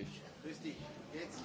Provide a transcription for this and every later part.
Grüß Grüß dich. Jetzt.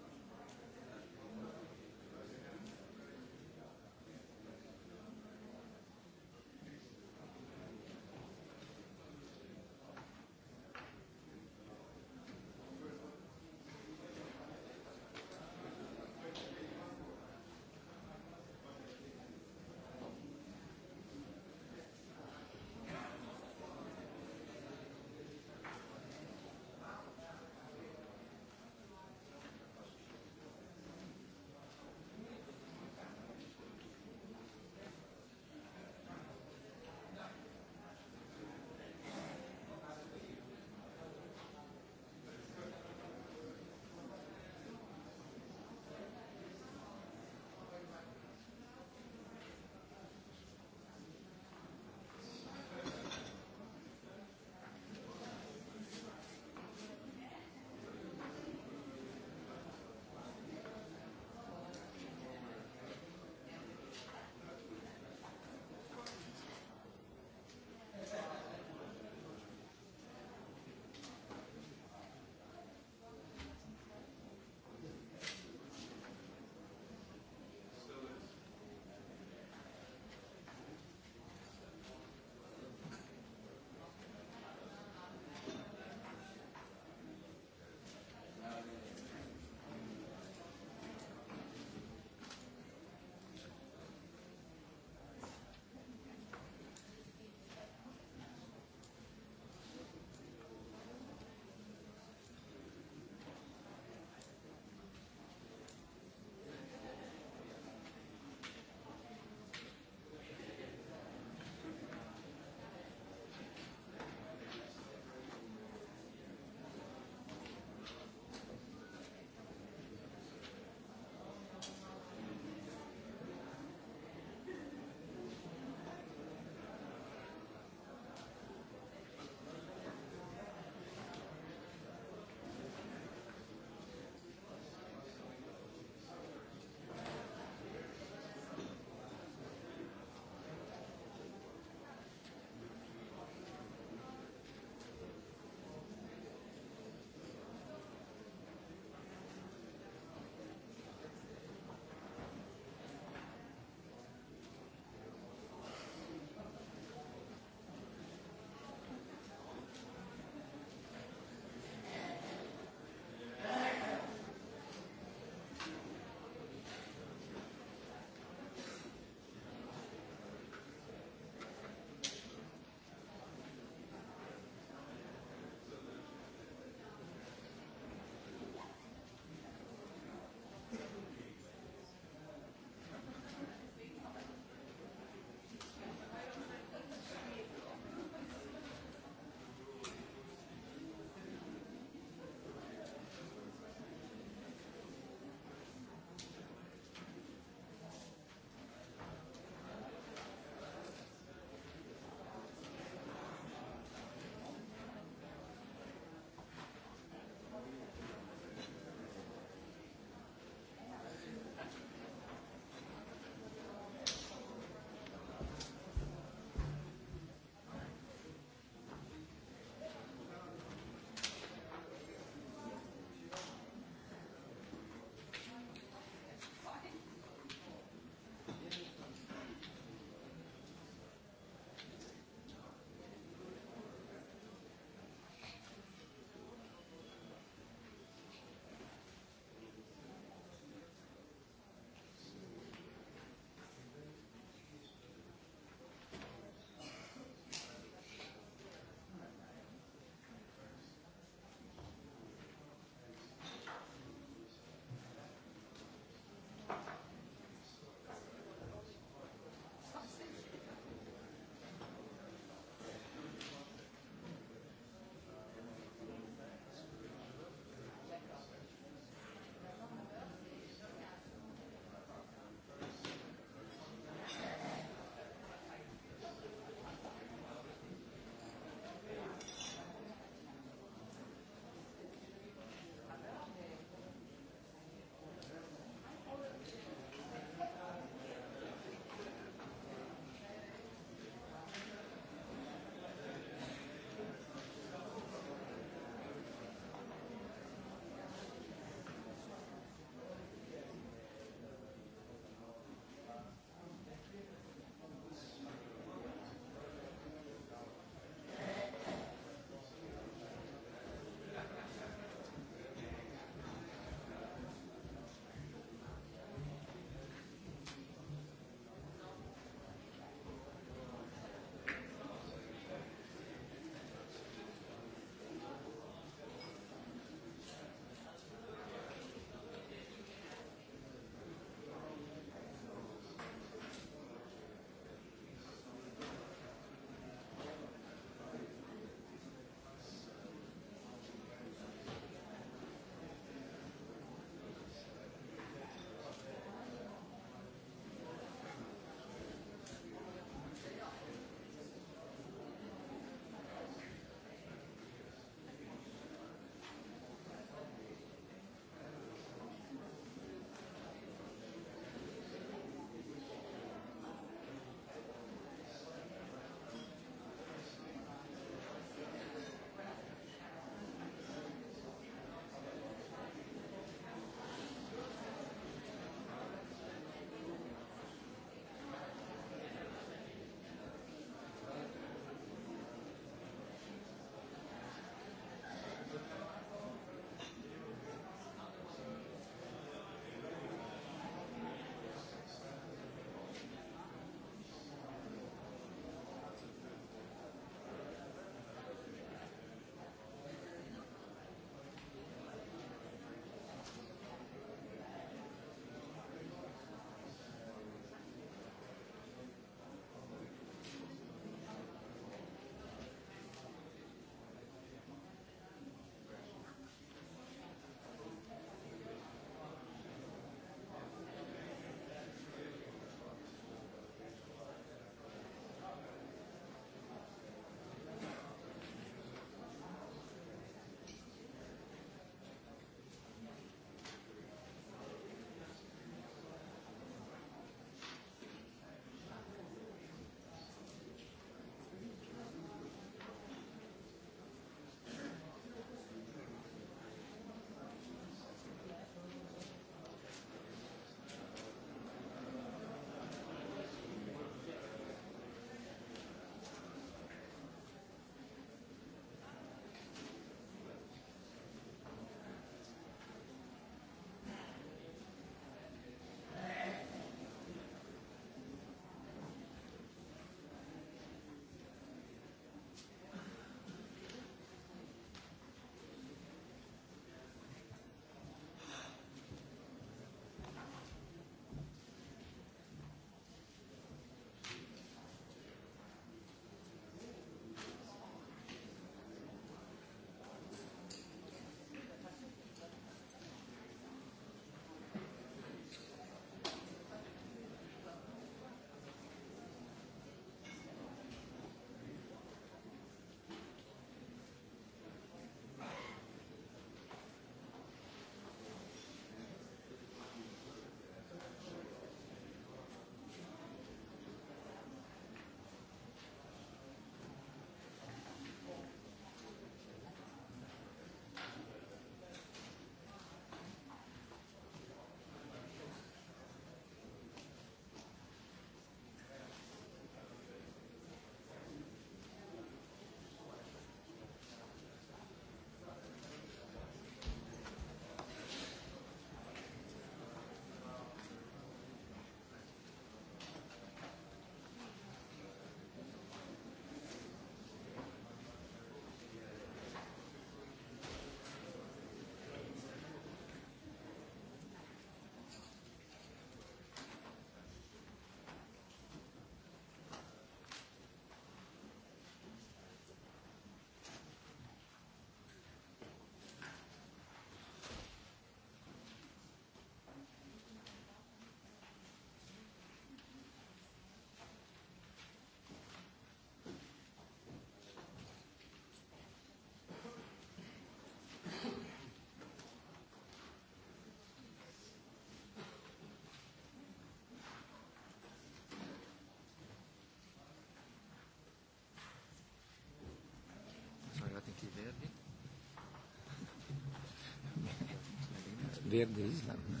Verde Island. Ne?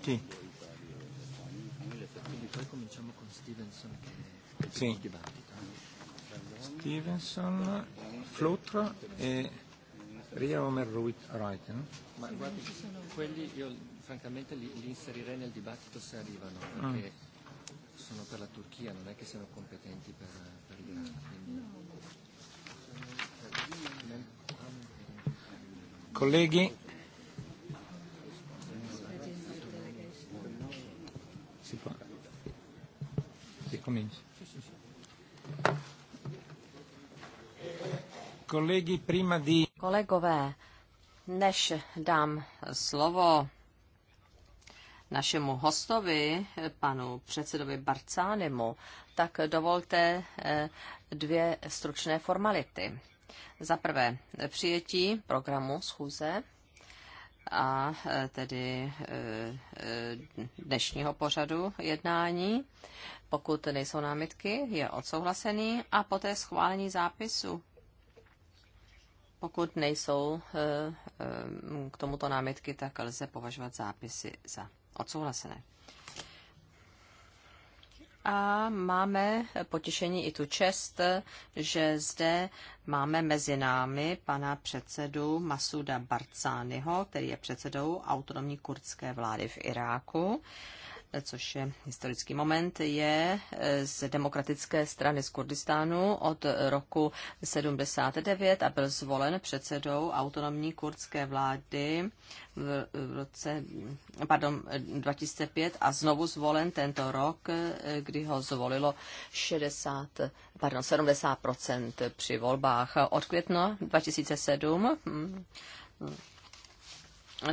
Sì. Poi cominciamo con Stevenson che sì. il dibattito. Stevenson, Flutra e Ria Omer Wright. No? Ma guardi, quelli io francamente li, li inserirei nel dibattito se arrivano, mm. perché mm. sono per la Turchia, non è che siano competenti per, per Mm. colleghi. Si può. Si comincia. Colleghi, prima di... Kolegové, než dám slovo našemu hostovi, panu předsedovi Barcánemu, tak dovolte eh, dvě stručné formality. Za prvé přijetí programu schůze a e, tedy e, e, dnešního pořadu jednání. Pokud nejsou námitky, je odsouhlasený a poté schválení zápisu. Pokud nejsou k tomuto námitky, tak lze považovat zápisy za odsouhlasené a máme potěšení i tu čest, že zde máme mezi námi pana předsedu Masuda Barcányho, který je předsedou autonomní kurdské vlády v Iráku což je historický moment, je eh, z demokratické strany z Kurdistánu od roku 79 a byl zvolen předsedou autonomní kurdské vlády v roce pardon, 2005 a znovu zvolen tento rok, eh, kdy ho zvolilo 60, pardon, 70 při volbách od května 2007. Hm, hm,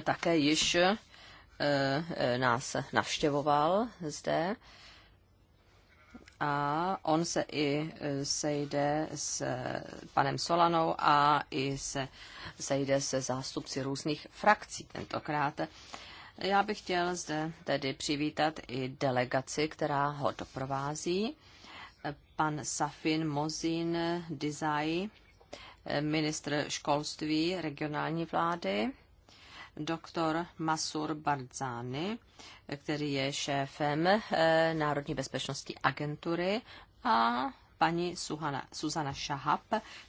také již Eh, nás navštěvoval zde a on se i eh, sejde s panem Solanou a i se sejde se zástupci různých frakcí tentokrát. Já bych chtěl zde tedy přivítat i delegaci, která ho doprovází. Pan Safin Mozin Dizaj, eh, ministr školství regionální vlády doktor Masur Barzani, který je šéfem eh, Národní bezpečnostní agentury a paní Suhana, Suzana Šahab,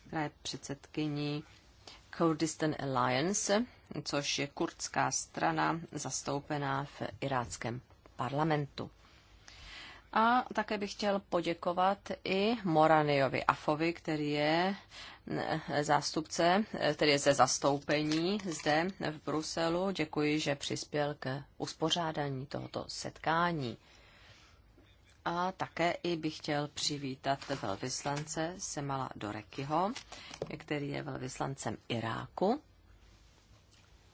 která je předsedkyní Kurdistan Alliance, což je kurdská strana zastoupená v iráckém parlamentu. A také bych chtěl poděkovat i Moraniovi Afovi, který je eh, zástupce, eh, který je ze zastoupení zde v Bruselu. Děkuji, že přispěl k uspořádání tohoto setkání. A také i bych chtěl přivítat velvyslance Semala Dorekyho, který je velvyslancem Iráku,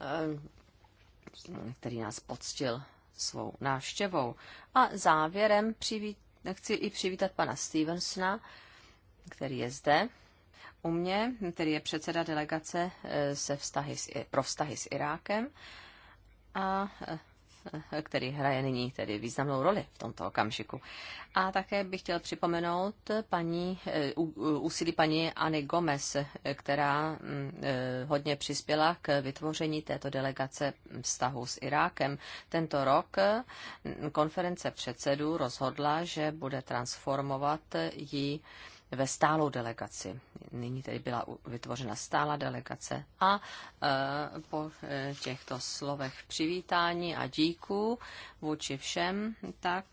eh, který nás poctil svou návštěvou. A závěrem přivít, chci i přivítat pana Stevensona, který je zde u mě, který je předseda delegace eh, se vztahy s, pro vztahy s Irákem. A eh, který hraje nyní tedy významnou roli v tomto okamžiku. A také bych chtěl připomenout paní, eh, úsilí paní Anny Gomez, která mm, eh, hodně přispěla k vytvoření této delegace vztahu s Irákem. Tento rok mm, konference předsedů rozhodla, že bude transformovat ji ve stálou delegaci. Nyní tedy byla vytvořena stála delegace a e, po e, těchto slovech přivítání a díků vůči všem, tak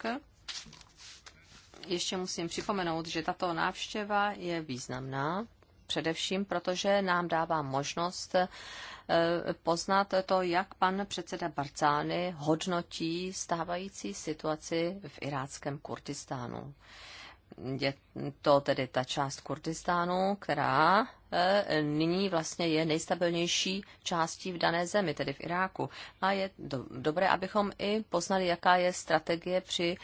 ještě musím připomenout, že tato návštěva je významná, především protože nám dává možnost e, poznat to, jak pan předseda Barcány hodnotí stávající situaci v iráckém Kurdistánu je to tedy ta část Kurdistánu, která E, nyní vlastně je nejstabilnější částí v dané zemi, tedy v Iráku. A je do, dobré, abychom i poznali, jaká je strategie při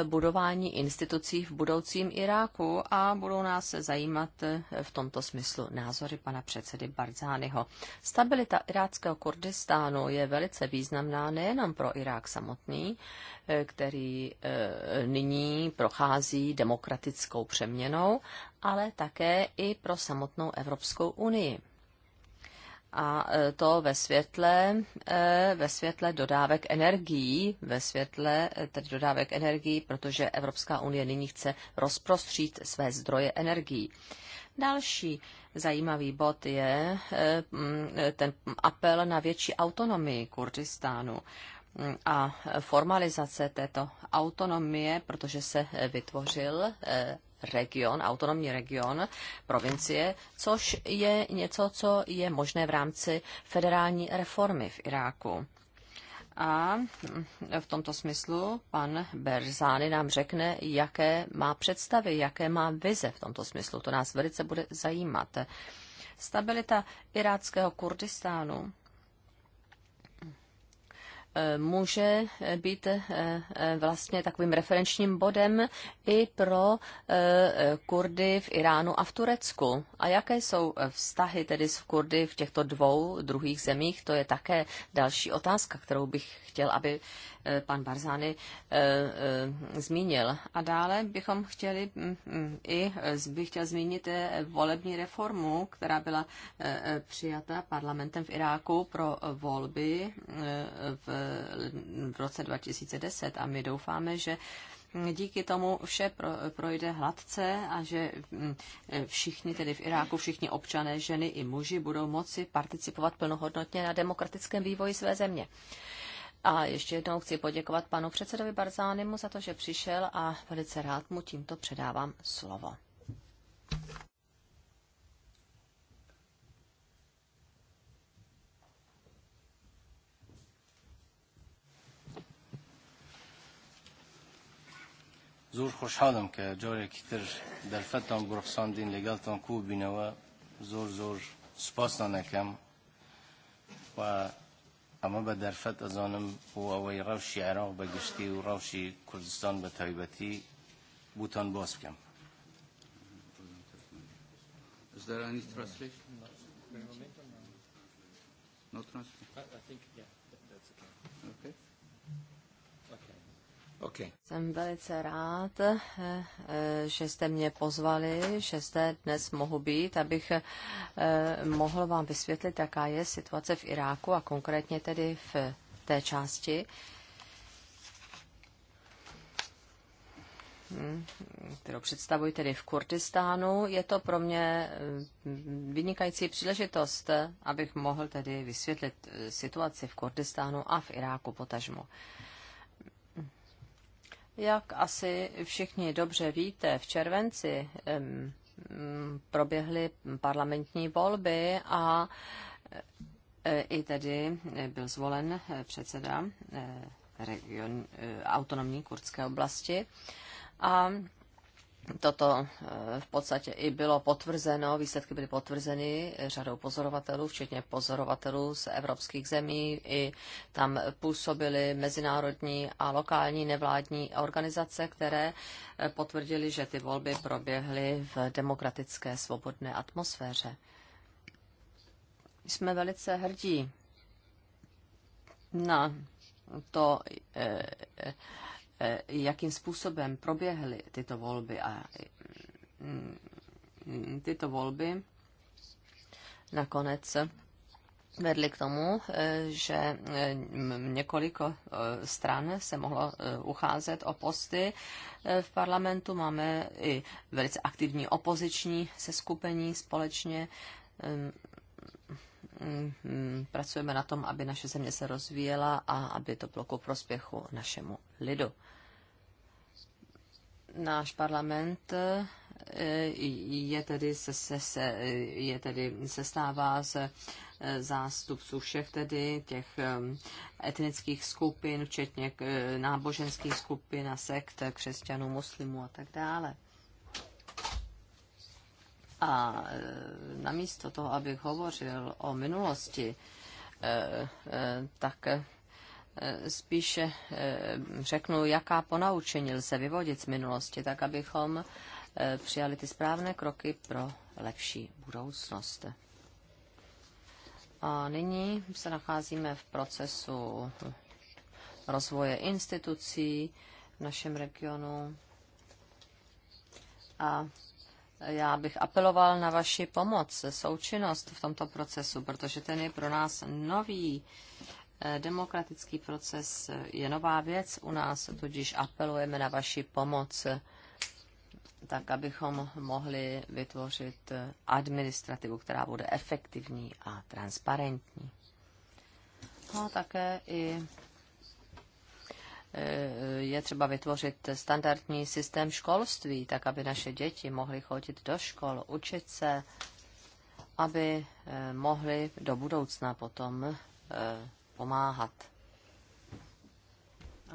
e, budování institucí v budoucím Iráku a budou nás zajímat e, v tomto smyslu názory pana předsedy Barzányho. Stabilita iráckého Kurdistánu je velice významná nejenom pro Irák samotný, který nyní prochází demokratickou přeměnou, ale také i pro samotnou Evropskou unii. A e, to ve světle, e, ve světle dodávek energií, ve světle e, tedy dodávek energií, protože Evropská unie nyní chce rozprostřít své zdroje energií. Další zajímavý bod je ten apel na větší autonomii Kurdistánu a formalizace této autonomie, protože se vytvořil region, autonomní region, provincie, což je něco, co je možné v rámci federální reformy v Iráku. A v tomto smyslu pan Berzány nám řekne, jaké má představy, jaké má vize v tomto smyslu. To nás velice bude zajímat. Stabilita iráckého Kurdistánu může být eh, eh, vlastně takovým referenčním bodem i pro eh, Kurdy v Iránu a v Turecku. A jaké jsou vztahy tedy s Kurdy v těchto dvou druhých zemích, to je také další otázka, kterou bych chtěl, aby Eh, pan Barzány eh, eh, zmínil. A dále bychom chtěli mm, mm, i bych chtěl zmínit volební reformu, která byla přijata parlamentem v Iráku pro volby v, v roce 2010 a my doufáme, že mm, díky tomu vše pro, projde hladce a že všichni, tedy v Iráku, všichni občané, ženy i muži budou moci participovat plnohodnotně na demokratickém vývoji své země. A ještě jednou chci poděkovat panu předsedovi Barzánimu za to, že přišel a velice rád mu tímto předávám slovo. زۆر خۆشحاڵم کە جارێکی تر دەرفەتان بڕخساندین لەگەڵتان کوبینەوە زۆر زۆر سپاسان ئەەکەم و ئەمە بە دەرفەت ئەزانم بۆ ئەوەی ڕەوشی عێراق بە گشتی و روشی کردستان به طایبتی بوتان باز کم Is there any translation? No translation. I think, yeah. Okay. Jsem velice rád, eh, eh, že jste mě pozvali, že jste dnes mohu být, abych eh, mohl vám vysvětlit, jaká je situace v Iráku a konkrétně tedy v té části, hmm, kterou představuji tedy v Kurdistánu. Je to pro mě vynikající příležitost, abych mohl tedy vysvětlit situaci v Kurdistánu a v Iráku potažmo. Jak asi všichni dobře víte, v červenci proběhly parlamentní volby a e, i tedy byl zvolen e, předseda e, region, autonomní kurdské oblasti. A Toto eh, v podstatě i bylo potvrzeno, výsledky byly potvrzeny řadou pozorovatelů, včetně pozorovatelů z evropských zemí. I tam působily mezinárodní a lokální nevládní organizace, které eh, potvrdili, že ty volby proběhly v demokratické svobodné atmosféře. Jsme velice hrdí na to, eh, Eh, jakým způsobem proběhly tyto volby. A mm, tyto volby nakonec vedly k tomu, eh, že eh, několik stran se mohlo ucházet o posty v parlamentu. Máme i velice aktivní opoziční seskupení společně Mhm. pracujeme na tom, aby naše země se rozvíjela a aby to bylo ku prospěchu našemu lidu. Náš parlament eh, je tedy, se, se, se, je tedy stává z eh, zástupců všech tedy těch eh, etnických skupin, včetně náboženských skupin a sekt, křesťanů, muslimů a tak dále. A e, namísto toho, abych hovořil o minulosti, e, e, tak spíše řeknu, jaká ponaučení lze vyvodit z minulosti, tak abychom přijali ty správné kroky pro lepší budoucnost. A nyní se nacházíme v procesu rozvoje institucí v našem regionu a já bych apeloval na vaši pomoc, součinnost v tomto procesu, protože ten je pro nás nový. Eh, demokratický proces je nová věc u nás, tudíž apelujeme na vaši pomoc, tak abychom mohli vytvořit eh, administrativu, která bude efektivní a transparentní. No a také i Eh, je třeba vytvořit standardní systém školství, tak aby naše děti mohly chodit do škol, učit se, aby eh, mohly do budoucna potom eh, pomáhat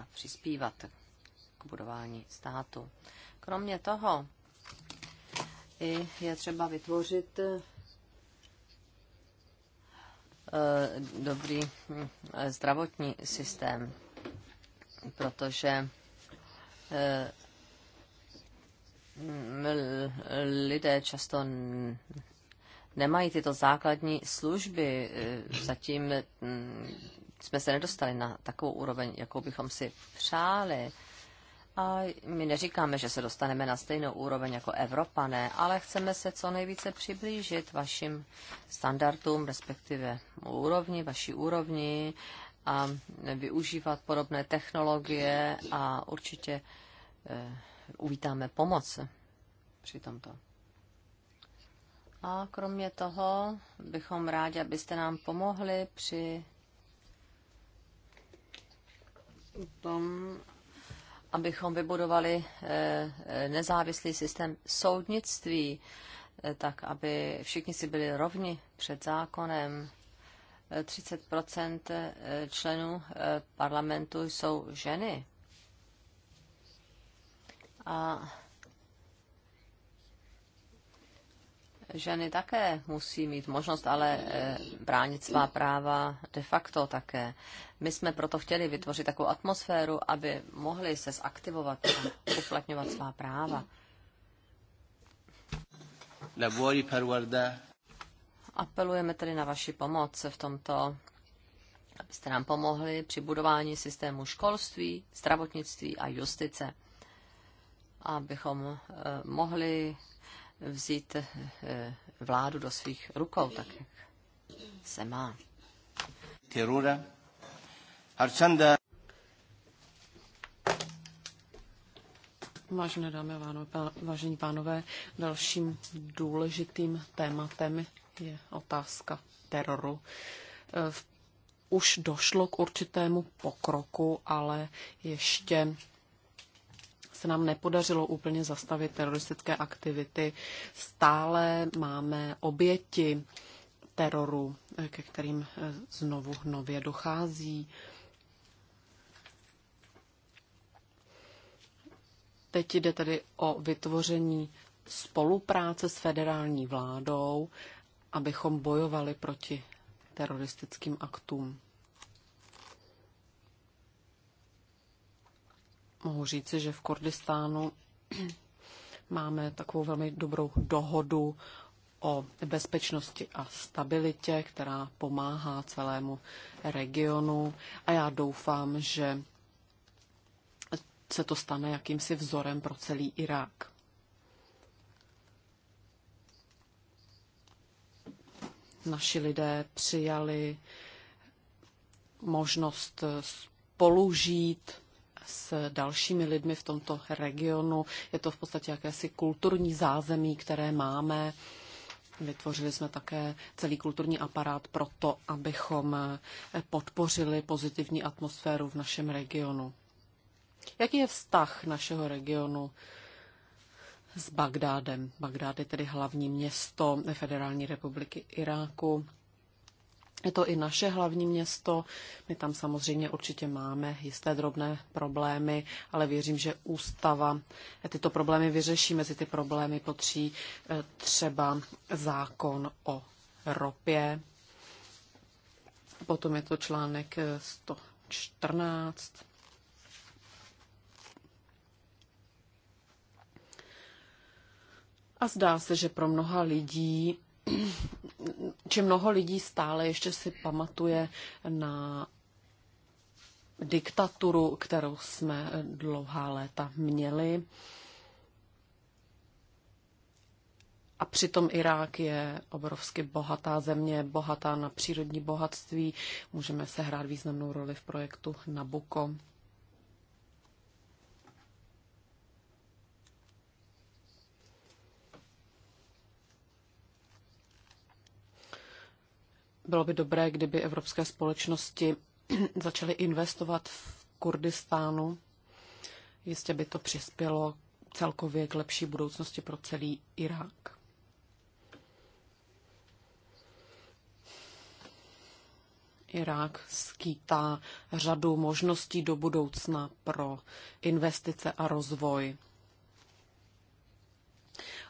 a přispívat k budování státu. Kromě toho je třeba vytvořit dobrý hm, zdravotní systém protože eh, lidé často nemají tyto základní služby. Eh, zatím jsme se nedostali na takovou úroveň, jakou bychom si přáli. A my neříkáme, že se dostaneme na stejnou úroveň jako Evropané, ale chceme se co nejvíce přiblížit vašim standardům, respektive úrovni, vaší úrovni a využívat podobné technologie a určitě eh, uvítáme pomoc při tomto. A kromě toho bychom rádi, abyste nám pomohli při tom, abychom vybudovali eh, eh, nezávislý systém soudnictví, tak aby všichni si byli rovni před zákonem 30 eh, členů eh, parlamentu jsou ženy. A ženy také musí mít možnost ale eh, bránit svá práva de facto také. My jsme proto chtěli vytvořit takovou atmosféru, aby mohli se zaktivovat a uplatňovat svá práva. La Apelujeme tedy na vaši pomoc v tomto, abyste nám pomohli při budování systému školství, zdravotnictví a justice, abychom eh, mohli vzít eh, vládu do svých rukou, tak jak se má. Terura. Arčanda. Vážené dámy a vážení pánové, dalším důležitým tématem je otázka teroru. E, už došlo k určitému pokroku, ale ještě se nám nepodařilo úplně zastavit teroristické aktivity. Stále máme oběti teroru, e, ke kterým e, znovu nově dochází. Teď jde tedy o vytvoření spolupráce s federální vládou abychom bojovali proti teroristickým aktům. Mohu říci, že v Kurdistánu máme takovou velmi dobrou dohodu o bezpečnosti a stabilitě, která pomáhá celému regionu. A já doufám, že se to stane jakýmsi vzorem pro celý Irák. naši lidé přijali možnost spolužít s dalšími lidmi v tomto regionu. Je to v podstatě jakési kulturní zázemí, které máme. Vytvořili jsme také celý kulturní aparát pro to, abychom podpořili pozitivní atmosféru v našem regionu. Jaký je vztah našeho regionu s Bagdádem. Bagdád je tedy hlavní město Federální republiky Iráku. Je to i naše hlavní město. My tam samozřejmě určitě máme jisté drobné problémy, ale věřím, že ústava tyto problémy vyřeší. Mezi ty problémy potří eh, třeba zákon o ropě. Potom je to článek 114 eh, A zdá se, že pro mnoha lidí, či mnoho lidí stále ještě si pamatuje na diktaturu, kterou jsme dlouhá léta měli. A přitom Irák je obrovsky bohatá země, bohatá na přírodní bohatství. Můžeme se hrát významnou roli v projektu Nabuko. Bylo by dobré, kdyby evropské společnosti začaly investovat v Kurdistánu. Jistě by to přispělo celkově k lepší budoucnosti pro celý Irák. Irák skýtá řadu možností do budoucna pro investice a rozvoj.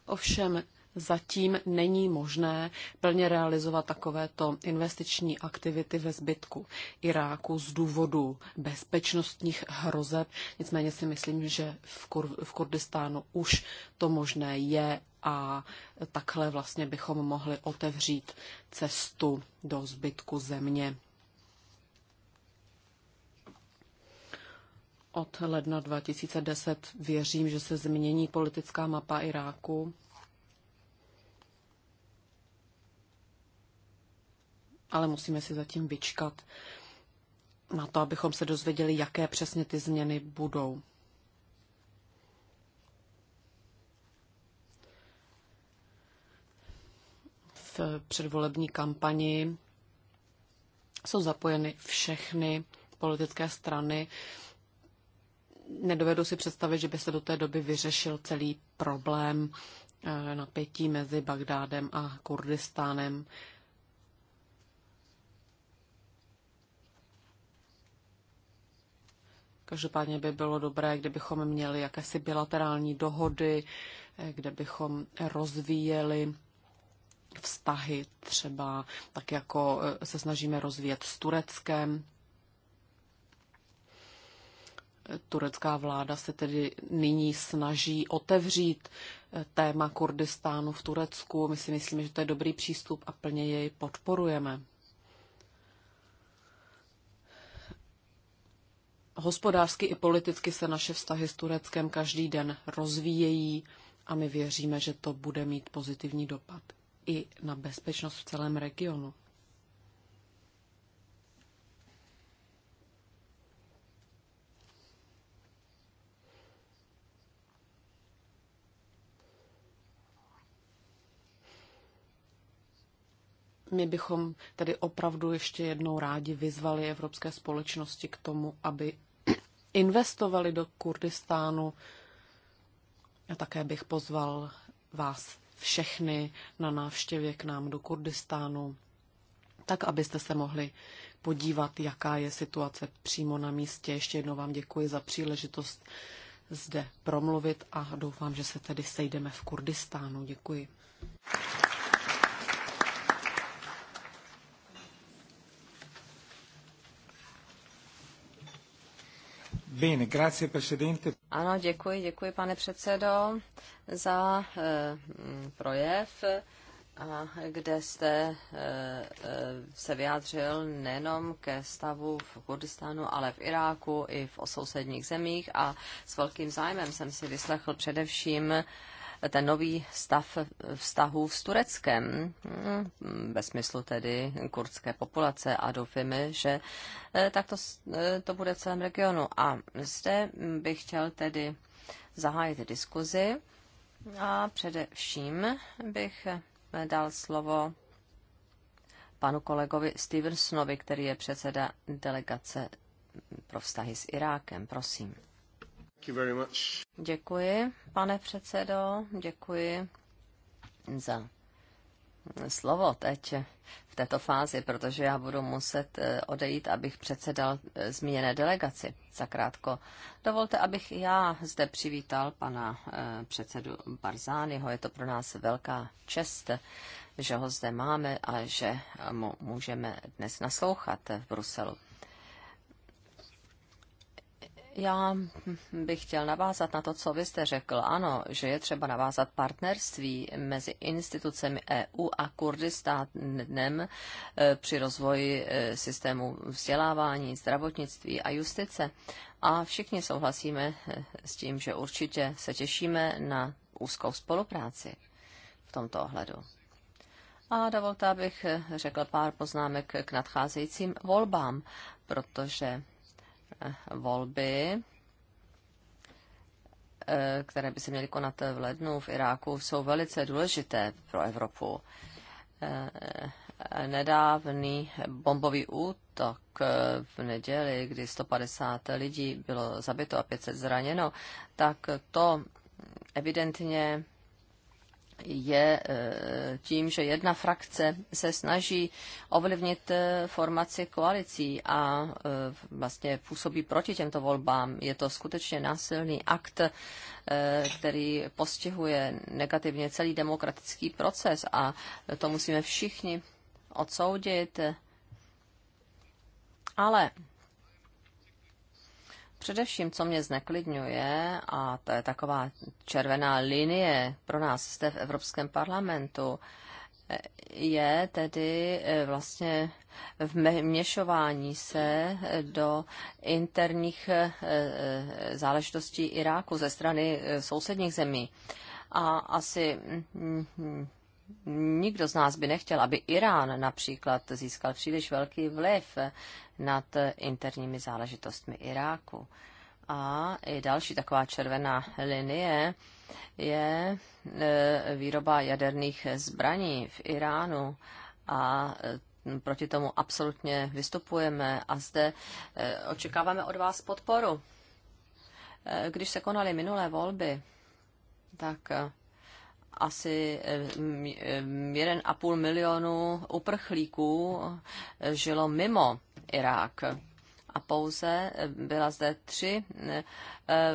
Ovšem zatím není možné plně realizovat takovéto investiční aktivity ve zbytku Iráku z důvodu bezpečnostních hrozeb. Nicméně si myslím, že v, Kur- v Kurdistánu už to možné je a takhle vlastně bychom mohli otevřít cestu do zbytku země. Od ledna 2010 věřím, že se změní politická mapa Iráku ale musíme si zatím vyčkat na to, abychom se dozvěděli, jaké přesně ty změny budou. V předvolební kampani jsou zapojeny všechny politické strany. Nedovedu si představit, že by se do té doby vyřešil celý problém eh, napětí mezi Bagdádem a Kurdistánem. Každopádně by bylo dobré, kdybychom měli jakési bilaterální dohody, eh, kde bychom rozvíjeli vztahy třeba tak, jako eh, se snažíme rozvíjet s Tureckem. Eh, turecká vláda se tedy nyní snaží otevřít téma Kurdistánu v Turecku. My si myslíme, že to je dobrý přístup a plně jej podporujeme. hospodářsky i politicky se naše vztahy s Tureckem každý den rozvíjejí a my věříme, že to bude mít pozitivní dopad i na bezpečnost v celém regionu. my bychom tedy opravdu ještě jednou rádi vyzvali evropské společnosti k tomu, aby investovali do Kurdistánu. Já také bych pozval vás všechny na návštěvě k nám do Kurdistánu, tak abyste se mohli podívat, jaká je situace přímo na místě. Ještě jednou vám děkuji za příležitost zde promluvit a doufám, že se tedy sejdeme v Kurdistánu. Děkuji. Bene, grazie Presidente. Ano, děkuji, děkuji pane předsedo za e, projev, a kde jste e, se vyjádřil nejenom ke stavu v Kurdistánu, ale v Iráku i v sousedních zemích a s velkým zájmem jsem si vyslechl především e, ten nový stav vztahů s Tureckem, hm, ve smyslu tedy kurdské populace a doufáme, že eh, takto eh, to bude v celém regionu. A zde bych chtěl tedy zahájit diskuzi a především bych eh, dal slovo panu kolegovi Stevensonovi, který je předseda delegace pro vztahy s Irákem. Prosím. Děkuji, pane předsedo, děkuji za slovo teď v této fázi, protože já budu muset eh, odejít, abych předsedal eh, zmíněné delegaci zakrátko. Dovolte, abych já zde přivítal pana eh, předsedu Barzányho. Je to pro nás velká čest, že ho zde máme a že mu můžeme dnes naslouchat v Bruselu. Já bych chtěl navázat na to, co vy jste řekl. Ano, že je třeba navázat partnerství mezi institucemi EU a Kurdistánem eh, při rozvoji eh, systému vzdělávání, zdravotnictví a justice. A všichni souhlasíme eh, s tím, že určitě se těšíme na úzkou spolupráci v tomto ohledu. A dovolte, abych řekl pár poznámek k nadcházejícím volbám, protože volby, eh, které by se měly konat v lednu v Iráku, jsou velice důležité pro Evropu. Eh, nedávný bombový útok eh, v neděli, kdy 150 lidí bylo zabito a 500 zraněno, tak to evidentně je eh, tím, že jedna frakce se snaží ovlivnit eh, formaci koalicí a eh, vlastně působí proti těmto volbám. Je to skutečně násilný akt, který postihuje negativně celý demokratický proces a to musíme všichni odsoudit. Ale Především, co mě zneklidňuje, a to je taková červená linie pro nás zde v Evropském parlamentu, je tedy eh, vlastně vměšování se do interních eh, eh, záležitostí Iráku ze strany sousedních zemí. A asi mm, mm, nikdo z nás by nechtěl, aby Irán například získal příliš velký vliv nad interními záležitostmi Iráku. A i další taková červená linie je e, výroba jaderných zbraní v Iránu a e, proti tomu absolutně vystupujeme a zde e, očekáváme od vás podporu. Když se konaly minulé volby, tak asi 1,5 eh, milionu uprchlíků eh, žilo mimo Irák. A pouze eh, byla zde tři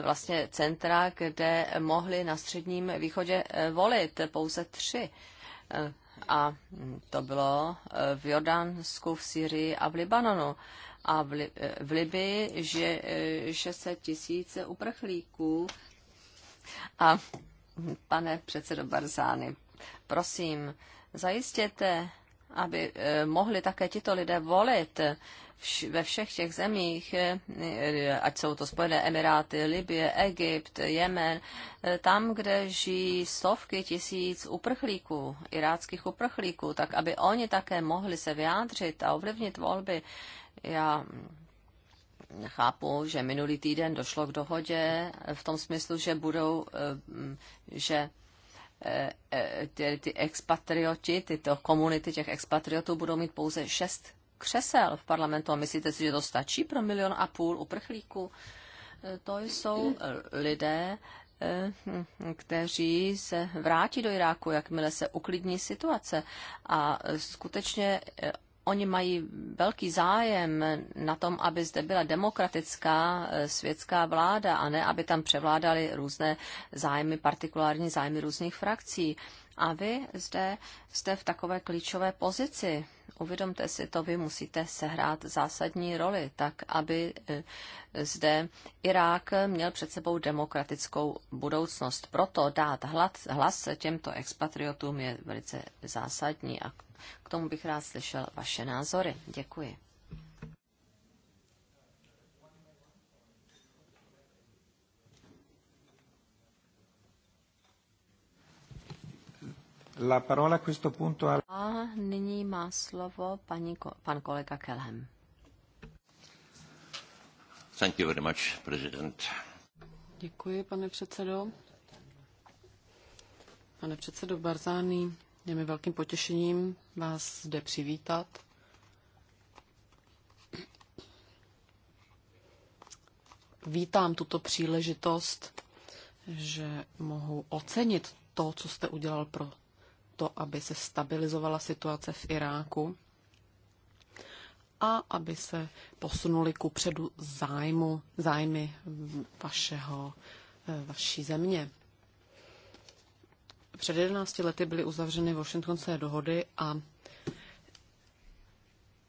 vlastně centra, kde mohli na středním východě volit. Pouze tři. A to bylo v Jordánsku, v Syrii a v Libanonu. A v, Lib- v Libii že 600 tisíc uprchlíků. A Pane předsedo Barzány, prosím, zajistěte, aby eh, mohli také tito lidé volit ve všech těch zemích, eh, ať jsou to Spojené Emiráty, Libie, Egypt, Jemen, eh, tam, kde žijí stovky tisíc uprchlíků, iráckých uprchlíků, tak aby oni také mohli se vyjádřit a ovlivnit volby. Já chápu, že minulý týden došlo k dohodě v tom smyslu, že budou, eh, že eh, eh, ty, ty expatrioti, tyto komunity těch expatriotů budou mít pouze šest křesel v parlamentu. A myslíte si, že to stačí pro milion a půl uprchlíků? To jsou lidé, kteří se vrátí do Iráku, jakmile se uklidní situace. A skutečně oni mají velký zájem na tom, aby zde byla demokratická eh, světská vláda a ne, aby tam převládaly různé zájmy, partikulární zájmy různých frakcí. A vy zde jste v takové klíčové pozici. Uvědomte si to, vy musíte sehrát zásadní roli, tak aby eh, zde Irák měl před sebou demokratickou budoucnost. Proto dát hlas, hlas těmto expatriotům je velice zásadní a k tomu bych rád slyšel vaše názory. Děkuji. La parola a questo punto al... A nyní má slovo paní, pan kolega Kelhem. Thank you very much, president. Děkuji, pane předsedo. Pane předsedo Barzány, je mi velkým potěšením vás zde přivítat. Vítám tuto příležitost, že mohu ocenit to, co jste udělal pro to, aby se stabilizovala situace v Iráku a aby se posunuli ku předu zájmu, zájmy vašeho, vaší země. Před 11 lety byly uzavřeny Washingtonské dohody a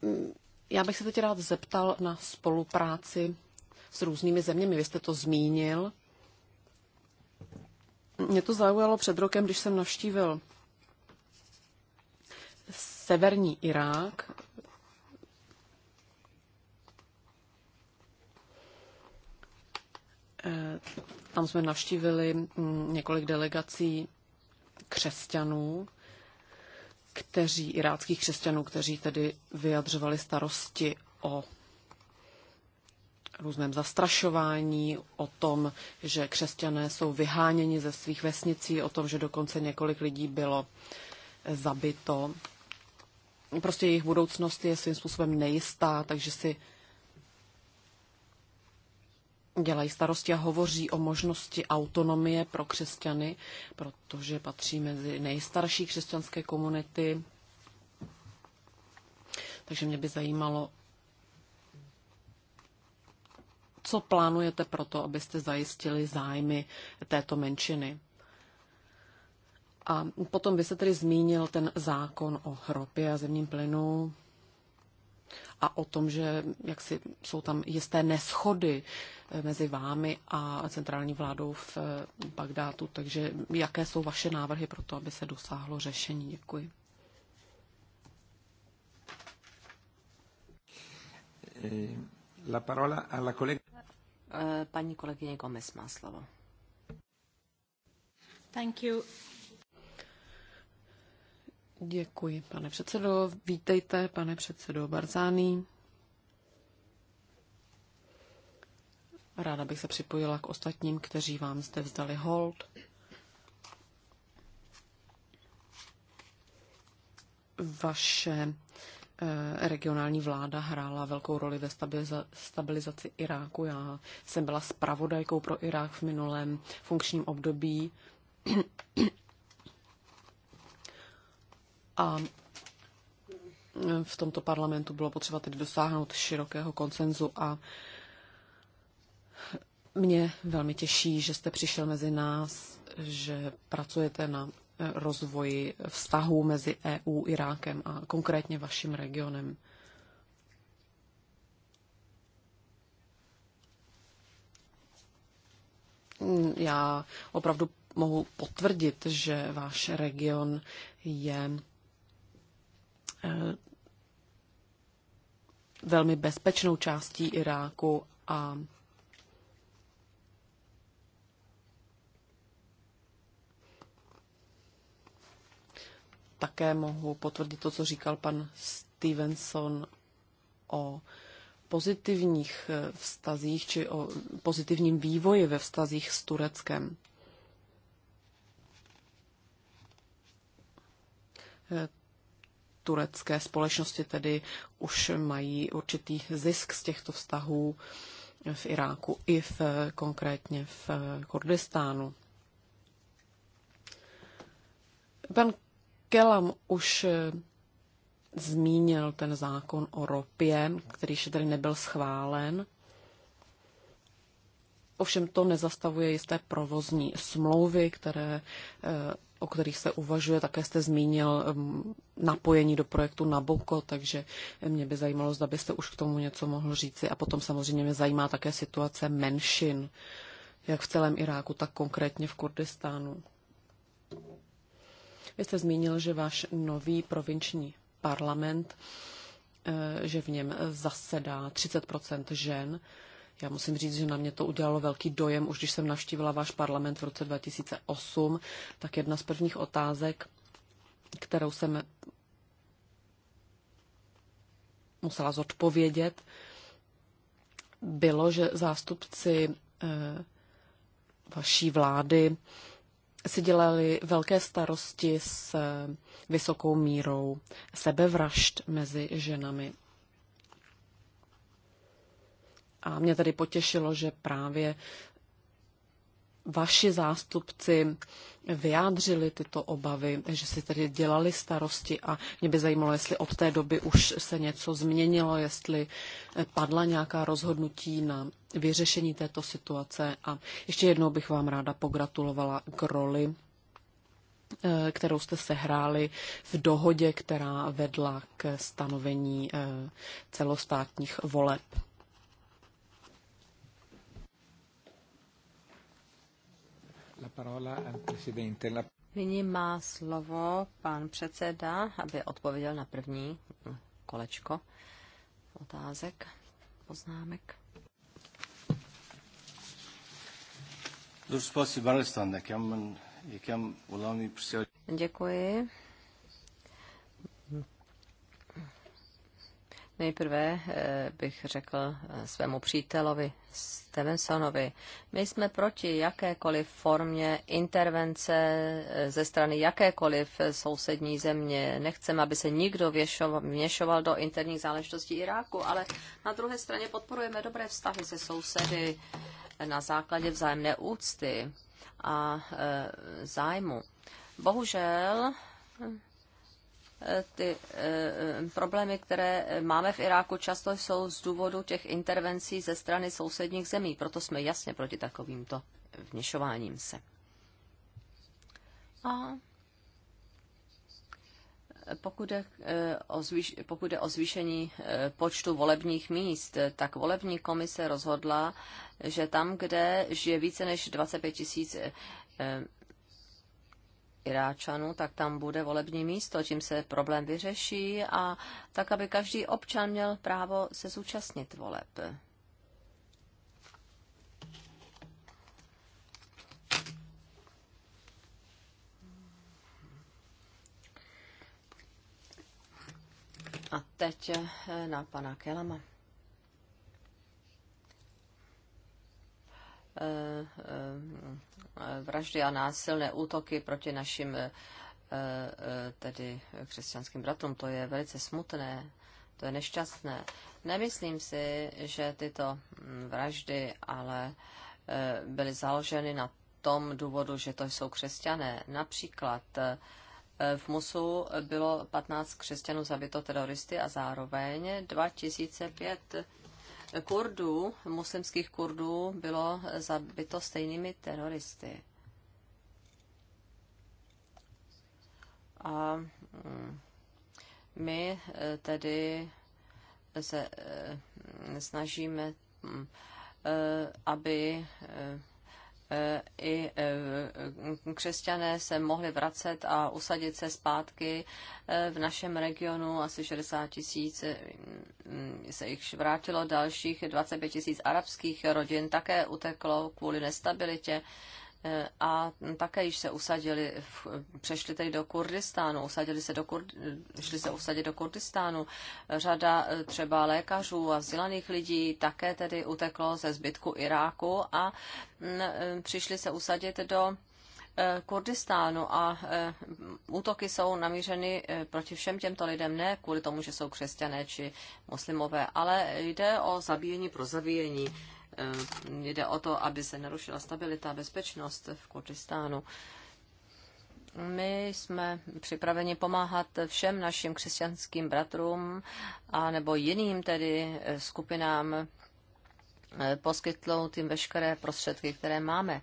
mm, já bych se teď rád zeptal na spolupráci s různými zeměmi. Vy jste to zmínil. Mě to zaujalo před rokem, když jsem navštívil severní Irák. Eh, tam jsme navštívili mm, několik delegací křesťanů, kteří, iráckých křesťanů, kteří tedy vyjadřovali starosti o různém zastrašování, o tom, že křesťané jsou vyháněni ze svých vesnicí, o tom, že dokonce několik lidí bylo zabito. Prostě jejich budoucnost je svým způsobem nejistá, takže si dělají starosti a hovoří o možnosti autonomie pro křesťany, protože patří mezi nejstarší křesťanské komunity. Takže mě by zajímalo, co plánujete pro to, abyste zajistili zájmy této menšiny. A potom by se tedy zmínil ten zákon o hropě a zemním plynu a o tom, že jak si, jsou tam jisté neschody eh, mezi vámi a centrální vládou v eh, Bagdátu. Takže jaké jsou vaše návrhy pro to, aby se dosáhlo řešení? Děkuji. Eh, la parola alla collega. Paní kolegyně Gomez má slovo. Thank you. Děkuji, pane předsedo. Vítejte, pane předsedo Barzány. Ráda bych se připojila k ostatním, kteří vám zde vzdali hold. Vaše eh, regionální vláda hrála velkou roli ve stabilizaci Iráku. Já jsem byla spravodajkou pro Irák v minulém funkčním období a v tomto parlamentu bylo potřeba tedy dosáhnout širokého konsenzu a mě velmi těší, že jste přišel mezi nás, že pracujete na rozvoji vztahů mezi EU, Irákem a konkrétně vaším regionem. Já opravdu mohu potvrdit, že váš region je Eh, velmi bezpečnou částí Iráku a také mohu potvrdit to, co říkal pan Stevenson o pozitivních eh, vztazích či o pozitivním vývoji ve vztazích s Tureckem. Eh, turecké společnosti tedy už mají určitý zisk z těchto vztahů v Iráku i v, konkrétně v Kurdistánu. Pan Kelam už eh, zmínil ten zákon o ropě, který ještě tady nebyl schválen. Ovšem to nezastavuje jisté provozní smlouvy, které eh, o kterých se uvažuje. Také jste zmínil napojení do projektu Nabuko, takže mě by zajímalo, zda byste už k tomu něco mohl říci. A potom samozřejmě mě zajímá také situace menšin, jak v celém Iráku, tak konkrétně v Kurdistánu. Vy jste zmínil, že váš nový provinční parlament, eh, že v něm zasedá 30 žen. Já musím říct, že na mě to udělalo velký dojem, už když jsem navštívila váš parlament v roce 2008, tak jedna z prvních otázek, kterou jsem musela zodpovědět, bylo, že zástupci eh, vaší vlády si dělali velké starosti s eh, vysokou mírou sebevražd mezi ženami. A mě tady potěšilo, že právě vaši zástupci vyjádřili tyto obavy, že si tedy dělali starosti a mě by zajímalo, jestli od té doby už se něco změnilo, jestli padla nějaká rozhodnutí na vyřešení této situace a ještě jednou bych vám ráda pogratulovala k roli, eh, kterou jste sehráli v dohodě, která vedla k stanovení eh, celostátních voleb. Nyní má slovo pan předseda, aby odpověděl na první kolečko otázek, poznámek. Děkuji. Nejprve eh, bych řekl eh, svému přítelovi Stevensonovi, my jsme proti jakékoliv formě intervence eh, ze strany jakékoliv sousední země. Nechceme, aby se nikdo měšoval do interních záležitostí Iráku, ale na druhé straně podporujeme dobré vztahy se sousedy na základě vzájemné úcty a zájmu. Bohužel hm, ty eh, problémy, které máme v Iráku, často jsou z důvodu těch intervencí ze strany sousedních zemí. Proto jsme jasně proti takovýmto vněšováním se. A pokud jde, eh, o zvýš, pokud jde o zvýšení eh, počtu volebních míst, tak volební komise rozhodla, že tam, kde žije více než 25 tisíc Iráčanů, tak tam bude volební místo, čím se problém vyřeší a tak, aby každý občan měl právo se zúčastnit voleb. A teď eh, na pana Kelama. Eh, eh, vraždy a násilné útoky proti našim eh, eh, tedy křesťanským bratrům. To je velice smutné, to je nešťastné. Nemyslím si, že tyto mm, vraždy ale eh, byly založeny na tom důvodu, že to jsou křesťané. Například v Musu bylo 15 křesťanů zabito teroristy a zároveň 2005 Kurdů, muslimských Kurdů, bylo zabito stejnými teroristy. A mm, my eh, tedy se eh, snažíme, mm, eh, aby i e, křesťané se mohli vracet a usadit se zpátky e, v našem regionu. Asi 60 tisíc e, mm, se jich vrátilo, dalších 25 tisíc arabských rodin také uteklo kvůli nestabilitě a také již se usadili, přešli tedy do Kurdistánu, usadili se do Kurd, šli se usadit do Kurdistánu. Řada eh, třeba lékařů a vzdělaných lidí také tedy uteklo ze zbytku Iráku a mm, eh, přišli se usadit do eh, Kurdistánu a útoky jsou namířeny proti všem těmto lidem, ne kvůli tomu, že jsou křesťané či muslimové, ale jde o zabíjení pro zabíjení Eh, jde o to, aby se narušila stabilita a bezpečnost v Kurdistánu. My jsme připraveni pomáhat všem našim křesťanským bratrům a nebo jiným tedy eh, skupinám eh, poskytnout jim veškeré prostředky, které máme.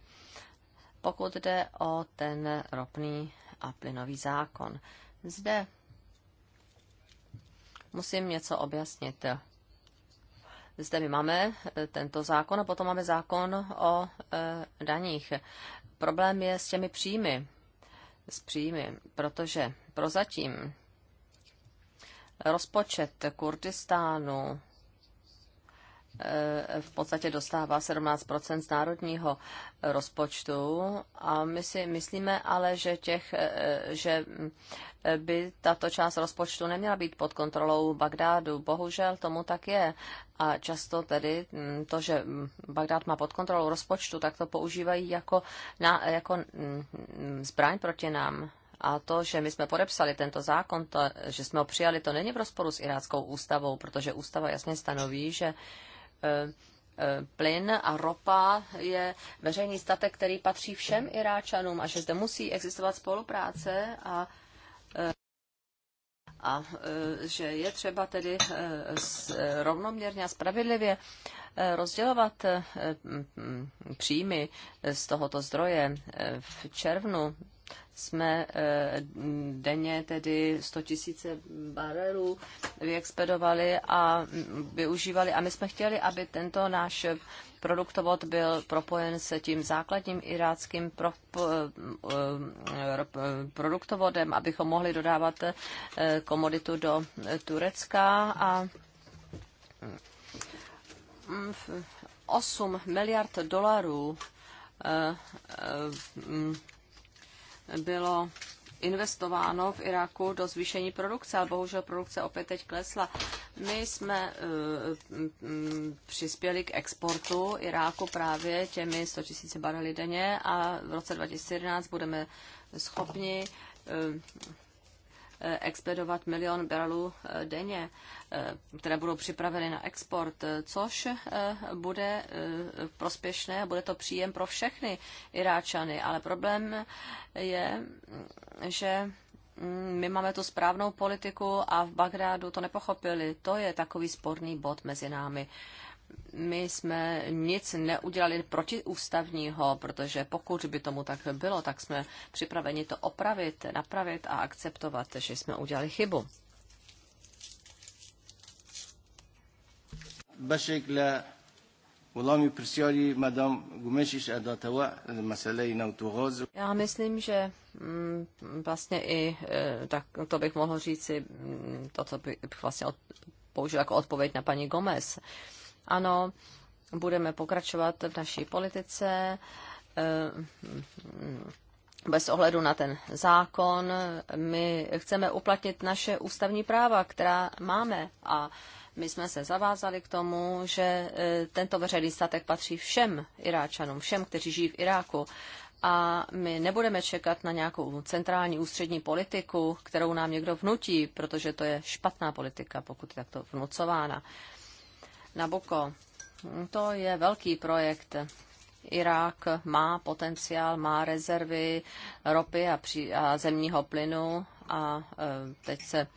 Pokud jde o ten ropný a plynový zákon. Zde musím něco objasnit zde my máme eh, tento zákon a potom máme zákon o eh, daních. Problém je s těmi příjmy, s příjmy, protože prozatím rozpočet Kurdistánu Eh, v podstatě dostává 17 z národního rozpočtu a my si myslíme ale, že, těch, eh, že eh, by tato část rozpočtu neměla být pod kontrolou Bagdádu. Bohužel tomu tak je. A často tedy mm, to, že mm, Bagdád má pod kontrolou rozpočtu, tak to používají jako, na, jako mm, zbraň proti nám. A to, že my jsme podepsali tento zákon, to, že jsme ho přijali, to není v rozporu s iráckou ústavou, protože ústava jasně stanoví, že uh, Eh, eh, plyn a ropa je veřejný statek, který patří všem Iráčanům a že zde musí existovat spolupráce a eh, a že je třeba tedy rovnoměrně a spravedlivě rozdělovat příjmy z tohoto zdroje. V červnu jsme eh, denně tedy 100 tisíce barelů vyexpedovali a využívali. A my jsme chtěli, aby tento náš produktovod byl propojen se tím základním iráckým pro, eh, eh, produktovodem, abychom mohli dodávat komoditu do Turecka a 8 mm, miliard dolarů mm, bylo investováno v Iráku do zvýšení produkce, ale bohužel produkce opět teď klesla. My jsme uh, přispěli k exportu Iráku právě těmi 100 000 barelů denně a v roce 2011 budeme schopni uh, Eh, expedovat milion barelů eh, denně, eh, které budou připraveny na export, což bude prospěšné, bude to příjem pro všechny Iráčany, ale problém je, že mm, my máme tu správnou politiku a v Bagrádu to nepochopili. To je takový sporný bod mezi námi my jsme nic neudělali protiústavního, protože pokud by tomu tak bylo, tak jsme připraveni to opravit, napravit a akceptovat, že jsme udělali chybu. Já myslím, že mm, vlastně i e, tak to bych mohl říci, mm, to, co bych vlastně použil jako odpověď na paní Gomez. Ano, budeme pokračovat v naší politice eh, bez ohledu na ten zákon. My chceme uplatnit naše ústavní práva, která máme a my jsme se zavázali k tomu, že eh, tento veřejný statek patří všem Iráčanům, všem, kteří žijí v Iráku. A my nebudeme čekat na nějakou centrální ústřední politiku, kterou nám někdo vnutí, protože to je špatná politika, pokud je takto vnucována. Nabucco. To je velký projekt. Irák má potenciál, má rezervy ropy a, při, a zemního plynu a e, teď se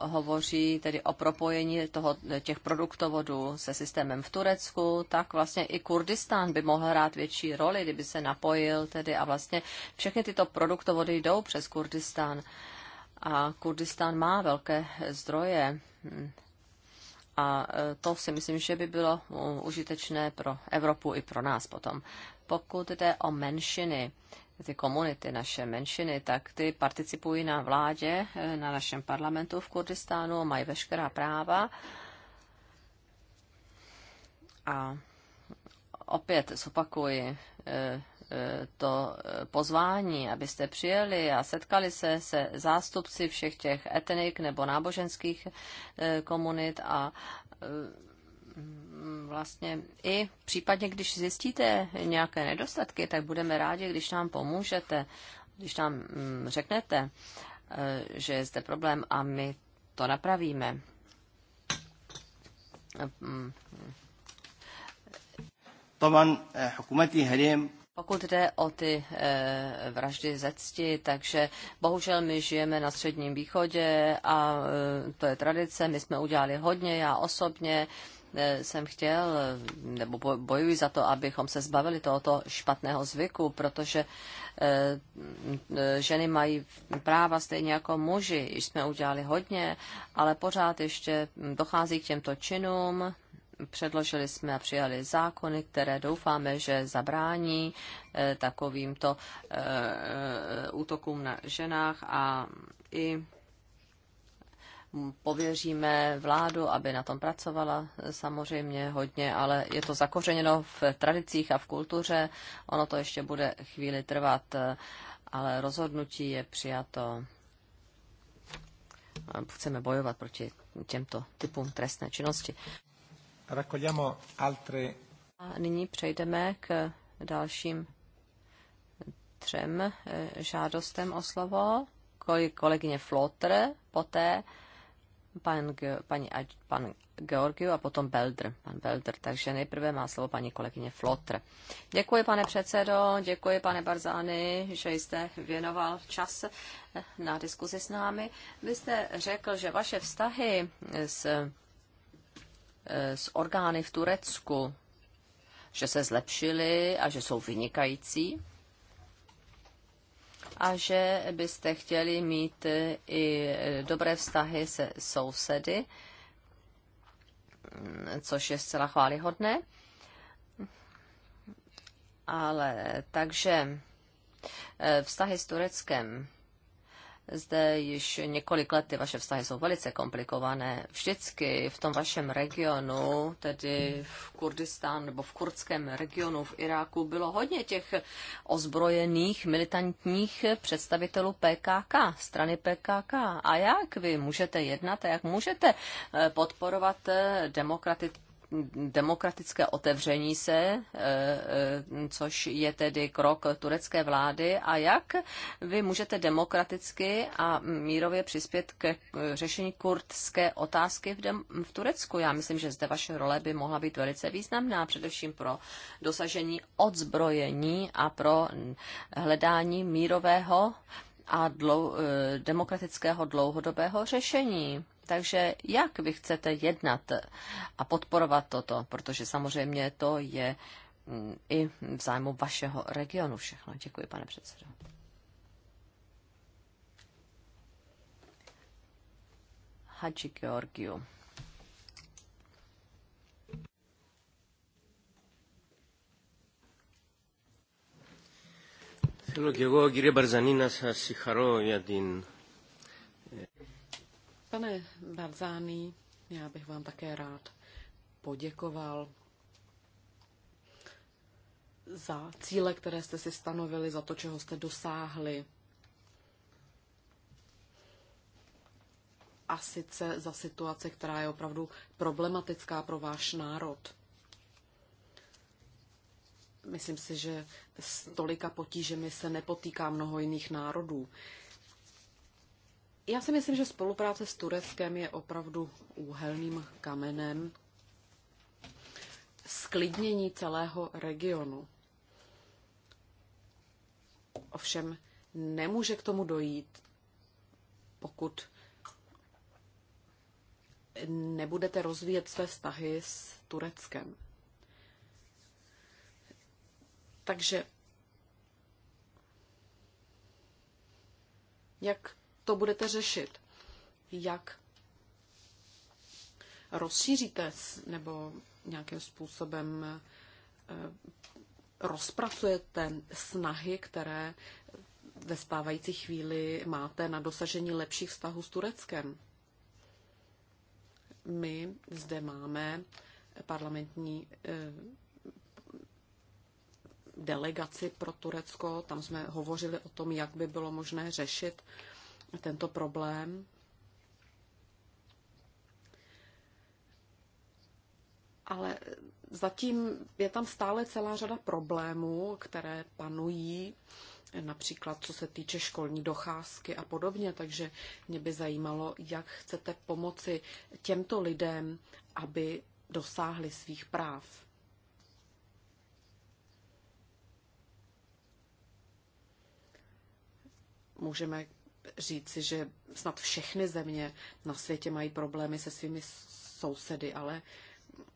hovoří tedy o propojení toho, těch produktovodů se systémem v Turecku, tak vlastně i Kurdistán by mohl hrát větší roli, kdyby se napojil tedy a vlastně všechny tyto produktovody jdou přes Kurdistán. A Kurdistán má velké zdroje a e, to si myslím, že by bylo e, užitečné pro Evropu i pro nás potom. Pokud jde o menšiny, ty komunity, naše menšiny, tak ty participují na vládě, e, na našem parlamentu v Kurdistánu, mají veškerá práva. A opět zopakuji, to eh, pozvání, abyste přijeli a setkali se se zástupci všech těch etnik nebo náboženských eh, komunit a eh, vlastně i případně, když zjistíte nějaké nedostatky, tak budeme rádi, když nám pomůžete, když nám mm, řeknete, že je zde problém a my to napravíme. Mm. طبعا حكومتي هريم pokud jde o ty e, vraždy ze cti, takže bohužel my žijeme na Středním východě a e, to je tradice. My jsme udělali hodně, já osobně eh, jsem chtěl, nebo bojuji za to, abychom se zbavili tohoto špatného zvyku, protože e, ženy mají práva stejně jako muži. jsme udělali hodně, ale pořád ještě dochází k těmto činům Předložili jsme a přijali zákony, které doufáme, že zabrání eh, takovýmto eh, útokům na ženách a i pověříme vládu, aby na tom pracovala eh, samozřejmě hodně, ale je to zakořeněno v tradicích a v kultuře. Ono to ještě bude chvíli trvat, ale rozhodnutí je přijato. Chceme bojovat proti těmto typům trestné činnosti. Raccogliamo altre... A nyní přejdeme k dalším třem eh, žádostem o slovo. Kolegyně Flotr, poté pan, paní, pan Georgiu a potom Belder, pan Belder. Takže nejprve má slovo paní kolegyně Flotr. Děkuji, pane předsedo, děkuji, pane Barzány, že jste věnoval čas eh, na diskuzi s námi. Vy jste řekl, že vaše vztahy s Eh, s orgány v Turecku, že se zlepšili a že jsou vynikající a že byste chtěli mít eh, i eh, dobré vztahy se sousedy, mm, což je zcela chválihodné. Ale takže vztahy s Tureckem zde již několik let ty vaše vztahy jsou velice komplikované. Vždycky v tom vašem regionu, tedy v Kurdistánu nebo v kurdském regionu v Iráku, bylo hodně těch ozbrojených militantních představitelů PKK, strany PKK. A jak vy můžete jednat a jak můžete eh, podporovat eh, demokratické demokratické otevření se, e, e, což je tedy krok turecké vlády a jak vy můžete demokraticky a mírově přispět k e, řešení kurdské otázky v, dem- v Turecku. Já myslím, že zde vaše role by mohla být velice významná, především pro dosažení odzbrojení a pro hledání mírového a dlou- demokratického dlouhodobého řešení takže jak vy chcete jednat a podporovat toto? Protože samozřejmě to je mm, i v zájmu vašeho regionu všechno. Děkuji, pane předsedo. Hadži Georgiu. Θέλω και εγώ, κύριε Μπαρζανή, να σας συγχαρώ για την Pane Barzány, já bych vám také rád poděkoval za cíle, které jste si stanovili, za to, čeho jste dosáhli. A sice za situace, která je opravdu problematická pro váš národ. Myslím si, že s tolika potížemi se nepotýká mnoho jiných národů. Já si myslím, že spolupráce s Tureckem je opravdu úhelným kamenem sklidnění celého regionu. Ovšem nemůže k tomu dojít, pokud nebudete rozvíjet své vztahy s Tureckem. Takže jak to budete řešit. Jak rozšíříte nebo nějakým způsobem eh, rozpracujete snahy, které ve stávající chvíli máte na dosažení lepších vztahů s Tureckem. My zde máme parlamentní eh, delegaci pro Turecko, tam jsme hovořili o tom, jak by bylo možné řešit tento problém. Ale zatím je tam stále celá řada problémů, které panují, například co se týče školní docházky a podobně. Takže mě by zajímalo, jak chcete pomoci těmto lidem, aby dosáhli svých práv. Můžeme říci, že snad všechny země na světě mají problémy se svými sousedy, ale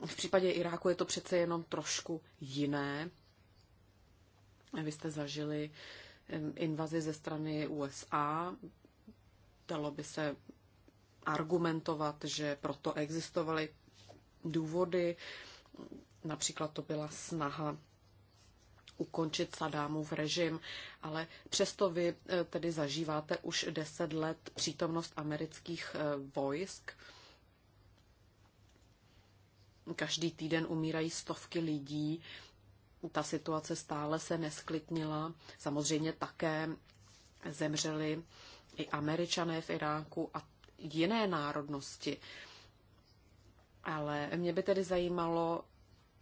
v případě Iráku je to přece jenom trošku jiné. Vy jste zažili invazi ze strany USA. Dalo by se argumentovat, že proto existovaly důvody. Například to byla snaha ukončit Sadámův režim, ale přesto vy eh, tedy zažíváte už deset let přítomnost amerických eh, vojsk. Každý týden umírají stovky lidí, ta situace stále se nesklitnila. Samozřejmě také zemřeli i američané v Iráku a jiné národnosti. Ale mě by tedy zajímalo,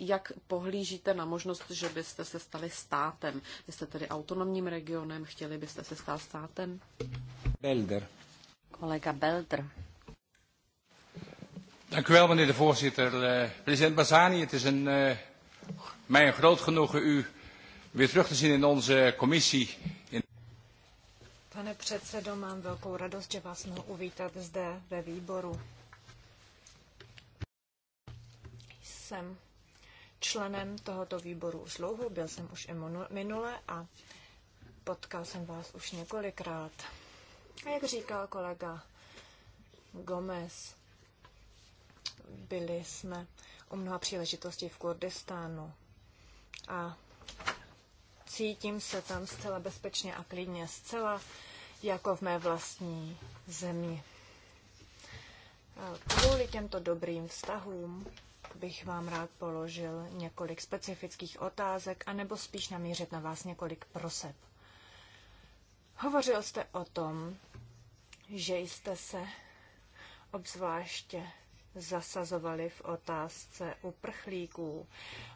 jak pohlížíte na možnost, že byste se stali státem? Vy jste tedy autonomním regionem, chtěli byste se stát státem? Belder. Kolega Belder. Dank u wel, meneer de voorzitter. Uh, president Bazani, het is een, uh, mij een groot genoegen u weer terug te zien in onze commissie. In... Pane předsedo, mám velkou radost, že vás mohu uvítat zde ve výboru. Jsem členem tohoto výboru už dlouho, byl jsem už i minule a potkal jsem vás už několikrát. A jak říkal kolega Gomez, byli jsme o mnoha příležitostí v Kurdistánu a cítím se tam zcela bezpečně a klidně, zcela jako v mé vlastní zemi. Kvůli těmto dobrým vztahům bych vám rád položil několik specifických otázek, anebo spíš namířit na vás několik proseb. Hovořil jste o tom, že jste se obzvláště zasazovali v otázce uprchlíků.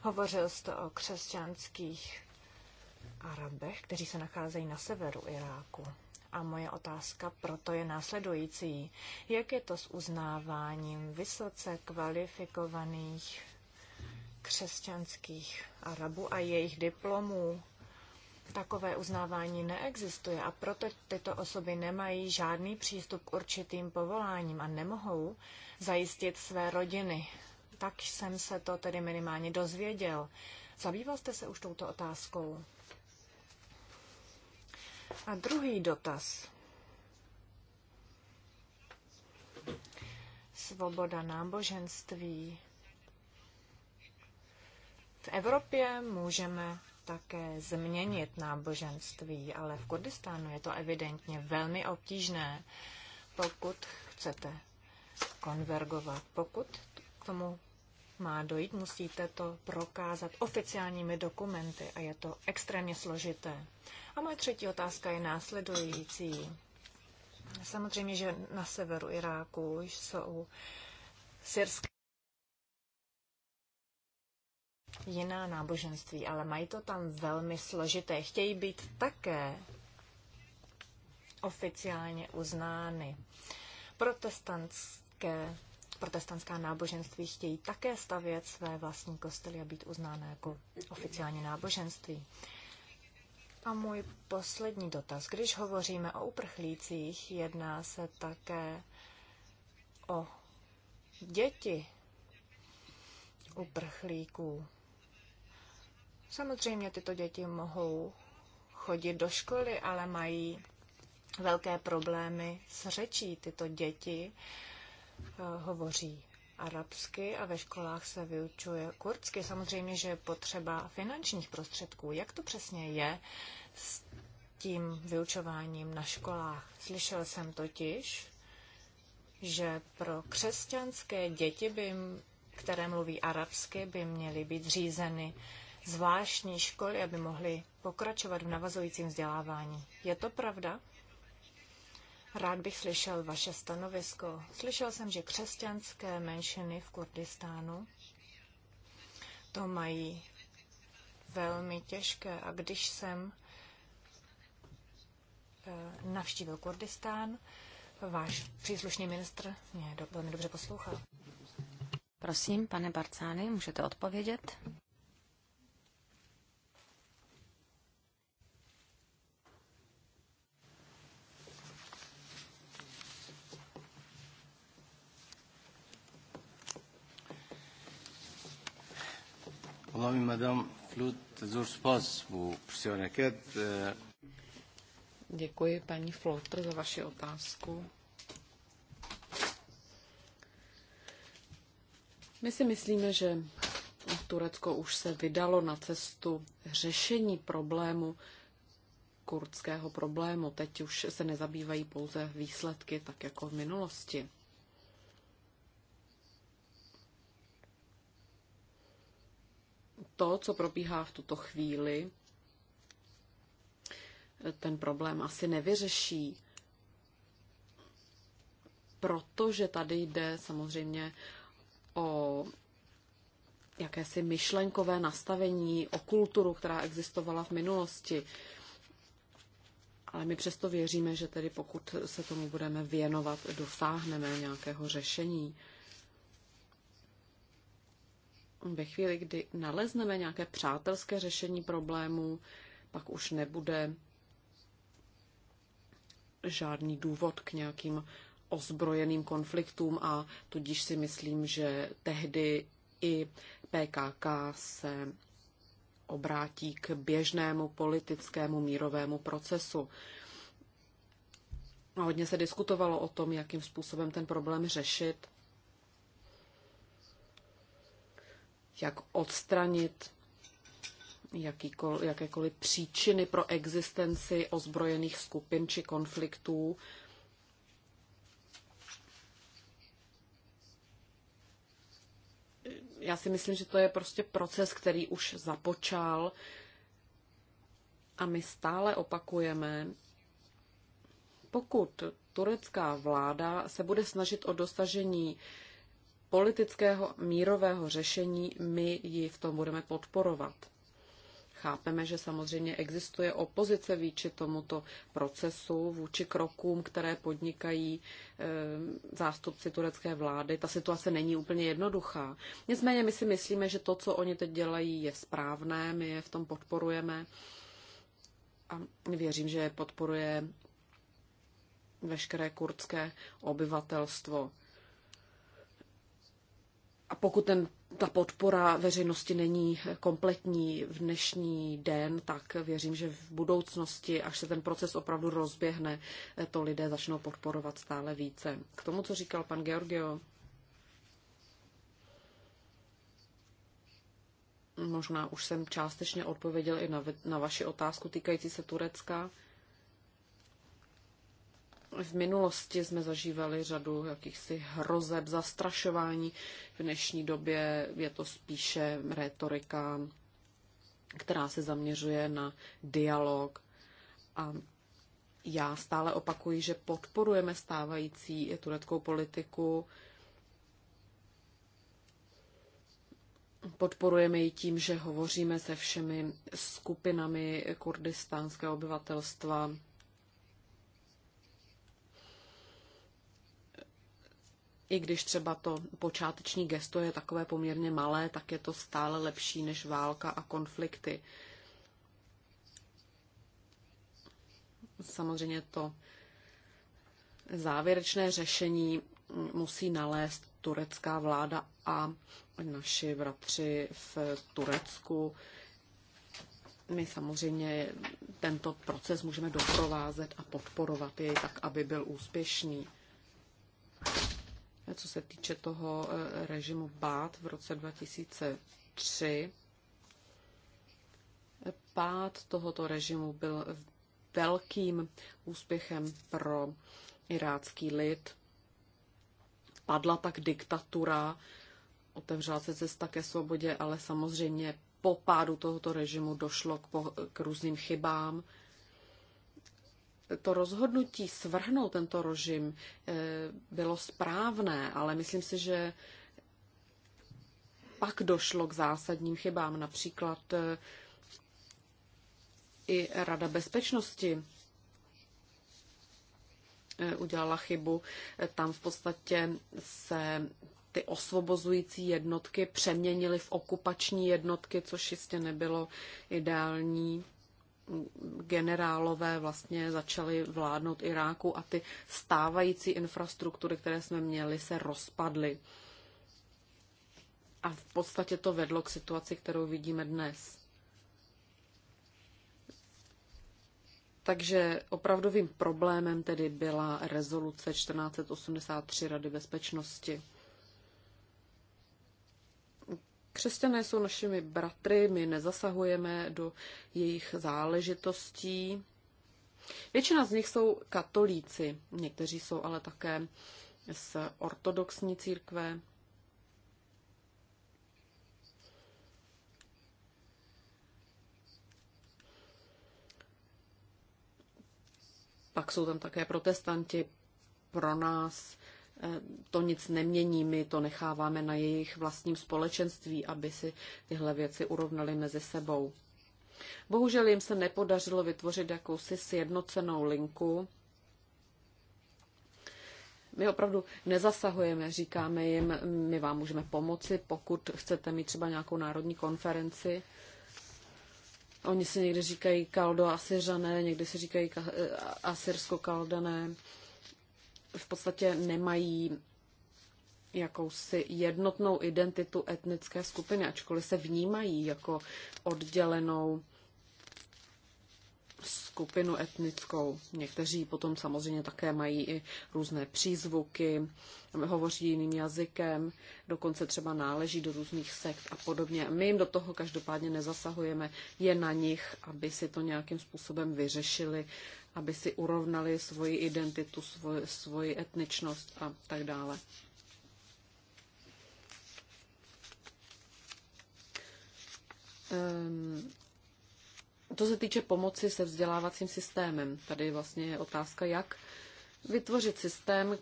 Hovořil jste o křesťanských Arabech, kteří se nacházejí na severu Iráku a moje otázka proto je následující. Jak je to s uznáváním vysoce kvalifikovaných křesťanských Arabů a jejich diplomů? Takové uznávání neexistuje a proto tyto osoby nemají žádný přístup k určitým povoláním a nemohou zajistit své rodiny. Tak jsem se to tedy minimálně dozvěděl. Zabýval jste se už touto otázkou? A druhý dotaz. Svoboda náboženství. V Evropě můžeme také změnit náboženství, ale v Kurdistánu je to evidentně velmi obtížné, pokud chcete konvergovat, pokud k tomu má dojít, musíte to prokázat oficiálními dokumenty a je to extrémně složité. A moje třetí otázka je následující. Samozřejmě, že na severu Iráku jsou syrské jiná náboženství, ale mají to tam velmi složité. Chtějí být také oficiálně uznány. Protestantské protestantská náboženství chtějí také stavět své vlastní kostely a být uznána jako oficiální náboženství. A můj poslední dotaz. Když hovoříme o uprchlících, jedná se také o děti uprchlíků. Samozřejmě tyto děti mohou chodit do školy, ale mají velké problémy s řečí tyto děti Eh, hovoří arabsky a ve školách se vyučuje kurdsky. Samozřejmě, že je potřeba finančních prostředků. Jak to přesně je s tím vyučováním na školách? Slyšel jsem totiž, že pro křesťanské děti, by, které mluví arabsky, by měly být řízeny zvláštní školy, aby mohly pokračovat v navazujícím vzdělávání. Je to pravda? Rád bych slyšel vaše stanovisko. Slyšel jsem, že křesťanské menšiny v Kurdistánu to mají velmi těžké. A když jsem eh, navštívil Kurdistán, váš příslušný ministr mě do, velmi dobře poslouchal. Prosím, pane Barcány, můžete odpovědět? E, Děkuji paní Flotr za vaši otázku. My si myslíme, že Turecko už se vydalo na cestu řešení problému kurdského problému. Teď už se nezabývají pouze výsledky, tak jako v minulosti. to, co probíhá v tuto chvíli, ten problém asi nevyřeší, protože tady jde samozřejmě o jakési myšlenkové nastavení, o kulturu, která existovala v minulosti. Ale my přesto věříme, že tedy pokud se tomu budeme věnovat, dosáhneme nějakého řešení. Ve chvíli, kdy nalezneme nějaké přátelské řešení problémů, pak už nebude žádný důvod k nějakým ozbrojeným konfliktům a tudíž si myslím, že tehdy i PKK se obrátí k běžnému politickému mírovému procesu. A hodně se diskutovalo o tom, jakým způsobem ten problém řešit. jak odstranit jakékoliv příčiny pro existenci ozbrojených skupin či konfliktů. Já si myslím, že to je prostě proces, který už započal a my stále opakujeme, pokud turecká vláda se bude snažit o dosažení politického mírového řešení my ji v tom budeme podporovat. Chápeme, že samozřejmě existuje opozice vůči tomuto procesu, vůči krokům, které podnikají e, zástupci turecké vlády. Ta situace není úplně jednoduchá. Nicméně my si myslíme, že to, co oni teď dělají, je správné, my je v tom podporujeme a věřím, že je podporuje veškeré kurdské obyvatelstvo. A pokud ten, ta podpora veřejnosti není kompletní v dnešní den, tak věřím, že v budoucnosti, až se ten proces opravdu rozběhne, to lidé začnou podporovat stále více. K tomu, co říkal pan Georgio, možná už jsem částečně odpověděl i na, na vaši otázku týkající se Turecka. V minulosti jsme zažívali řadu jakýchsi hrozeb, zastrašování. V dnešní době je to spíše retorika, která se zaměřuje na dialog. A já stále opakuji, že podporujeme stávající tureckou politiku, Podporujeme ji tím, že hovoříme se všemi skupinami kurdistánského obyvatelstva, i když třeba to počáteční gesto je takové poměrně malé, tak je to stále lepší než válka a konflikty. Samozřejmě to závěrečné řešení musí nalézt turecká vláda a naši bratři v Turecku. My samozřejmě tento proces můžeme doprovázet a podporovat jej tak, aby byl úspěšný co se týče toho eh, režimu BAT v roce 2003. Pád tohoto režimu byl velkým úspěchem pro irácký lid. Padla tak diktatura, otevřela se cesta ke svobodě, ale samozřejmě po pádu tohoto režimu došlo k, po, k různým chybám to rozhodnutí svrhnout tento režim eh, bylo správné, ale myslím si, že pak došlo k zásadním chybám. Například eh, i Rada bezpečnosti eh, udělala chybu. Tam v podstatě se ty osvobozující jednotky přeměnily v okupační jednotky, což jistě nebylo ideální generálové vlastně začali vládnout Iráku a ty stávající infrastruktury, které jsme měli, se rozpadly. A v podstatě to vedlo k situaci, kterou vidíme dnes. Takže opravdovým problémem tedy byla rezoluce 1483 Rady bezpečnosti. Křesťané jsou našimi bratry, my nezasahujeme do jejich záležitostí. Většina z nich jsou katolíci, někteří jsou ale také z ortodoxní církve. Pak jsou tam také protestanti pro nás Eh, to nic nemění, my to necháváme na jejich vlastním společenství, aby si tyhle věci urovnali mezi sebou. Bohužel jim se nepodařilo vytvořit jakousi sjednocenou linku. My opravdu nezasahujeme, říkáme jim, my vám můžeme pomoci, pokud chcete mít třeba nějakou národní konferenci. Oni si někdy říkají kaldo asiřané, někdy si říkají asyrsko eh, kaldané v podstatě nemají jakousi jednotnou identitu etnické skupiny, ačkoliv se vnímají jako oddělenou skupinu etnickou. Někteří potom samozřejmě také mají i různé přízvuky, hovoří jiným jazykem, dokonce třeba náleží do různých sekt a podobně. My jim do toho každopádně nezasahujeme. Je na nich, aby si to nějakým způsobem vyřešili aby si urovnali svoji identitu, svoji, svoji etničnost a tak dále. Um, to se týče pomoci se vzdělávacím systémem. Tady vlastně je otázka, jak vytvořit systém,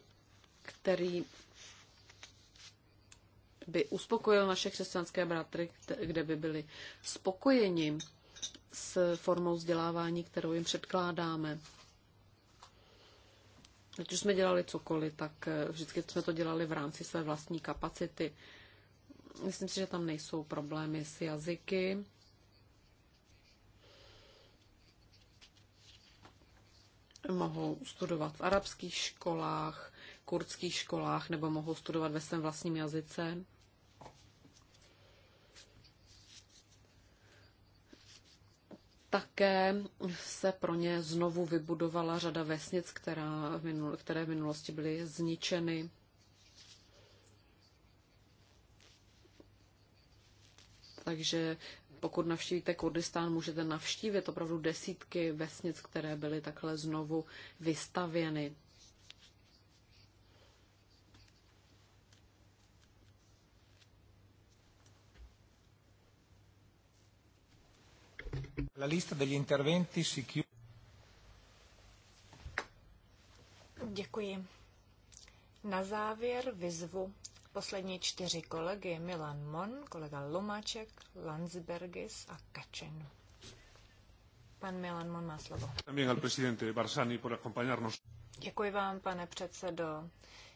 který by uspokojil naše křesťanské bratry, kde by byli spokojeni s formou vzdělávání, kterou jim předkládáme. Ať už jsme dělali cokoliv, tak eh, vždycky jsme to dělali v rámci své vlastní kapacity. Myslím si, že tam nejsou problémy s jazyky. Mohou studovat v arabských školách, kurdských školách nebo mohou studovat ve svém vlastním jazyce. také se pro ně znovu vybudovala řada vesnic, která v minul, které v minulosti byly zničeny. Takže pokud navštívíte Kurdistán, můžete navštívit opravdu desítky vesnic, které byly takhle znovu vystavěny. La lista degli interventi si chiude. Děkuji. Na závěr vyzvu poslední čtyři kolegy Milan Mon, kolega Lomáček, Landsbergis a Kačen. Pan Milan Mon má slovo. Děkuji vám, pane předsedo.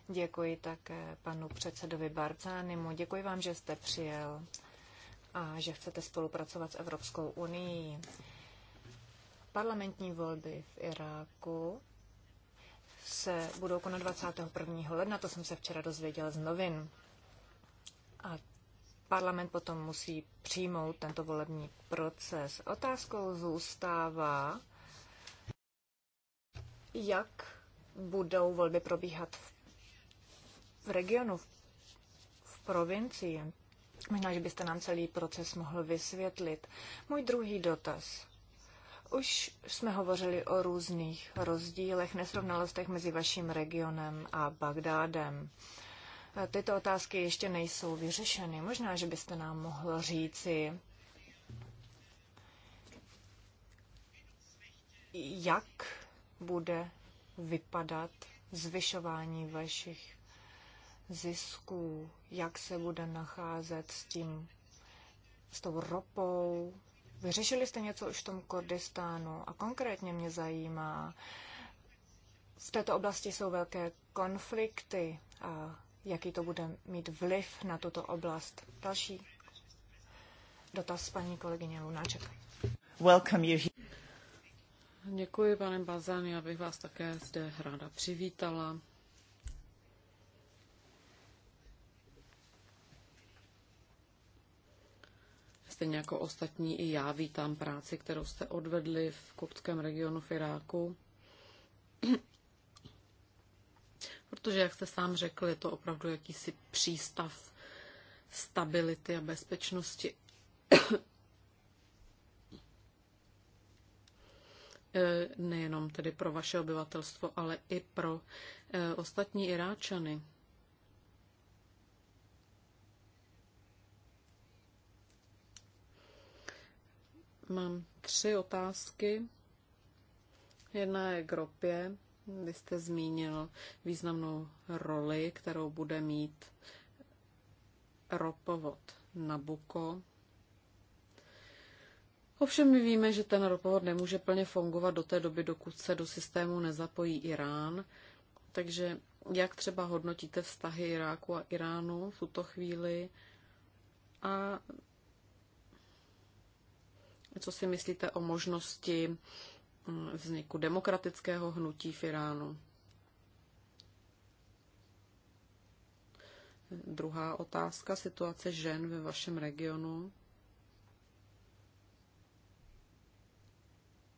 Děkuji také panu předsedovi Barzánimu. Děkuji vám, že jste přijel a že chcete spolupracovat s Evropskou unii. Parlamentní volby v Iráku se budou konat 21. ledna, to jsem se včera dozvěděl z novin. A parlament potom musí přijmout tento volební proces. Otázkou zůstává, jak budou volby probíhat v regionu, v provincii. Možná, že byste nám celý proces mohl vysvětlit. Můj druhý dotaz. Už jsme hovořili o různých rozdílech, nesrovnalostech mezi vaším regionem a Bagdádem. Tyto otázky ještě nejsou vyřešeny. Možná, že byste nám mohl říci, jak bude vypadat zvyšování vašich zisků, jak se bude nacházet s tím, s tou ropou. Vyřešili jste něco už v tom Kurdistánu a konkrétně mě zajímá, v této oblasti jsou velké konflikty a jaký to bude mít vliv na tuto oblast. Další dotaz paní kolegyně Lunáček. Welcome you. Děkuji, pane Bazán, já bych vás také zde ráda přivítala. Stejně jako ostatní i já vítám práci, kterou jste odvedli v koptském regionu v Iráku. Protože, jak jste sám řekl, je to opravdu jakýsi přístav stability a bezpečnosti. E, nejenom tedy pro vaše obyvatelstvo, ale i pro e, ostatní Iráčany. Mám tři otázky. Jedna je k ropě. Vy jste zmínil významnou roli, kterou bude mít ropovod Nabuko. Ovšem my víme, že ten ropovod nemůže plně fungovat do té doby, dokud se do systému nezapojí Irán. Takže jak třeba hodnotíte vztahy Iráku a Iránu v tuto chvíli? A co si myslíte o možnosti mm, vzniku demokratického hnutí v Iránu? Druhá otázka, situace žen ve vašem regionu.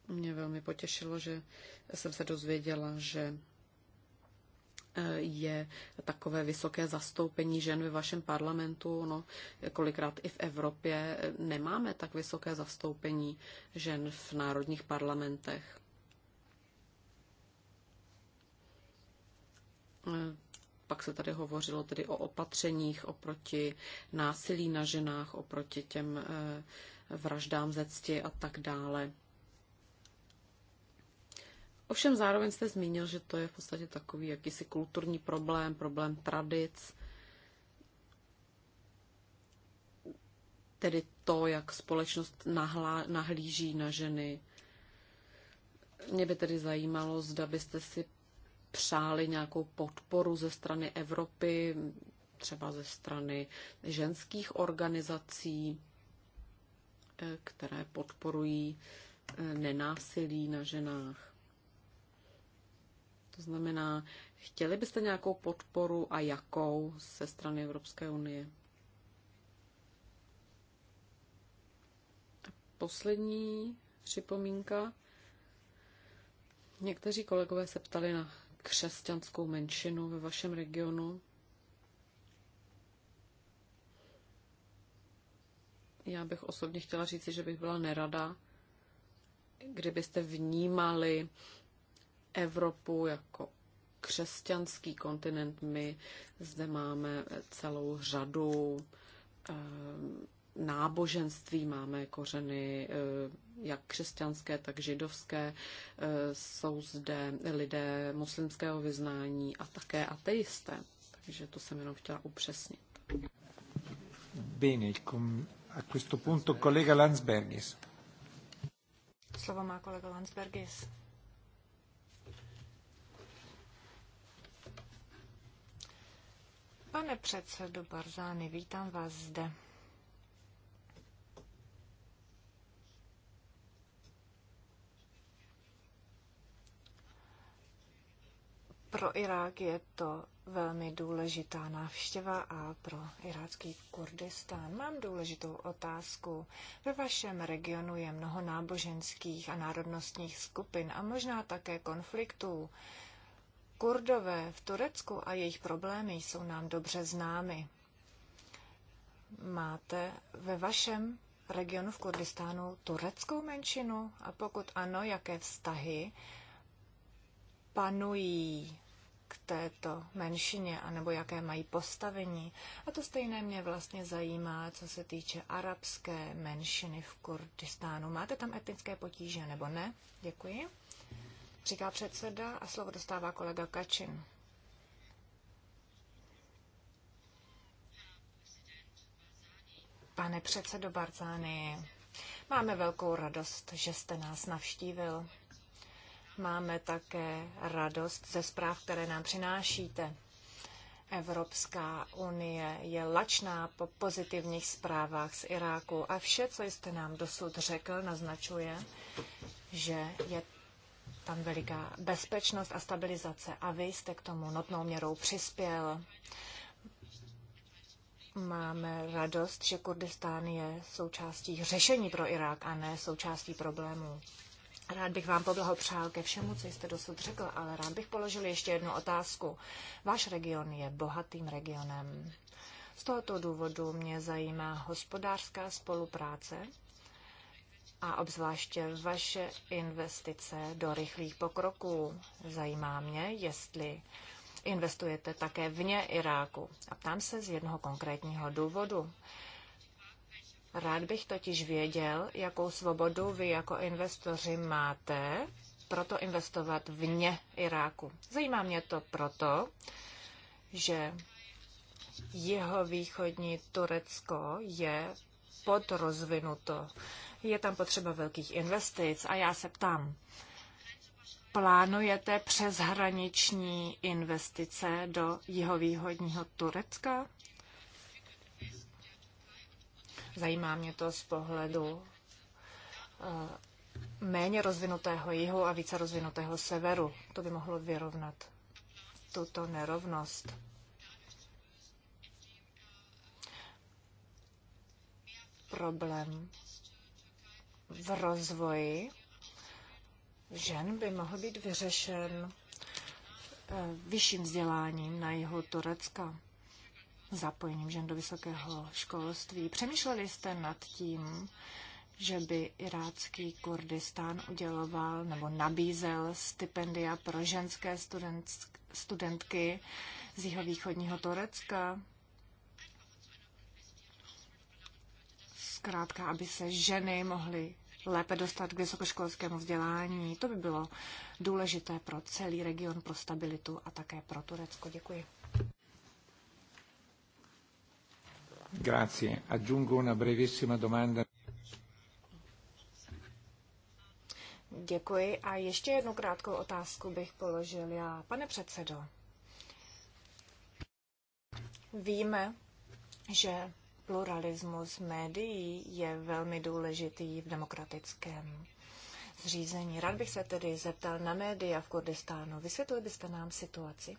Mě velmi potěšilo, že jsem se dozvěděla, že je takové vysoké zastoupení žen ve vašem parlamentu. No, kolikrát i v Evropě nemáme tak vysoké zastoupení žen v národních parlamentech. Pak se tady hovořilo tedy o opatřeních oproti násilí na ženách, oproti těm eh, vraždám ze cti a tak dále. Ovšem zároveň jste zmínil, že to je v podstatě takový jakýsi kulturní problém, problém tradic, tedy to, jak společnost nahlá, nahlíží na ženy. Mě by tedy zajímalo, zda byste si přáli nějakou podporu ze strany Evropy, třeba ze strany ženských organizací, eh, které podporují eh, nenásilí na ženách. To znamená, chtěli byste nějakou podporu a jakou ze strany Evropské unie? A poslední připomínka. Někteří kolegové se ptali na křesťanskou menšinu ve vašem regionu. Já bych osobně chtěla říci, že bych byla nerada, kdybyste vnímali Evropu jako křesťanský kontinent. My zde máme celou řadu eh, náboženství, máme kořeny eh, jak křesťanské, tak židovské. Eh, jsou zde lidé muslimského vyznání a také ateisté. Takže to jsem jenom chtěla upřesnit. Bene, a questo punto kolega Landsbergis. Slovo má kolega Landsbergis. Pane předsedo Barzány, vítám vás zde. Pro Irák je to velmi důležitá návštěva a pro irácký Kurdistán mám důležitou otázku. Ve vašem regionu je mnoho náboženských a národnostních skupin a možná také konfliktů. Kurdové v Turecku a jejich problémy jsou nám dobře známy. Máte ve vašem regionu v Kurdistánu tureckou menšinu? A pokud ano, jaké vztahy panují k této menšině, anebo jaké mají postavení. A to stejné mě vlastně zajímá, co se týče arabské menšiny v Kurdistánu. Máte tam etnické potíže nebo ne? Děkuji říká předseda a slovo dostává kolega Kačin. Pane předsedo Barzány, máme velkou radost, že jste nás navštívil. Máme také radost ze zpráv, které nám přinášíte. Evropská unie je lačná po pozitivních zprávách z Iráku a vše, co jste nám dosud řekl, naznačuje, že je tam veliká bezpečnost a stabilizace a vy jste k tomu notnou měrou přispěl. Máme radost, že Kurdistán je součástí řešení pro Irák a ne součástí problémů. Rád bych vám poblahopřál ke všemu, co jste dosud řekl, ale rád bych položil ještě jednu otázku. Váš region je bohatým regionem. Z tohoto důvodu mě zajímá hospodářská spolupráce a obzvláště vaše investice do rychlých pokroků. Zajímá mě, jestli investujete také vně Iráku. A ptám se z jednoho konkrétního důvodu. Rád bych totiž věděl, jakou svobodu vy jako investoři máte proto investovat vně Iráku. Zajímá mě to proto, že jeho východní Turecko je podrozvinuto. Je tam potřeba velkých investic a já se ptám, plánujete přeshraniční investice do jihovýhodního Turecka? Zajímá mě to z pohledu eh, méně rozvinutého jihu a více rozvinutého severu. To by mohlo vyrovnat tuto nerovnost. problém v rozvoji žen by mohl být vyřešen eh, vyšším vzděláním na jihu Turecka, zapojením žen do vysokého školství. Přemýšleli jste nad tím, že by irácký Kurdistán uděloval nebo nabízel stipendia pro ženské student, studentky z jihovýchodního Turecka? zkrátka, aby se ženy mohly lépe dostat k vysokoškolskému vzdělání. To by bylo důležité pro celý region, pro stabilitu a také pro Turecko. Děkuji. Grazie. Aggiungo una brevissima domanda. Děkuji a ještě jednu krátkou otázku bych položil já. Pane předsedo, víme, že pluralismus médií je velmi důležitý v demokratickém zřízení. Rád bych se tedy zeptal na média v Kurdistánu. Vysvětlili byste nám situaci?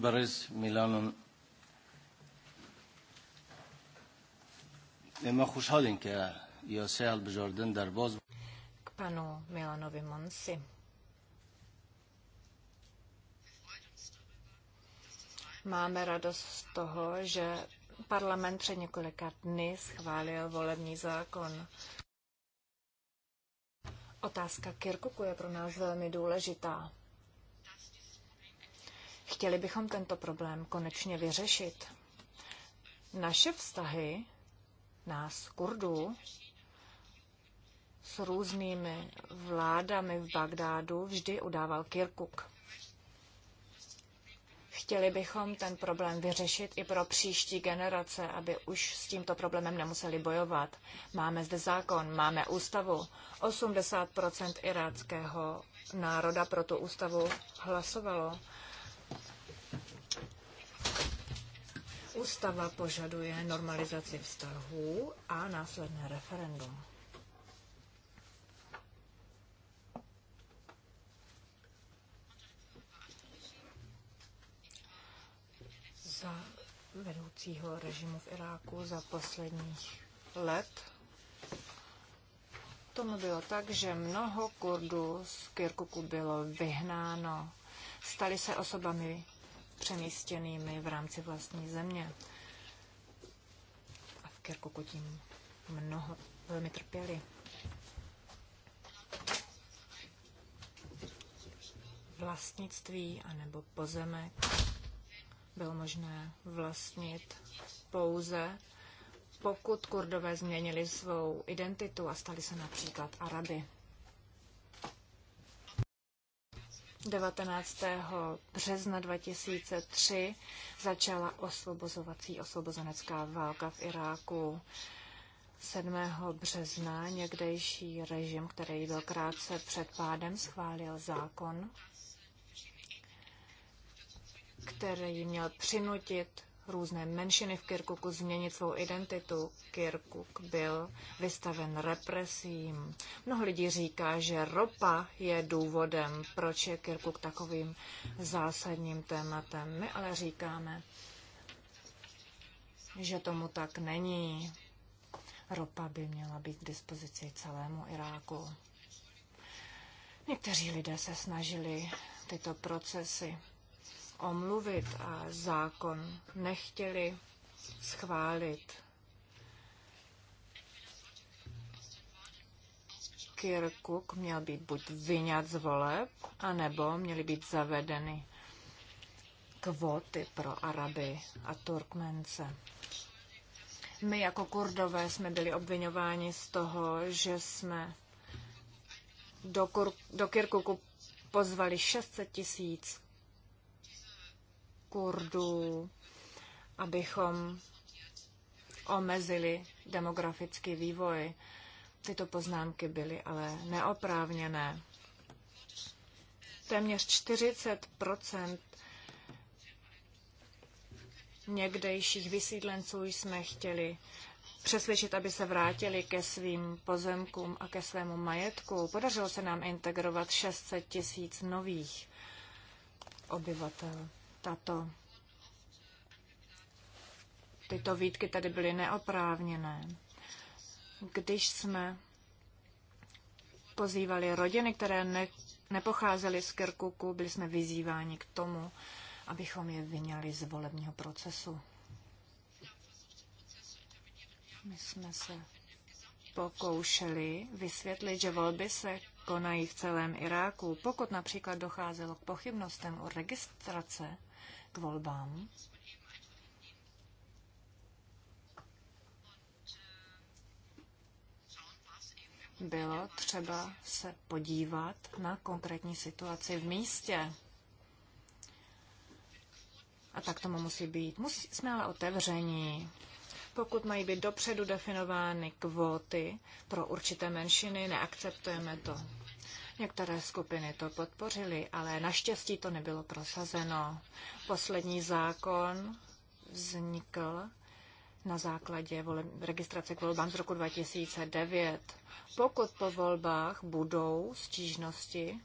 Ibares Milanon. ما خوشحالیم که یا سیل بجاردن در باز k panu Milanovi Monsi. Máme radost z toho, že parlament před několika dny schválil volební zákon. Otázka Kirkuku je pro nás velmi důležitá. Chtěli bychom tento problém konečně vyřešit. Naše vztahy, nás Kurdů, s různými vládami v Bagdádu vždy udával Kirkuk. Chtěli bychom ten problém vyřešit i pro příští generace, aby už s tímto problémem nemuseli bojovat. Máme zde zákon, máme ústavu. 80 iráckého národa pro tu ústavu hlasovalo. Ústava požaduje normalizaci vztahů a následné referendum. Za vedoucího režimu v Iráku za posledních let tomu bylo tak, že mnoho Kurdů z Kirkuku bylo vyhnáno. Stali se osobami přemístěnými v rámci vlastní země. A v Kirkuku tím mnoho velmi trpěli. Vlastnictví anebo pozemek bylo možné vlastnit pouze, pokud kurdové změnili svou identitu a stali se například Araby. 19. března 2003 začala osvobozovací osvobozenecká válka v Iráku. 7. března někdejší režim, který byl krátce před pádem, schválil zákon, který měl přinutit různé menšiny v Kirkuku změnit svou identitu. Kirkuk byl vystaven represím. Mnoho lidí říká, že ropa je důvodem, proč je Kirkuk takovým zásadním tématem. My ale říkáme, že tomu tak není. Ropa by měla být k dispozici celému Iráku. Někteří lidé se snažili tyto procesy omluvit a zákon nechtěli schválit. Kirkuk měl být buď vyňat z voleb, anebo měly být zavedeny kvóty pro Araby a Turkmence. My jako kurdové jsme byli obvinováni z toho, že jsme do, Kur- do Kirkuku pozvali 600 tisíc Kurdů, abychom omezili demografický vývoj. Tyto poznámky byly ale neoprávněné. Téměř 40 někdejších vysídlenců jsme chtěli přesvědčit, aby se vrátili ke svým pozemkům a ke svému majetku. Podařilo se nám integrovat 600 tisíc nových obyvatel. Tato, tyto výtky tady byly neoprávněné. Když jsme pozývali rodiny, které ne, nepocházely z Kirkuku, byli jsme vyzýváni k tomu, abychom je vyňali z volebního procesu. My jsme se pokoušeli vysvětlit, že volby se konají v celém Iráku. Pokud například docházelo k pochybnostem o registrace, k volbám. Bylo třeba se podívat na konkrétní situaci v místě. A tak tomu musí být. Musí, jsme ale otevření. Pokud mají být dopředu definovány kvóty pro určité menšiny, neakceptujeme to. Některé skupiny to podpořily, ale naštěstí to nebylo prosazeno. Poslední zákon vznikl na základě vole, registrace k volbám z roku 2009. Pokud po volbách budou stížnosti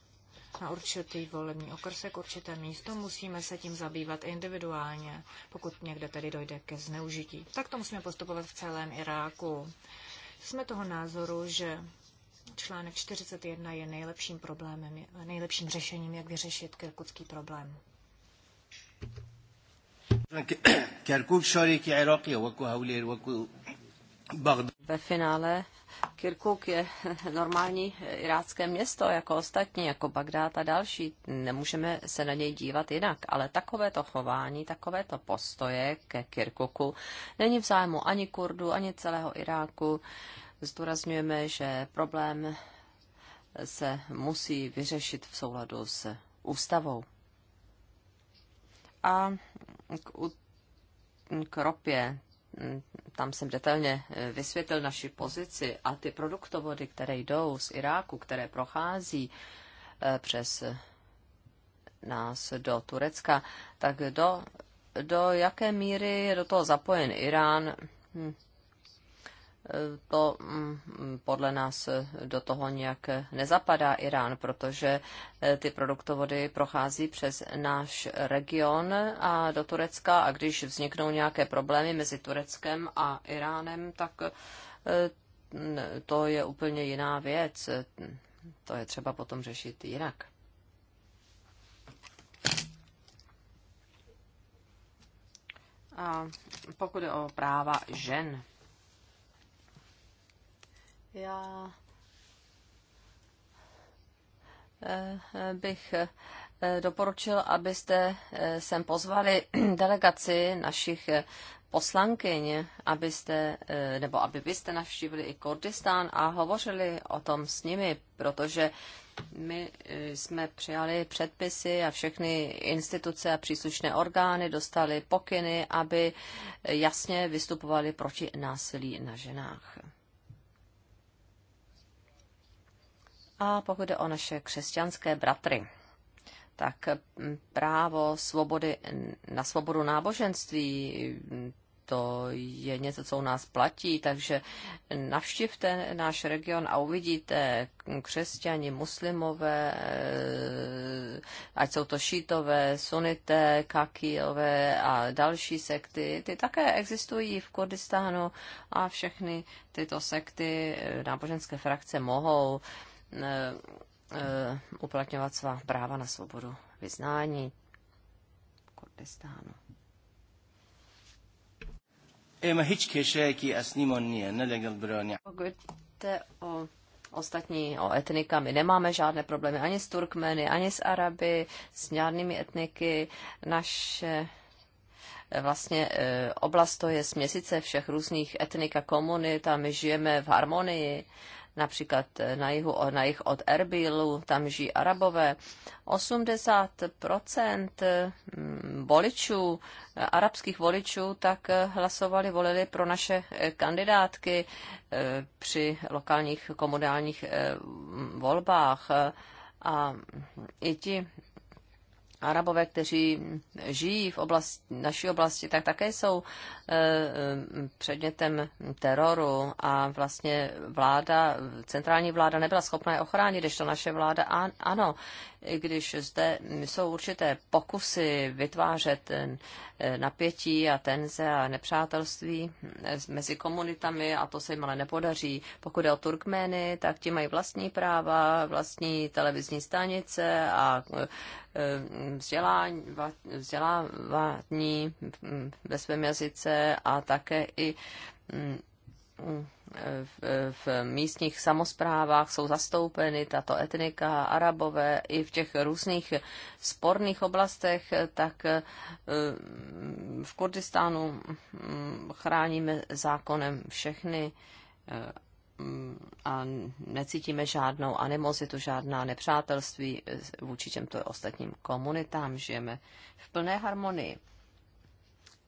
na určitý volební okrsek, určité místo, musíme se tím zabývat individuálně, pokud někde tedy dojde ke zneužití. Tak to musíme postupovat v celém Iráku. Jsme toho názoru, že Článek 41 je nejlepším problémem, nejlepším řešením, jak vyřešit kirkucký problém. Ve finále Kirkuk je normální irácké město, jako ostatní, jako Bagdád a další. Nemůžeme se na něj dívat jinak, ale takovéto chování, takovéto postoje ke Kirkuku není v zájmu ani Kurdu, ani celého Iráku zdůrazňujeme, že problém se musí vyřešit v souladu s ústavou. A k, k ropě, mm, tam jsem detailně eh, vysvětlil naši pozici a ty produktovody, které jdou z Iráku, které prochází eh, přes nás do Turecka, tak do, do jaké míry je do toho zapojen Irán, hm, to mm, podle nás do toho nějak nezapadá Irán, protože eh, ty produktovody prochází přes náš region a do Turecka a když vzniknou nějaké problémy mezi Tureckem a Iránem, tak eh, to je úplně jiná věc. To je třeba potom řešit jinak. A pokud je o práva žen, já eh, bych eh, doporučil, abyste eh, sem pozvali delegaci našich poslankyň, abyste, nebo aby byste navštívili i Kurdistán a hovořili o tom s nimi, protože my jsme přijali předpisy a všechny instituce a příslušné orgány dostali pokyny, aby jasně vystupovali proti násilí na ženách. A pokud jde o naše křesťanské bratry, tak mm, právo svobody, na svobodu náboženství, mm, to je něco, co u nás platí, takže navštivte náš region a uvidíte mm, křesťani, muslimové, e, ať jsou to šítové, sunité, kakijové a další sekty, ty také existují v Kurdistánu a všechny tyto sekty e, náboženské frakce mohou uh, Eh, uplatňovat svá práva na svobodu vyznání Kurdistánu. Pokud jde o ostatní, o etnika, my nemáme žádné problémy ani s Turkmeny, ani s Araby, s žádnými etniky. Naše eh, vlastně eh, oblast to je směsice všech různých etnik a komunit a my žijeme v harmonii například na jihu, na jich od Erbilu, tam žijí arabové. 80% mm, voličů, arabských voličů, tak hlasovali, volili pro naše kandidátky eh, při lokálních komunálních eh, volbách. A i ti Arabové, kteří žijí v oblasti, naší oblasti, tak také jsou eh, eh, předmětem teroru a vlastně vláda, centrální vláda nebyla schopná je ochránit, když to naše vláda ano, i když zde jsou určité pokusy vytvářet eh, napětí a tenze a nepřátelství mezi komunitami a to se jim ale nepodaří. Pokud je o Turkmény, tak ti mají vlastní práva, vlastní televizní stanice a vzdělávání ve svém jazyce a také i mm, v, v místních samozprávách jsou zastoupeny tato etnika, arabové i v těch různých sporných oblastech, tak e, v Kurdistánu mm, chráníme zákonem všechny e, a necítíme žádnou animozitu, žádná nepřátelství vůči těmto ostatním komunitám. Žijeme v plné harmonii.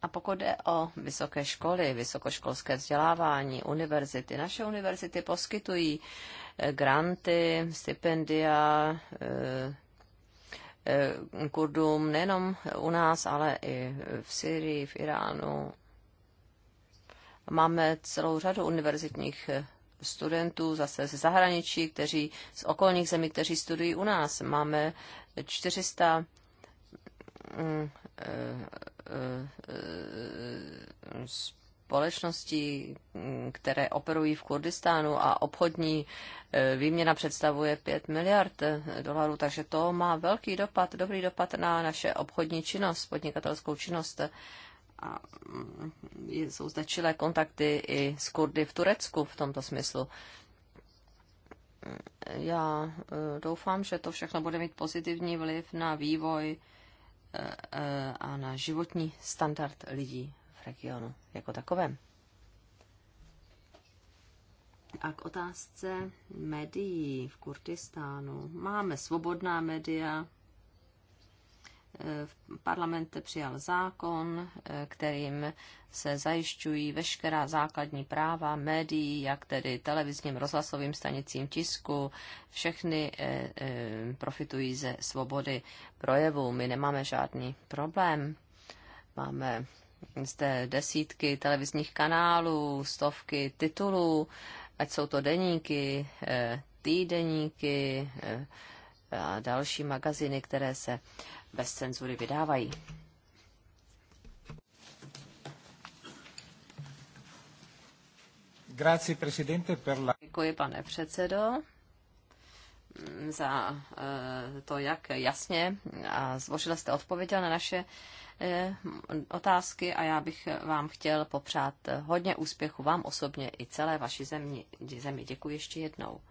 A pokud jde o vysoké školy, vysokoškolské vzdělávání, univerzity, naše univerzity poskytují eh, granty, stipendia eh, eh, Kurdům nejenom u nás, ale i v Syrii, v Iránu. Máme celou řadu univerzitních studentů zase ze zahraničí, kteří z okolních zemí, kteří studují u nás. Máme 400 mm, eh, eh, společností, mm, které operují v Kurdistánu a obchodní eh, výměna představuje 5 miliard dolarů, takže to má velký dopad, dobrý dopad na naše obchodní činnost, podnikatelskou činnost a mm, jsou zde čilé kontakty i s Kurdy v Turecku v tomto smyslu. Já e, doufám, že to všechno bude mít pozitivní vliv na vývoj e, e, a na životní standard lidí v regionu jako takovém. A k otázce médií v Kurdistánu. Máme svobodná média, parlament přijal zákon, eh, kterým se zajišťují veškerá základní práva médií, jak tedy televizním, rozhlasovým stanicím tisku. Všechny eh, eh, profitují ze svobody projevu. My nemáme žádný problém. Máme zde desítky televizních kanálů, stovky titulů, ať jsou to deníky, týdeníky a další magaziny, které se bez cenzury vydávají. Děkuji, pane předsedo, za eh, to, jak jasně a zvořile jste odpověděl na naše eh, otázky a já bych vám chtěl popřát hodně úspěchu vám osobně i celé vaší zemi. Děkuji ještě jednou.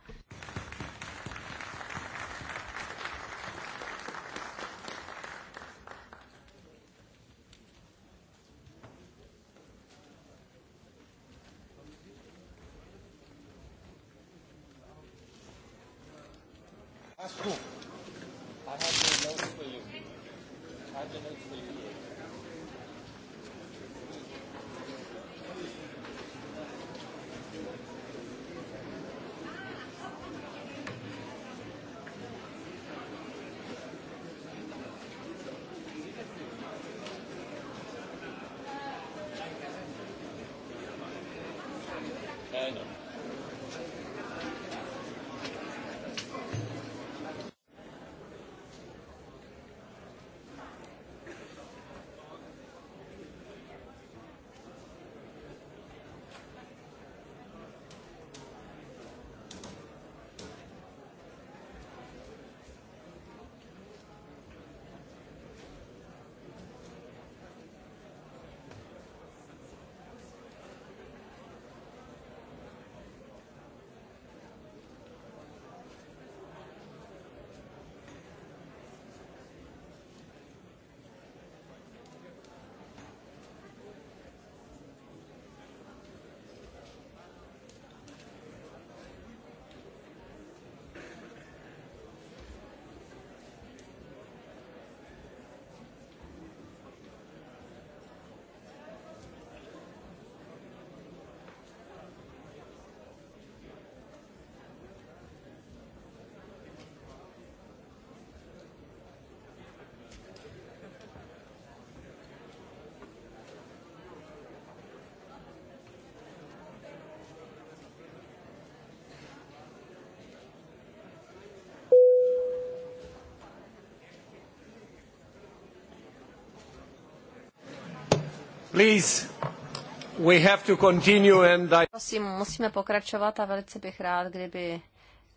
Prosím, musíme pokračovat a velice bych rád, kdyby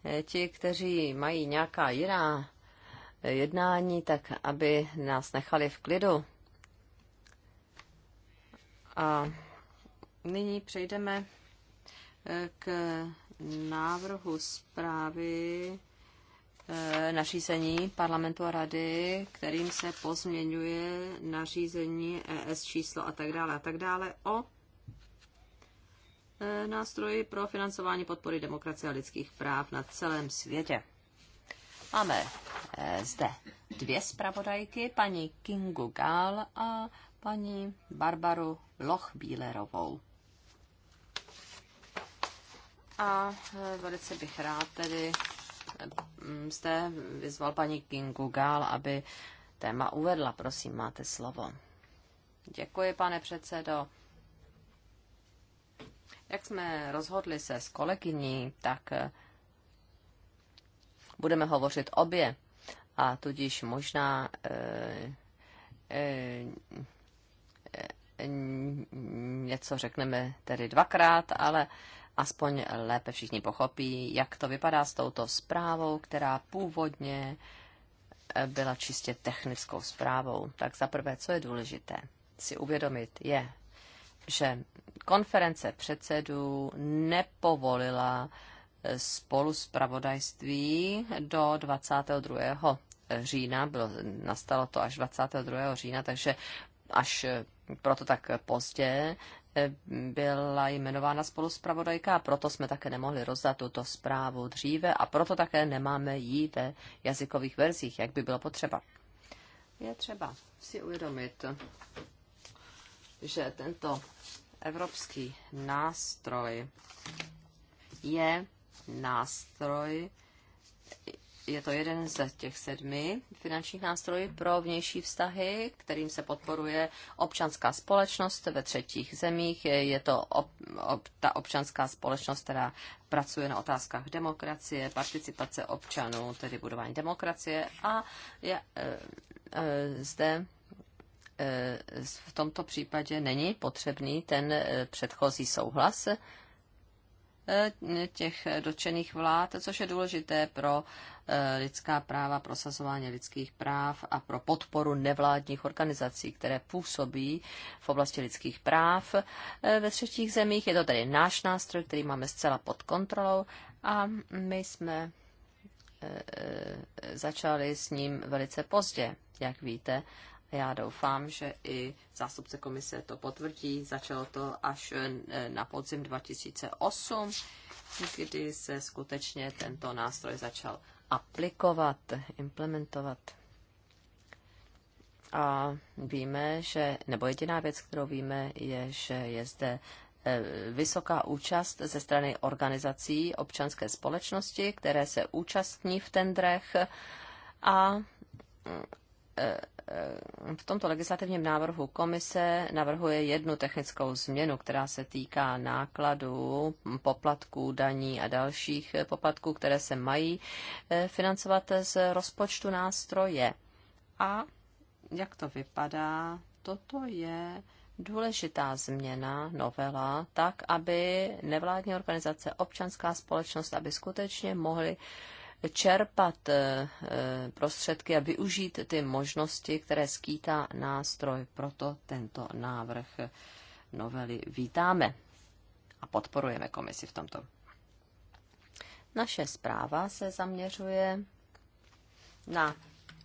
eh, ti, kteří mají nějaká jiná eh, jednání, tak aby nás nechali v klidu. A nyní přejdeme eh, k návrhu zprávy Eh, nařízení parlamentu a rady, kterým se pozměňuje nařízení ES číslo a tak dále a tak dále o eh, nástroji pro financování podpory demokracie a lidských práv na celém světě. Máme eh, zde dvě zpravodajky, paní Kingu Gál a paní Barbaru Lochbílerovou. A velice bych rád tedy Mm, jste vyzval paní Kingu Gál, aby téma uvedla. Prosím, máte slovo. Děkuji, pane předsedo. Jak jsme rozhodli se s kolegyní, tak eh, budeme hovořit obě a tudíž možná e, e, něco řekneme tedy dvakrát, ale aspoň lépe všichni pochopí, jak to vypadá s touto zprávou, která původně eh, byla čistě technickou zprávou. Tak za prvé, co je důležité si uvědomit, je, že konference předsedů nepovolila eh, spolu zpravodajství do 22. října. Bylo, nastalo to až 22. října, takže až eh, proto tak pozdě byla jmenována spoluspravodajka a proto jsme také nemohli rozdat tuto zprávu dříve a proto také nemáme ji ve jazykových verzích, jak by bylo potřeba. Je třeba si uvědomit, že tento evropský nástroj je nástroj, je to jeden z těch sedmi finančních nástrojů pro vnější vztahy, kterým se podporuje občanská společnost ve třetích zemích. Je to ob, ob, ta občanská společnost, která pracuje na otázkách demokracie, participace občanů, tedy budování demokracie. A je, e, e, zde e, v tomto případě není potřebný ten e, předchozí souhlas Eh, těch dočených vlád, což je důležité pro eh, lidská práva, prosazování lidských práv a pro podporu nevládních organizací, které působí v oblasti lidských práv eh, ve třetích zemích. Je to tedy náš nástroj, který máme zcela pod kontrolou a my jsme začali s ním velice pozdě, jak víte, já doufám, že i zástupce komise to potvrdí. Začalo to až eh, na podzim 2008, kdy se skutečně tento nástroj začal aplikovat, implementovat. A víme, že, nebo jediná věc, kterou víme, je, že je zde eh, vysoká účast ze strany organizací občanské společnosti, které se účastní v tendrech a v tomto legislativním návrhu komise navrhuje jednu technickou změnu, která se týká nákladů, poplatků, daní a dalších poplatků, které se mají eh, financovat z rozpočtu nástroje. A jak to vypadá? Toto je důležitá změna, novela, tak, aby nevládní organizace, občanská společnost, aby skutečně mohly čerpat eh, eh, prostředky a využít ty možnosti, které skýtá nástroj. Proto tento návrh novely vítáme a podporujeme komisi v tomto. Naše zpráva se zaměřuje na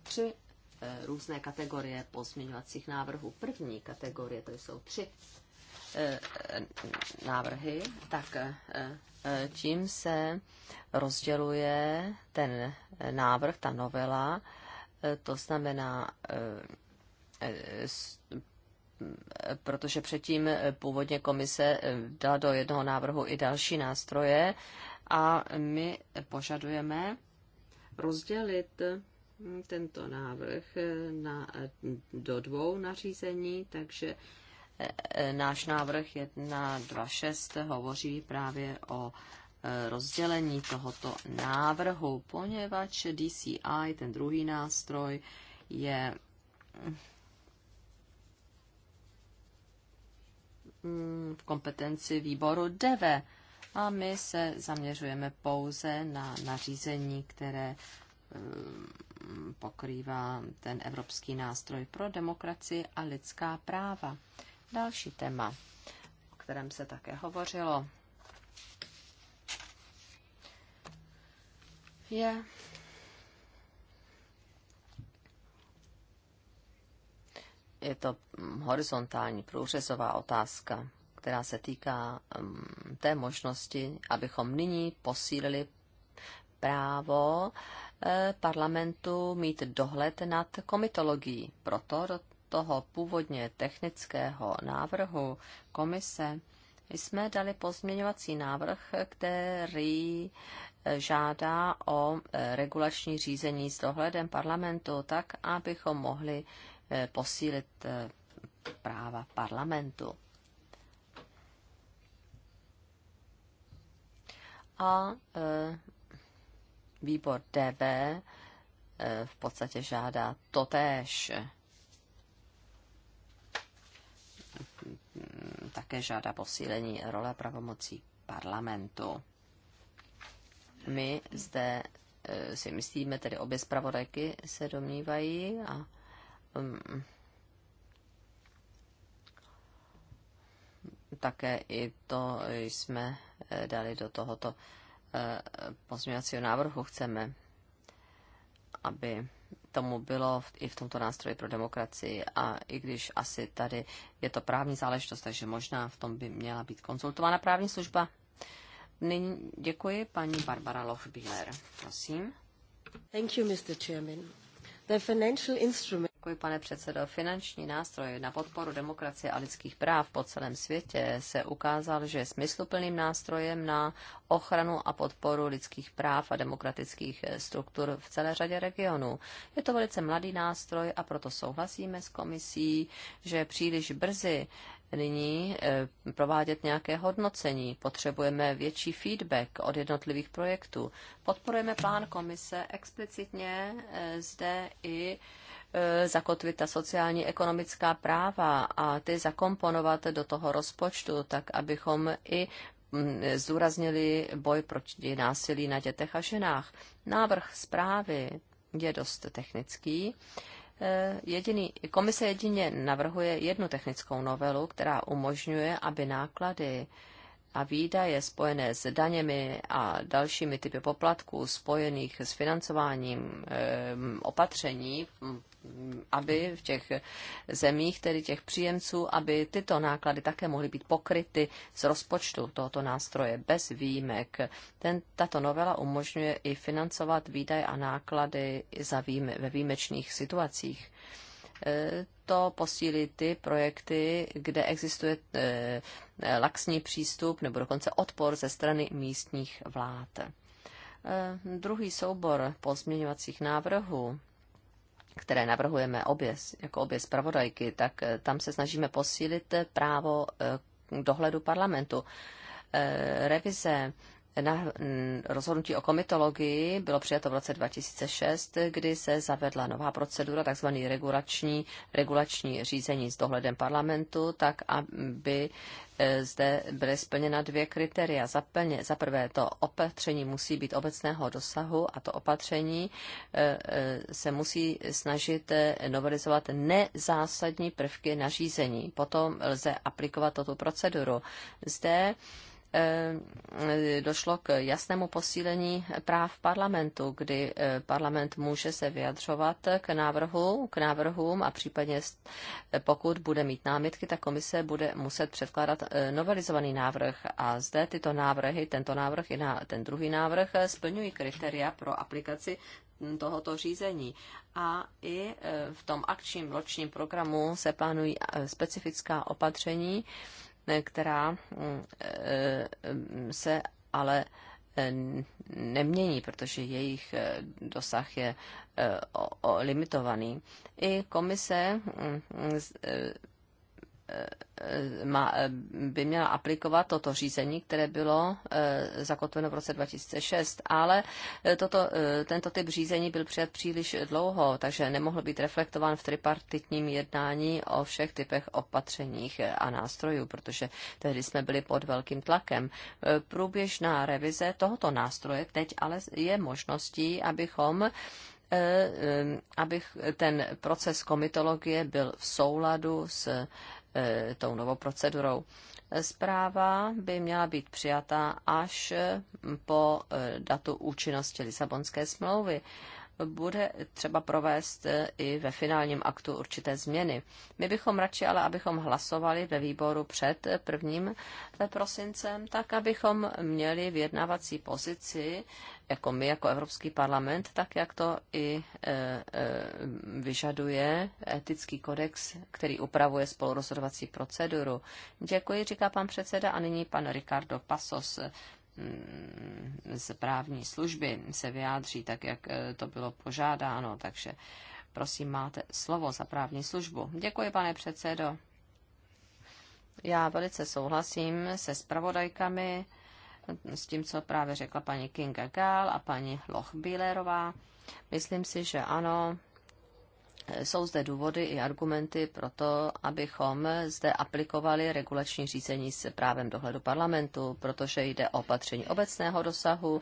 tři eh, různé kategorie pozměňovacích návrhů. První kategorie to jsou tři Eh, návrhy, tak tím eh, eh, se rozděluje ten návrh, ta novela, to znamená, protože předtím původně komise dala do jednoho návrhu i další nástroje a my požadujeme rozdělit hm, tento návrh na, do dvou nařízení, takže náš návrh 126 hovoří právě o e, rozdělení tohoto návrhu, poněvadž DCI, ten druhý nástroj, je mm, v kompetenci výboru DEVE a my se zaměřujeme pouze na nařízení, které e, pokrývá ten evropský nástroj pro demokracii a lidská práva. Další téma, o kterém se také hovořilo, je je to mm, horizontální průřezová otázka, která se týká mm, té možnosti, abychom nyní posílili právo eh, parlamentu mít dohled nad komitologií. Proto toho původně technického návrhu komise jsme dali pozměňovací návrh, který eh, žádá o eh, regulační řízení s dohledem parlamentu, tak abychom mohli eh, posílit práva parlamentu. A výbor DV v podstatě žádá totéž. také žádá posílení role pravomocí parlamentu. My zde eh, si myslíme, tedy obě zpravodajky se domnívají a um, také i to jsme eh, dali do tohoto eh, pozměňovacího návrhu. Chceme, aby tomu bylo i v tomto nástroji pro demokracii a i když asi tady je to právní záležitost, takže možná v tom by měla být konzultována právní služba. Nyní děkuji paní Barbara Lochbieler. Prosím. Thank you, Mr. Chairman. The financial instrument... Děkuji, pane předsedo. Finanční nástroj na podporu demokracie a lidských práv po celém světě se ukázal, že je smysluplným nástrojem na ochranu a podporu lidských práv a demokratických struktur v celé řadě regionů. Je to velice mladý nástroj a proto souhlasíme s komisí, že příliš brzy nyní eh, provádět nějaké hodnocení. Potřebujeme větší feedback od jednotlivých projektů. Podporujeme plán komise explicitně eh, zde i Eh, zakotvit ta sociální ekonomická práva a ty zakomponovat do toho rozpočtu, tak abychom i mm, zdůraznili boj proti násilí na dětech a ženách. Návrh zprávy je dost technický. Eh, jediný, komise jedině navrhuje jednu technickou novelu, která umožňuje, aby náklady a výdaje spojené s daněmi a dalšími typy poplatků spojených s financováním opatření, mm, aby v těch zemích, tedy těch příjemců, aby tyto náklady také mohly být pokryty z rozpočtu tohoto nástroje bez výjimek. Ten, tato novela umožňuje i financovat výdaje a náklady za výjime, ve výjimečných situacích. Eh, to posílí ty projekty, kde existuje eh, laxní přístup nebo dokonce odpor ze strany místních vlád. Eh, druhý soubor pozměňovacích návrhů které navrhujeme obě, jako obě zpravodajky, tak tam se snažíme posílit právo dohledu parlamentu. Revize na rozhodnutí o komitologii bylo přijato v roce 2006, kdy se zavedla nová procedura, tzv. regulační, regulační řízení s dohledem parlamentu, tak aby e, zde byly splněna dvě kritéria. Za, za prvé to opatření musí být obecného dosahu a to opatření e, e, se musí snažit novelizovat nezásadní prvky nařízení. Potom lze aplikovat toto proceduru. Zde Eh, došlo k jasnému posílení práv parlamentu, kdy eh, parlament může se vyjadřovat k návrhu, k návrhům a případně pokud bude mít námitky, tak komise bude muset předkládat eh, novelizovaný návrh. A zde tyto návrhy, tento návrh i na, ten druhý návrh splňují kritéria pro aplikaci tohoto řízení. A i v tom akčním ročním programu se plánují specifická opatření, Eh, která mm, eh, se ale eh, nemění, protože jejich dosah je limitovaný. I komise mm, by měla aplikovat toto řízení, které bylo eh, zakotveno v roce 2006, ale eh, toto, eh, tento typ řízení byl přijat příliš dlouho, takže nemohl být reflektován v tripartitním jednání o všech typech opatřeních a nástrojů, protože tehdy jsme byli pod velkým tlakem. Průběžná revize tohoto nástroje teď ale je možností, abychom abych ten proces komitologie byl v souladu s Eh, tou novou procedurou. Zpráva by měla být přijata až po eh, datu účinnosti Lisabonské smlouvy bude třeba provést e, i ve finálním aktu určité změny. My bychom radši ale, abychom hlasovali ve výboru před prvním e, prosincem, tak abychom měli vyjednávací pozici, jako my, jako Evropský parlament, tak jak to i e, vyžaduje etický kodex, který upravuje spolurozhodovací proceduru. Děkuji, říká pan předseda a nyní pan Ricardo Pasos Mm, z právní služby se vyjádří tak, jak eh, to bylo požádáno. Takže prosím, máte slovo za právní službu. Děkuji, pane předsedo. Já velice souhlasím se zpravodajkami s tím, co právě řekla paní Kinga Gál a paní Lochbílerová. Myslím si, že ano, jsou zde důvody i argumenty pro to, abychom zde aplikovali regulační řízení s právem dohledu parlamentu, protože jde o opatření obecného dosahu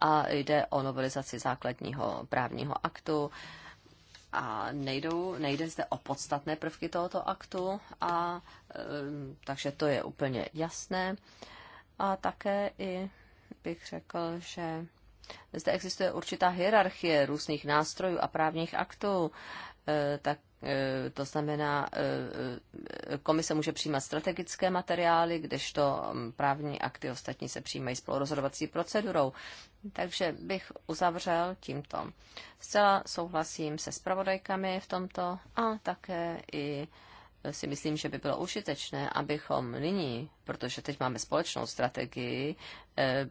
a jde o novelizaci základního právního aktu. A nejdou, nejde zde o podstatné prvky tohoto aktu, a, takže to je úplně jasné. A také i bych řekl, že zde existuje určitá hierarchie různých nástrojů a právních aktů Eh, tak eh, to znamená, eh, komise může přijímat strategické materiály, kdežto mm, právní akty ostatní se přijímají spolu rozhodovací procedurou. Takže bych uzavřel tímto. Zcela souhlasím se spravodajkami v tomto a také i si myslím, že by bylo užitečné, abychom nyní, protože teď máme společnou strategii, eh,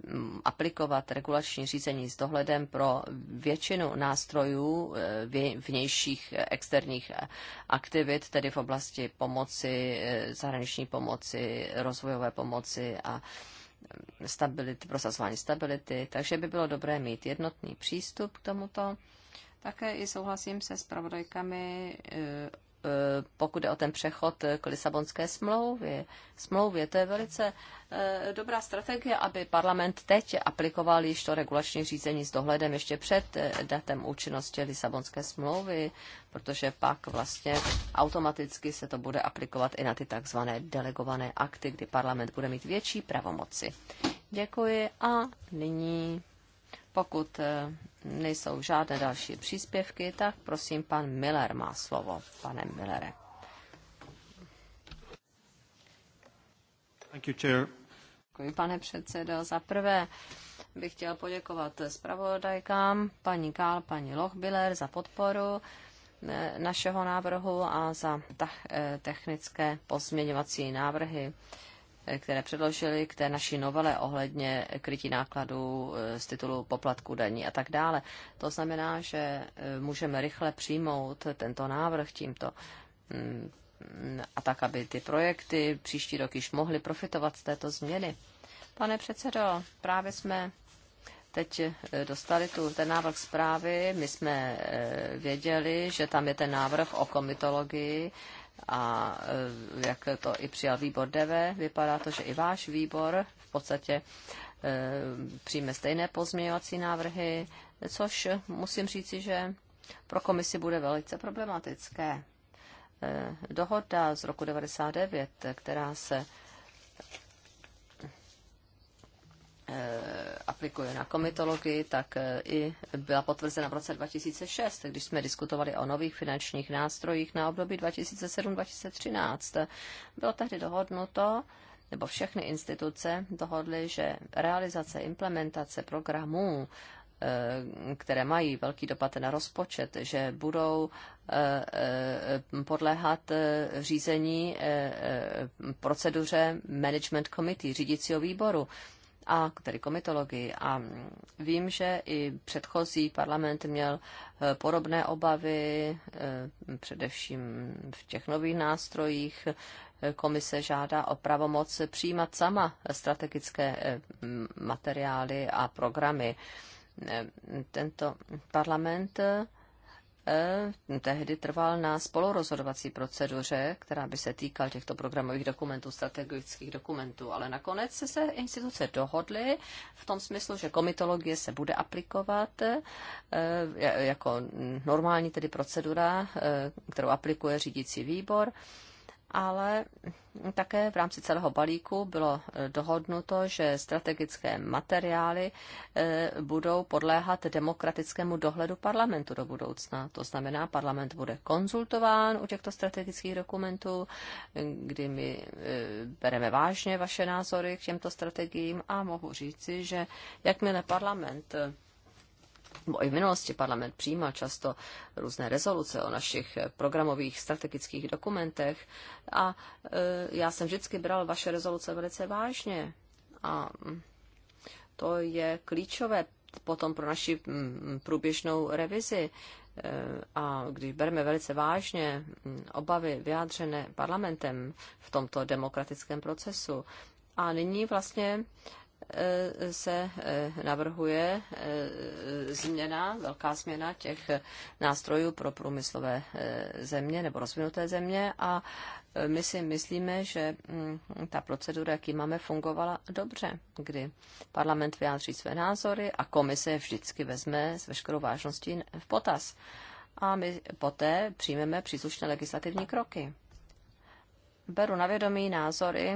aplikovat regulační řízení s dohledem pro většinu nástrojů eh, vnějších eh, externích aktivit, tedy v oblasti pomoci, zahraniční pomoci, rozvojové pomoci a stability, prosazování stability. Takže by bylo dobré mít jednotný přístup k tomuto. Také i souhlasím se spravodajkami Eh, pokud jde o ten přechod k Lisabonské smlouvě. smlouvě. To je velice eh, dobrá strategie, aby parlament teď aplikoval již to regulační řízení s dohledem ještě před eh, datem účinnosti Lisabonské smlouvy, protože pak vlastně automaticky se to bude aplikovat i na ty takzvané delegované akty, kdy parlament bude mít větší pravomoci. Děkuji a nyní pokud eh, nejsou žádné další příspěvky, tak prosím, pan Miller má slovo. Pane Millere. Thank you, chair. Děkuji, pane předsedo. Za prvé bych chtěl poděkovat zpravodajkám, paní Kál, paní Lochbiller za podporu eh, našeho návrhu a za eh, technické pozměňovací návrhy které předložili k té naší novele ohledně krytí nákladů e, z titulu poplatku daní a tak dále. To znamená, že e, můžeme rychle přijmout tento návrh tímto mm, a tak, aby ty projekty příští rok již mohly profitovat z této změny. Pane předsedo, právě jsme teď e, dostali tu, ten návrh zprávy. My jsme věděli, že tam je ten návrh o komitologii a e, jak to i přijal výbor DV, vypadá to, že i váš výbor v podstatě e, přijme stejné pozměňovací návrhy, což musím říci, že pro komisi bude velice problematické. E, dohoda z roku 99, která se Eh, aplikuje na komitologii, tak eh, i byla potvrzena v roce 2006, když jsme diskutovali o nových finančních nástrojích na období 2007-2013. Bylo tehdy dohodnuto, nebo všechny instituce dohodly, že realizace, implementace programů eh, které mají velký dopad na rozpočet, že budou podléhat řízení proceduře Management Committee, řídícího výboru a tedy komitologii. A vím, že i předchozí parlament měl eh, podobné obavy, eh, především v těch nových nástrojích. Eh, komise žádá o pravomoc přijímat sama strategické materiály a programy. Tento parlament tehdy trval na spolorozhodovací proceduře, která by se týkala těchto programových dokumentů, strategických dokumentů, ale nakonec se instituce dohodly v tom smyslu, že komitologie se bude aplikovat eh, jako normální tedy procedura, eh, kterou aplikuje řídící výbor ale také v rámci celého balíku bylo eh, dohodnuto, že strategické materiály eh, budou podléhat demokratickému dohledu parlamentu do budoucna. To znamená, parlament bude konzultován u těchto strategických dokumentů, kdy my eh, bereme vážně vaše názory k těmto strategiím a mohu říci, že jakmile parlament nebo i v minulosti parlament přijímal často různé rezoluce o našich programových strategických dokumentech a e, já jsem vždycky bral vaše rezoluce velice vážně a mm, to je klíčové potom pro naši mm, průběžnou revizi. E, a když bereme velice vážně mm, obavy vyjádřené parlamentem v tomto demokratickém procesu, a nyní vlastně Eh, se eh, navrhuje eh, změna, velká změna těch nástrojů pro průmyslové země nebo rozvinuté země a my si myslíme, že mm, ta procedura, jaký máme, fungovala dobře, kdy parlament vyjádří své názory a komise vždycky vezme s veškerou vážností v potaz. A my poté přijmeme příslušné legislativní kroky. Beru na vědomí názory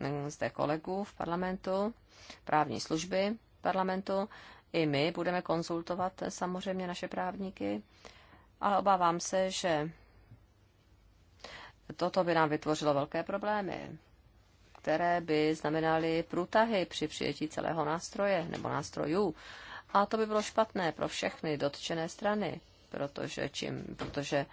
mm, zde kolegů v parlamentu, právní služby parlamentu. I my budeme konzultovat samozřejmě naše právníky, ale obávám se, že toto by nám vytvořilo velké problémy, které by znamenaly průtahy při přijetí celého nástroje nebo nástrojů. A to by bylo špatné pro všechny dotčené strany, protože, čím, protože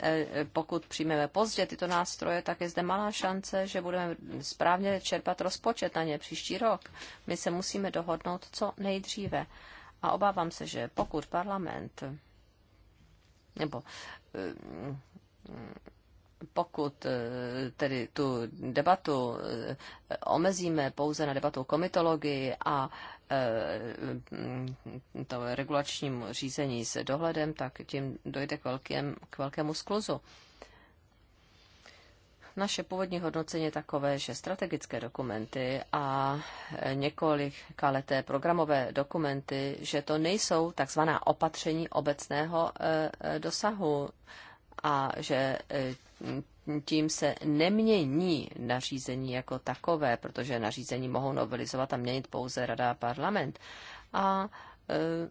Eh, pokud přijmeme pozdě tyto nástroje, tak je zde malá šance, že budeme správně čerpat rozpočet na ně příští rok. My se musíme dohodnout co nejdříve. A obávám se, že pokud parlament nebo eh, pokud eh, tedy tu debatu eh, omezíme pouze na debatu o komitologii a eh, to regulačnímu řízení s dohledem, tak tím dojde k, velkém, k velkému skluzu. Naše původní hodnocení je takové, že strategické dokumenty a několika leté programové dokumenty, že to nejsou takzvaná opatření obecného dosahu a že e, tím se nemění nařízení jako takové, protože nařízení mohou novelizovat a měnit pouze Rada a parlament. A e,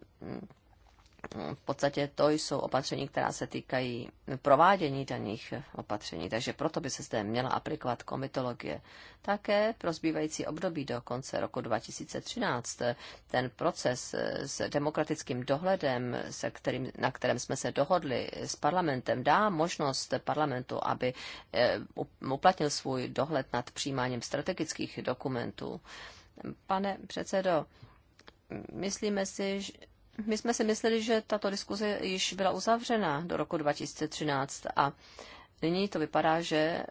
v podstatě to jsou opatření, která se týkají provádění daných opatření, takže proto by se zde měla aplikovat komitologie. Také pro zbývající období do konce roku 2013 ten proces s demokratickým dohledem, se kterým, na kterém jsme se dohodli s parlamentem, dá možnost parlamentu, aby eh, uplatnil svůj dohled nad přijímáním strategických dokumentů. Pane předsedo, myslíme si, že my jsme si mysleli, že tato diskuze již byla uzavřena do roku 2013 a nyní to vypadá, že, eh,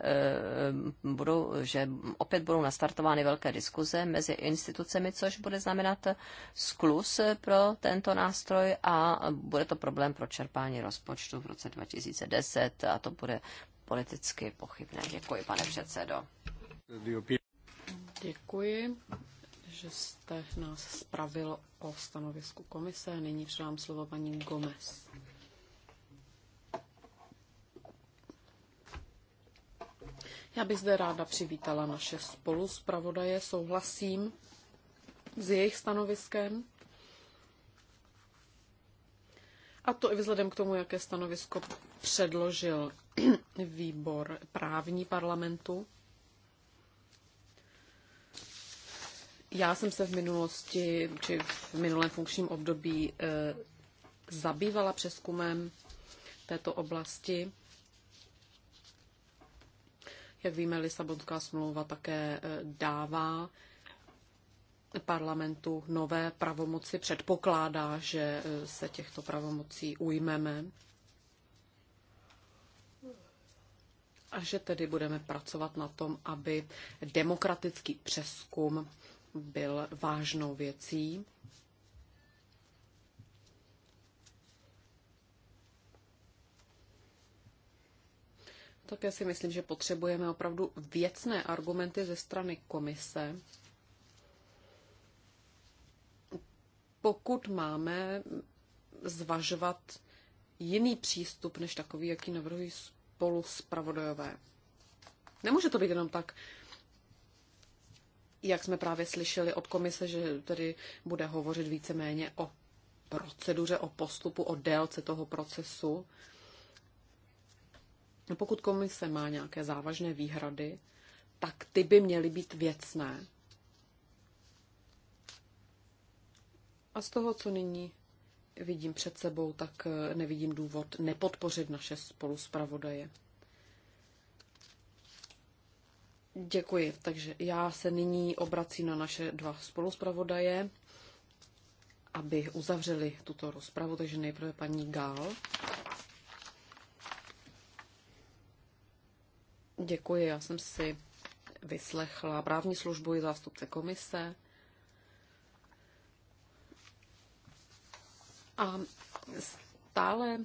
budou, že opět budou nastartovány velké diskuze mezi institucemi, což bude znamenat sklus pro tento nástroj a bude to problém pro čerpání rozpočtu v roce 2010 a to bude politicky pochybné. Děkuji, pane předsedo. Děkuji že jste nás spravil o stanovisku komise. Nyní předám slovo paní Gomez. Já bych zde ráda přivítala naše spoluzpravodaje. Souhlasím s jejich stanoviskem. A to i vzhledem k tomu, jaké stanovisko předložil výbor právní parlamentu. Já jsem se v minulosti, či v minulém funkčním období eh, zabývala přeskumem této oblasti. Jak víme, Lisabonská smlouva také eh, dává parlamentu nové pravomoci, předpokládá, že eh, se těchto pravomocí ujmeme a že tedy budeme pracovat na tom, aby demokratický přeskum byl vážnou věcí. Také si myslím, že potřebujeme opravdu věcné argumenty ze strany komise. Pokud máme zvažovat jiný přístup než takový, jaký navrhují spolu spravodajové. Nemůže to být jenom tak, jak jsme právě slyšeli od komise, že tedy bude hovořit víceméně o proceduře, o postupu, o délce toho procesu. No, pokud komise má nějaké závažné výhrady, tak ty by měly být věcné. A z toho, co nyní vidím před sebou, tak nevidím důvod nepodpořit naše spoluspravodaje. Děkuji. Takže já se nyní obracím na naše dva spoluspravodaje, aby uzavřeli tuto rozpravu. Takže nejprve paní Gál. Děkuji, já jsem si vyslechla právní službu i zástupce komise. A stále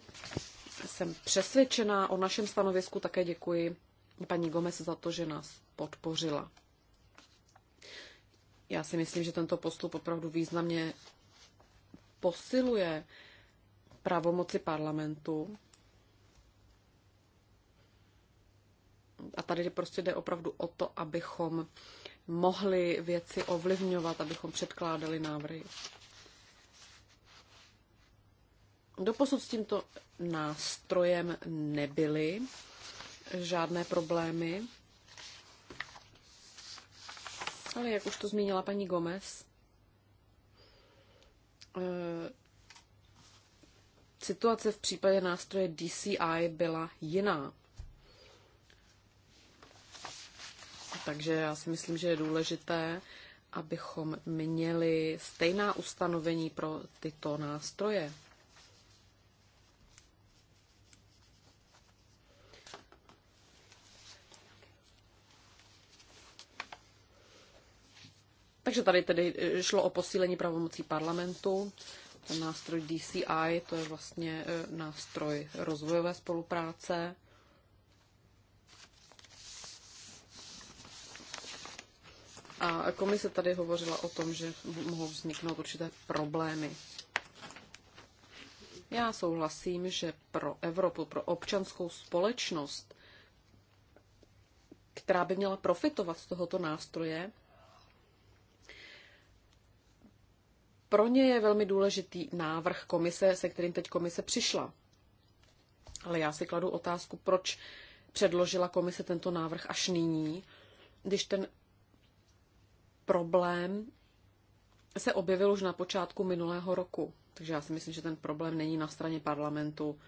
jsem přesvědčená o našem stanovisku, také děkuji paní Gomez za to, že nás podpořila. Já si myslím, že tento postup opravdu významně posiluje pravomoci parlamentu. A tady prostě jde opravdu o to, abychom mohli věci ovlivňovat, abychom předkládali návrhy. Doposud s tímto nástrojem nebyly žádné problémy ale jak už to zmínila paní Gomez, eh, situace v případě nástroje DCI byla jiná. Takže já si myslím, že je důležité, abychom měli stejná ustanovení pro tyto nástroje. Takže tady tedy eh, šlo o posílení pravomocí parlamentu. Ten nástroj DCI, to je vlastně eh, nástroj rozvojové spolupráce. A komise tady hovořila o tom, že mohou vzniknout určité problémy. Já souhlasím, že pro Evropu, pro občanskou společnost, která by měla profitovat z tohoto nástroje, pro ně je velmi důležitý návrh komise, se kterým teď komise přišla. Ale já si kladu otázku, proč předložila komise tento návrh až nyní, když ten problém se objevil už na počátku minulého roku. Takže já si myslím, že ten problém není na straně parlamentu.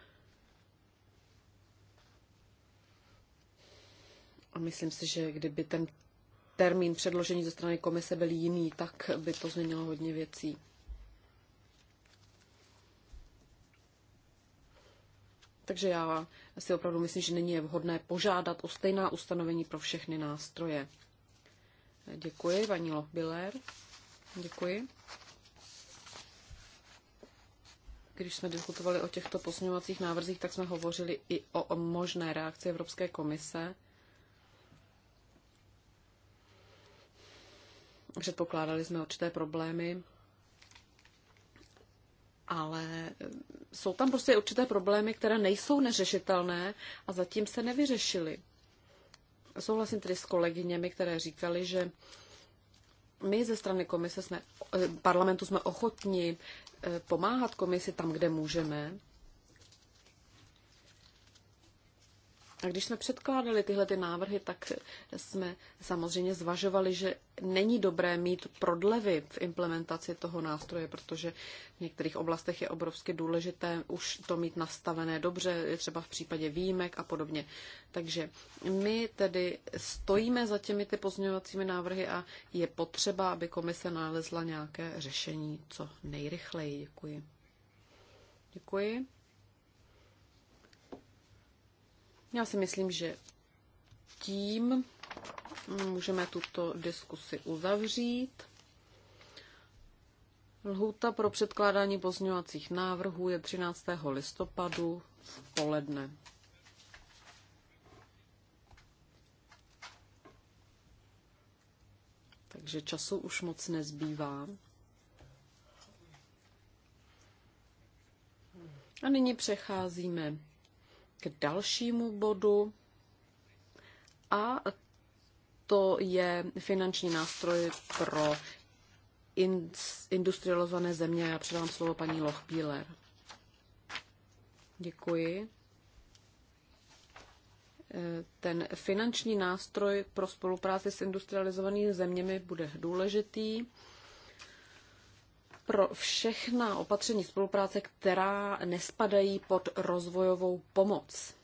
A myslím si, že kdyby ten termín předložení ze strany komise byl jiný, tak by to změnilo hodně věcí. Takže já si opravdu myslím, že není je vhodné požádat o stejná ustanovení pro všechny nástroje. Děkuji, paní Lochbiller. Děkuji. Když jsme diskutovali o těchto posměvacích návrzích, tak jsme hovořili i o možné reakci Evropské komise. Předpokládali jsme určité problémy, ale jsou tam prostě určité problémy, které nejsou neřešitelné a zatím se nevyřešily. Souhlasím tedy s kolegyněmi, které říkali, že my ze strany komise jsme, eh, parlamentu jsme ochotni eh, pomáhat komisi tam, kde můžeme, A když jsme předkládali tyhle ty návrhy, tak jsme samozřejmě zvažovali, že není dobré mít prodlevy v implementaci toho nástroje, protože v některých oblastech je obrovsky důležité už to mít nastavené dobře, třeba v případě výjimek a podobně. Takže my tedy stojíme za těmi ty pozměňovacími návrhy a je potřeba, aby komise nalezla nějaké řešení co nejrychleji. Děkuji. Děkuji. Já si myslím, že tím můžeme tuto diskusi uzavřít. Lhůta pro předkládání pozňovacích návrhů je 13. listopadu v poledne. Takže času už moc nezbývá. A nyní přecházíme k dalšímu bodu a to je finanční nástroj pro industrializované země. Já předám slovo paní Lochbíler. Děkuji. Ten finanční nástroj pro spolupráci s industrializovanými zeměmi bude důležitý pro všechna opatření spolupráce, která nespadají pod rozvojovou pomoc.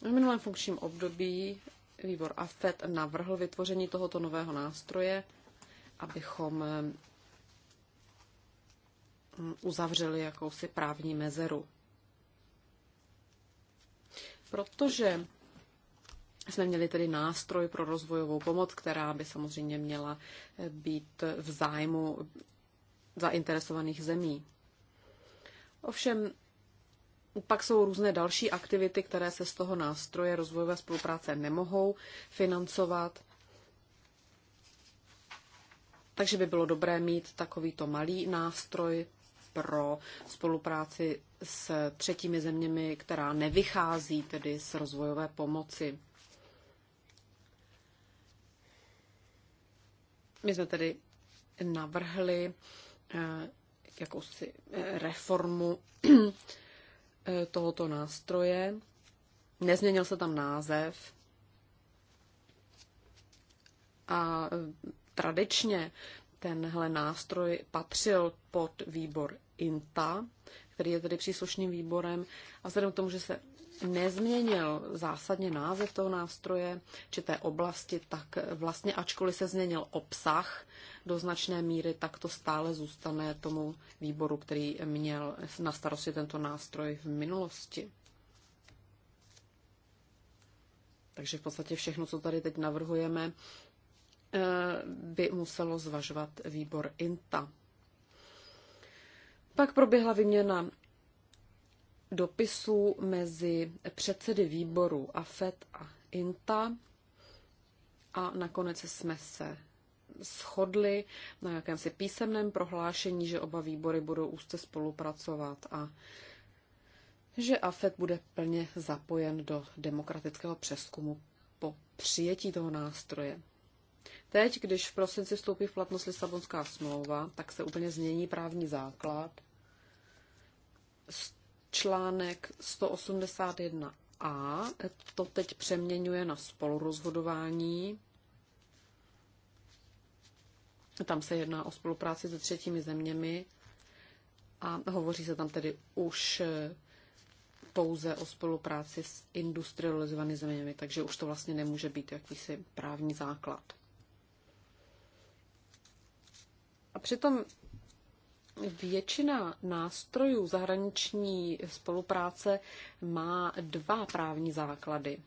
V minulém funkčním období výbor AFET navrhl vytvoření tohoto nového nástroje, abychom mm, uzavřeli jakousi právní mezeru. Protože jsme měli tedy nástroj pro rozvojovou pomoc, která by samozřejmě měla eh, být v zájmu zainteresovaných zemí. Ovšem, pak jsou různé další aktivity, které se z toho nástroje rozvojové spolupráce nemohou financovat. Takže by bylo dobré mít takovýto malý nástroj pro spolupráci s třetími zeměmi, která nevychází tedy z rozvojové pomoci. My jsme tedy navrhli eh, jakousi eh, reformu eh, tohoto nástroje. Nezměnil se tam název. A tradičně tenhle nástroj patřil pod výbor INTA, který je tedy příslušným výborem. A vzhledem k tomu, že se nezměnil zásadně název toho nástroje či té oblasti, tak vlastně ačkoliv se změnil obsah do značné míry, tak to stále zůstane tomu výboru, který měl na starosti tento nástroj v minulosti. Takže v podstatě všechno, co tady teď navrhujeme, eh, by muselo zvažovat výbor INTA. Pak proběhla výměna dopisů mezi předsedy výboru AFET a INTA a nakonec jsme se shodli na jakémsi písemném prohlášení, že oba výbory budou úzce spolupracovat a že AFET bude plně zapojen do demokratického přeskumu po přijetí toho nástroje. Teď, když v prosinci vstoupí v platnost Lisabonská smlouva, tak se úplně změní právní základ. Z článek 181a to teď přeměňuje na spolurozhodování. Tam se jedná o spolupráci se třetími zeměmi a hovoří se tam tedy už eh, pouze o spolupráci s industrializovanými zeměmi, takže už to vlastně nemůže být jakýsi právní základ. A přitom Většina nástrojů zahraniční spolupráce má dva právní základy.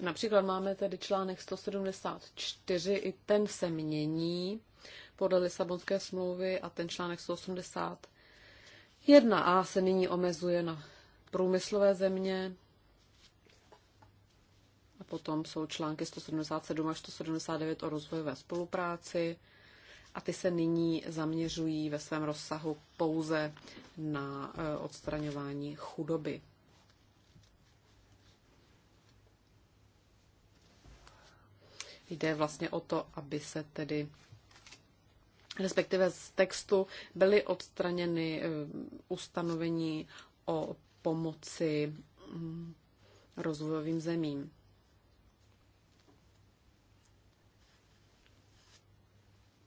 Například máme tedy článek 174, i ten se mění podle Lisabonské smlouvy a ten článek 181a se nyní omezuje na průmyslové země, potom jsou články 177 až 179 o rozvojové spolupráci a ty se nyní zaměřují ve svém rozsahu pouze na eh, odstraňování chudoby. Jde vlastně o to, aby se tedy respektive z textu byly odstraněny eh, ustanovení o pomoci mm, rozvojovým zemím.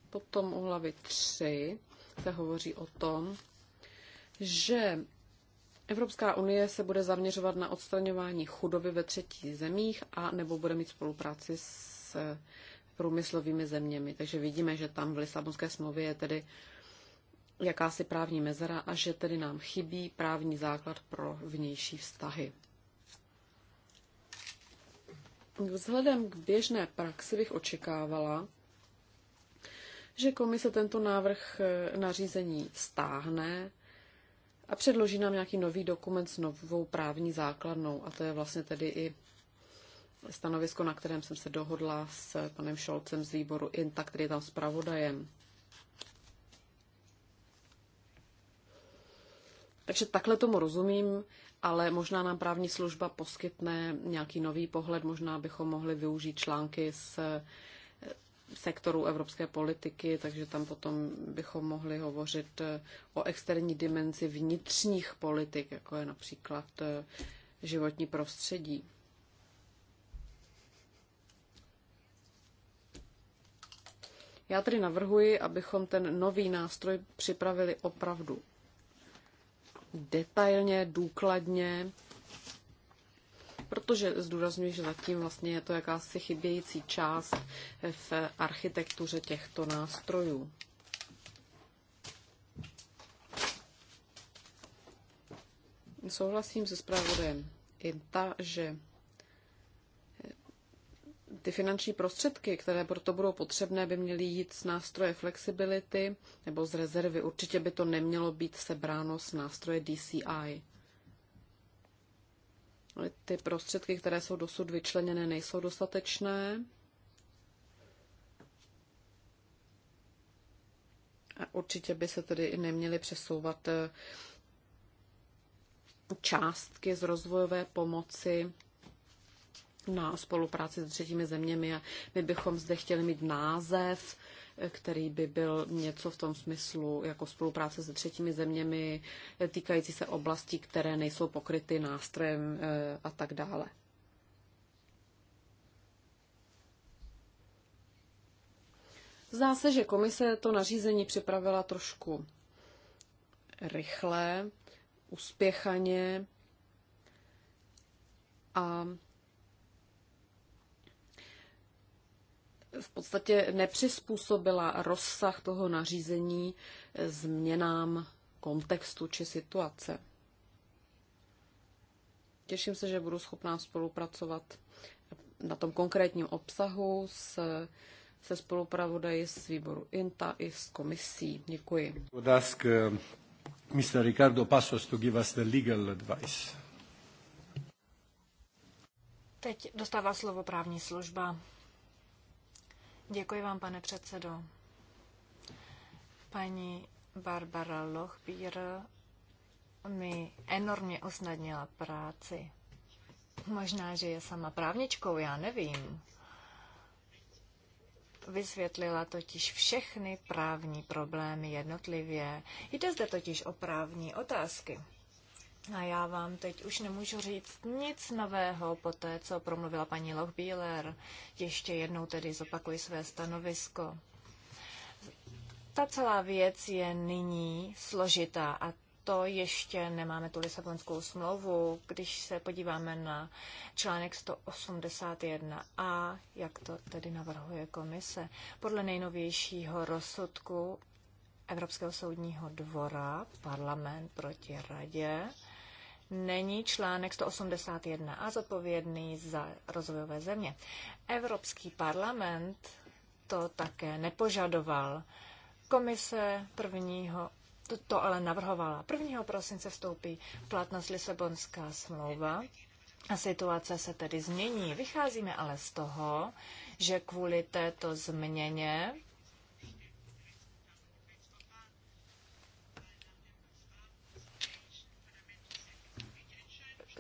Potom u hlavy 3 se hovoří o tom, že Evropská unie se bude zaměřovat na odstraňování chudoby ve třetích zemích a nebo bude mít spolupráci s průmyslovými zeměmi. Takže vidíme, že tam v Lisabonské smlouvě je tedy jakási právní mezera a že tedy nám chybí právní základ pro vnější vztahy. Vzhledem k běžné praxi bych očekávala, že komise tento návrh eh, nařízení stáhne a předloží nám nějaký nový dokument s novou právní základnou. A to je vlastně tedy i stanovisko, na kterém jsem se dohodla s panem Šolcem z výboru INTA, který je tam zpravodajem. Takže takhle tomu rozumím, ale možná nám právní služba poskytne nějaký nový pohled, možná bychom mohli využít články z sektorů evropské politiky, takže tam potom bychom mohli hovořit eh, o externí dimenzi vnitřních politik, jako je například eh, životní prostředí. Já tedy navrhuji, abychom ten nový nástroj připravili opravdu detailně, důkladně, protože zdůrazňuji, že zatím vlastně je to jakási chybějící část v architektuře těchto nástrojů. Souhlasím se zpravodajem ta, že ty finanční prostředky, které proto budou potřebné, by měly jít z nástroje flexibility nebo z rezervy. Určitě by to nemělo být sebráno z nástroje DCI ty prostředky, které jsou dosud vyčleněny, nejsou dostatečné. A určitě by se tedy i neměly přesouvat eh, částky z rozvojové pomoci na spolupráci s třetími zeměmi a my bychom zde chtěli mít název který by byl něco v tom smyslu jako spolupráce se třetími zeměmi, týkající se oblastí, které nejsou pokryty nástrojem eh, a tak dále. Zdá se, že komise to nařízení připravila trošku rychle, uspěchaně a v podstatě nepřizpůsobila rozsah toho nařízení eh, změnám kontextu či situace. Těším se, že budu schopná spolupracovat na tom konkrétním obsahu s, se spolupravodají z výboru INTA i s komisí. Děkuji. Eh, Mr. Ricardo Passos to give us the legal advice. Teď dostává slovo právní služba. Děkuji vám, pane předsedo. Paní Barbara Lochbír mi enormně usnadnila práci. Možná, že je sama právničkou, já nevím. Vysvětlila totiž všechny právní problémy jednotlivě. Jde zde totiž o právní otázky. A já vám teď už nemůžu říct nic nového po té, co promluvila paní Lochbíler. Ještě jednou tedy zopakuji své stanovisko. Ta celá věc je nyní složitá a to ještě nemáme tu Lisabonskou smlouvu. Když se podíváme na článek 181a, jak to tedy navrhuje komise, podle nejnovějšího rozsudku Evropského soudního dvora, parlament proti radě, není článek 181 a zodpovědný za rozvojové země. Evropský parlament to také nepožadoval. Komise prvního to, to ale navrhovala. 1. prosince vstoupí platnost Lisabonská smlouva a situace se tedy změní. Vycházíme ale z toho, že kvůli této změně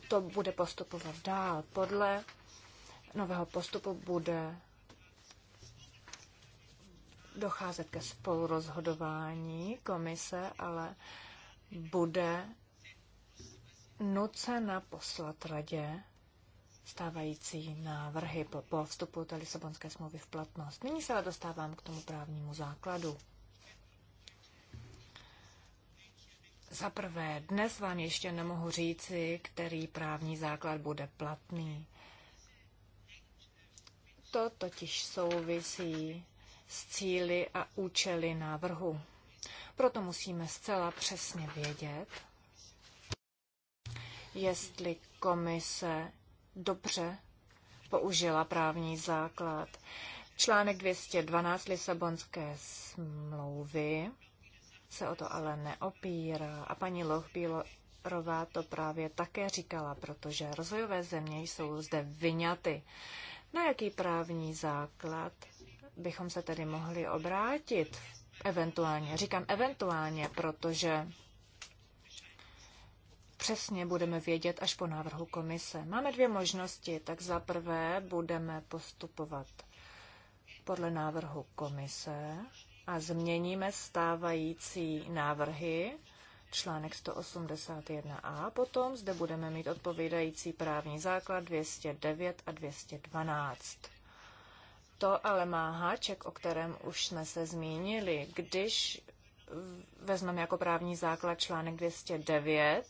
to bude postupovat dál. Podle nového postupu bude docházet ke spolurozhodování komise, ale bude nucena poslat radě stávající návrhy po, po vstupu té Lisabonské smlouvy v platnost. Nyní se ale dostávám k tomu právnímu základu. Za prvé, dnes vám ještě nemohu říci, který právní základ bude platný. To totiž souvisí s cíly a účely návrhu. Proto musíme zcela přesně vědět, jestli komise dobře použila právní základ. Článek 212 Lisabonské smlouvy se o to ale neopírá. A paní Lochbílová to právě také říkala, protože rozvojové země jsou zde vyňaty. Na jaký právní základ bychom se tedy mohli obrátit? Eventuálně, říkám eventuálně, protože přesně budeme vědět až po návrhu komise. Máme dvě možnosti, tak za prvé budeme postupovat podle návrhu komise a změníme stávající návrhy, článek 181a, potom zde budeme mít odpovídající právní základ 209 a 212. To ale má háček, o kterém už jsme se zmínili. Když vezmeme jako právní základ článek 209,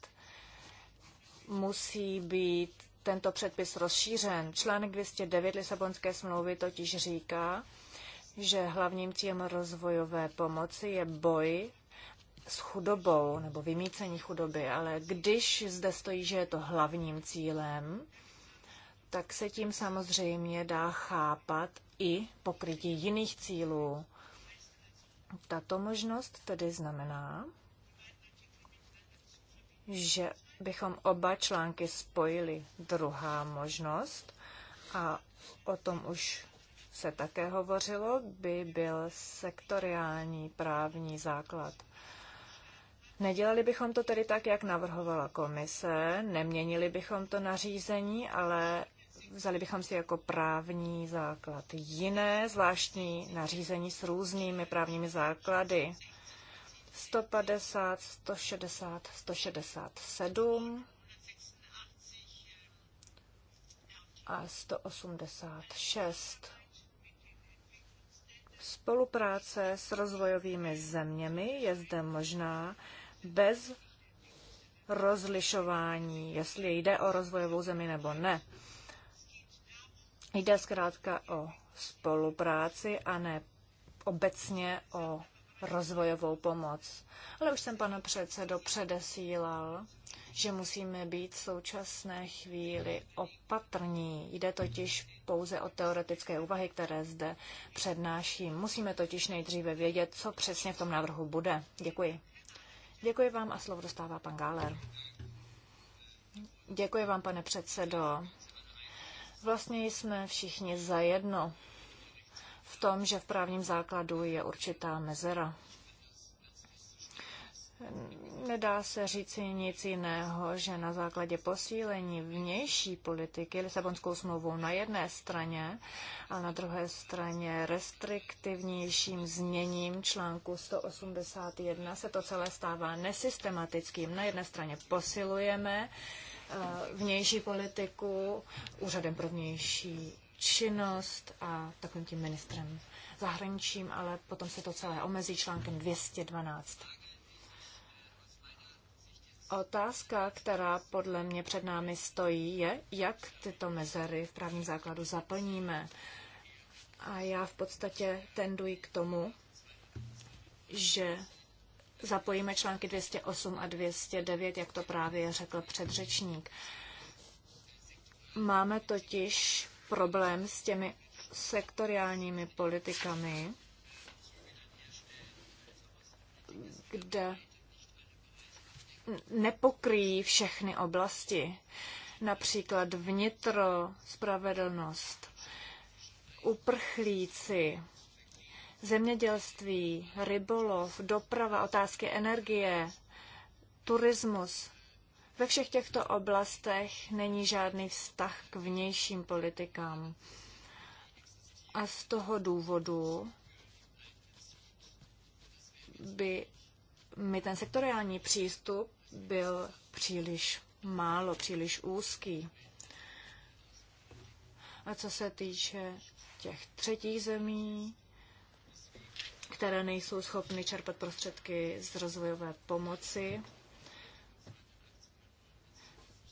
musí být tento předpis rozšířen. Článek 209 Lisabonské smlouvy totiž říká, že hlavním cílem rozvojové pomoci je boj s chudobou nebo vymícení chudoby, ale když zde stojí, že je to hlavním cílem, tak se tím samozřejmě dá chápat i pokrytí jiných cílů. Tato možnost tedy znamená, že bychom oba články spojili. Druhá možnost, a o tom už se také hovořilo, by byl sektoriální právní základ. Nedělali bychom to tedy tak, jak navrhovala komise, neměnili bychom to nařízení, ale vzali bychom si jako právní základ jiné zvláštní nařízení s různými právními základy. 150, 160, 167 a 186. Spolupráce s rozvojovými zeměmi je zde možná bez rozlišování, jestli jde o rozvojovou zemi nebo ne. Jde zkrátka o spolupráci a ne obecně o rozvojovou pomoc. Ale už jsem, pane předsedo, předesílal, že musíme být v současné chvíli opatrní. Jde totiž pouze o teoretické úvahy, které zde přednáším. Musíme totiž nejdříve vědět, co přesně v tom návrhu bude. Děkuji. Děkuji vám a slovo dostává pan Gáler. Děkuji vám, pane předsedo. Vlastně jsme všichni zajedno v tom, že v právním základu je určitá mezera. Nedá se říci nic jiného, že na základě posílení vnější politiky Lisabonskou smlouvou na jedné straně a na druhé straně restriktivnějším změním článku 181 se to celé stává nesystematickým. Na jedné straně posilujeme eh, vnější politiku úřadem pro vnější činnost a takovým tím ministrem zahraničím, ale potom se to celé omezí článkem 212. Otázka, která podle mě před námi stojí, je, jak tyto mezery v právním základu zaplníme. A já v podstatě tenduji k tomu, že zapojíme články 208 a 209, jak to právě řekl předřečník. Máme totiž problém s těmi sektoriálními politikami, kde nepokryjí všechny oblasti, například vnitro, spravedlnost, uprchlíci, zemědělství, rybolov, doprava, otázky energie, turismus. Ve všech těchto oblastech není žádný vztah k vnějším politikám. A z toho důvodu by mi ten sektoriální přístup byl příliš málo, příliš úzký. A co se týče těch třetích zemí, které nejsou schopny čerpat prostředky z rozvojové pomoci,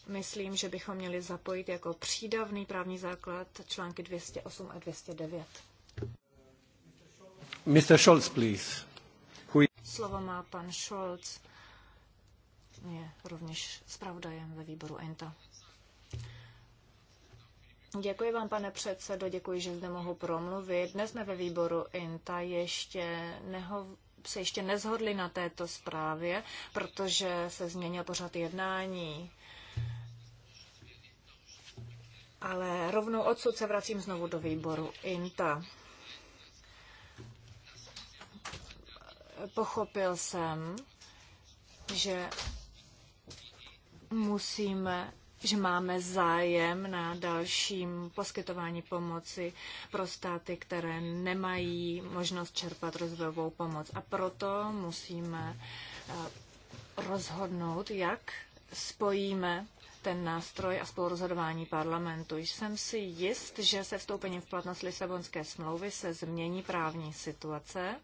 myslím, že bychom měli zapojit jako přídavný právní základ články 208 a 209. Mr. Scholz, please. Who... Slovo má pan Scholz je rovněž zpravodajem ve výboru ENTA. Děkuji vám, pane předsedo, děkuji, že zde mohu promluvit. Dnes jsme ve výboru INTA ještě neho, se ještě nezhodli na této zprávě, protože se změnil pořad jednání. Ale rovnou odsud se vracím znovu do výboru INTA. Pochopil jsem, že musíme že máme zájem na dalším poskytování pomoci pro státy, které nemají možnost čerpat rozvojovou pomoc. A proto musíme eh, rozhodnout, jak spojíme ten nástroj a spolurozhodování parlamentu. Jsem si jist, že se vstoupením v platnost Lisabonské smlouvy se změní právní situace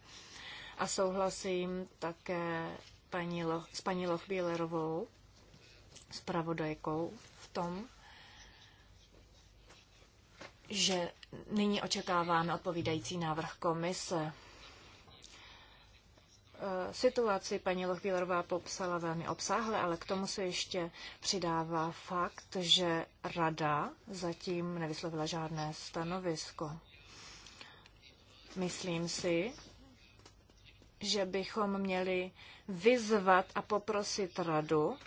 a souhlasím také paní Loch, s paní Lochbílerovou, zpravodajkou v tom, že nyní očekáváme odpovídající návrh komise. E, situaci paní Lochbílerová popsala velmi obsáhle, ale k tomu se ještě přidává fakt, že rada zatím nevyslovila žádné stanovisko. Myslím si, že bychom měli vyzvat a poprosit radu,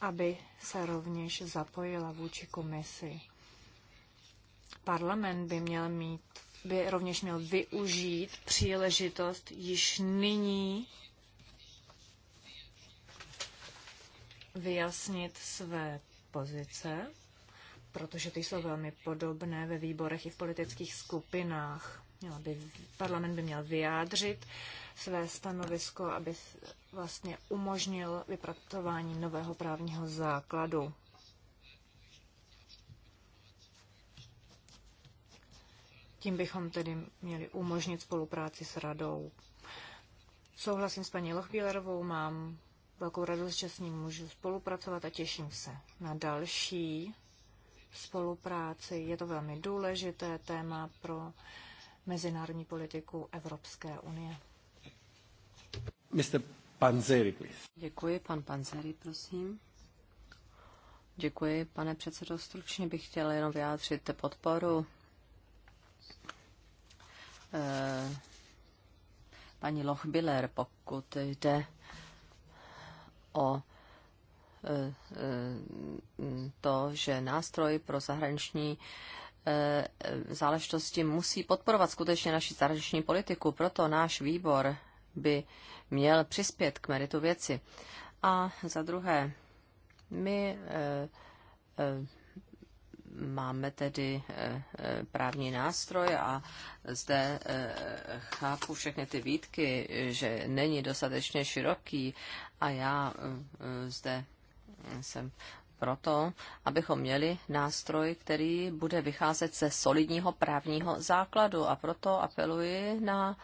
aby se rovněž zapojila vůči komisi. Parlament by měl mít, by rovněž měl využít příležitost již nyní vyjasnit své pozice, protože ty jsou velmi podobné ve výborech i v politických skupinách. Měl by, parlament by měl vyjádřit své stanovisko, aby vlastně umožnil vypracování nového právního základu. Tím bychom tedy měli umožnit spolupráci s radou. Souhlasím s paní Lochbílerovou, mám velkou radost, že s ním můžu spolupracovat a těším se na další spolupráci. Je to velmi důležité téma pro mezinárodní politiku Evropské unie. Mr. Panzeri, please. Děkuji, pan Panzeri, prosím. Děkuji, pane předsedo. Stručně bych chtěla jenom vyjádřit podporu eh, paní Lochbiller, pokud jde o eh, eh, to, že nástroj pro zahraniční záležitosti musí podporovat skutečně naši zahraniční politiku. Proto náš výbor by měl přispět k meritu věci. A za druhé, my eh, eh, máme tedy eh, právní nástroj a zde chápu všechny ty výtky, že není dostatečně široký a já zde jsem proto, abychom měli nástroj, který bude vycházet ze solidního právního základu a proto apeluji na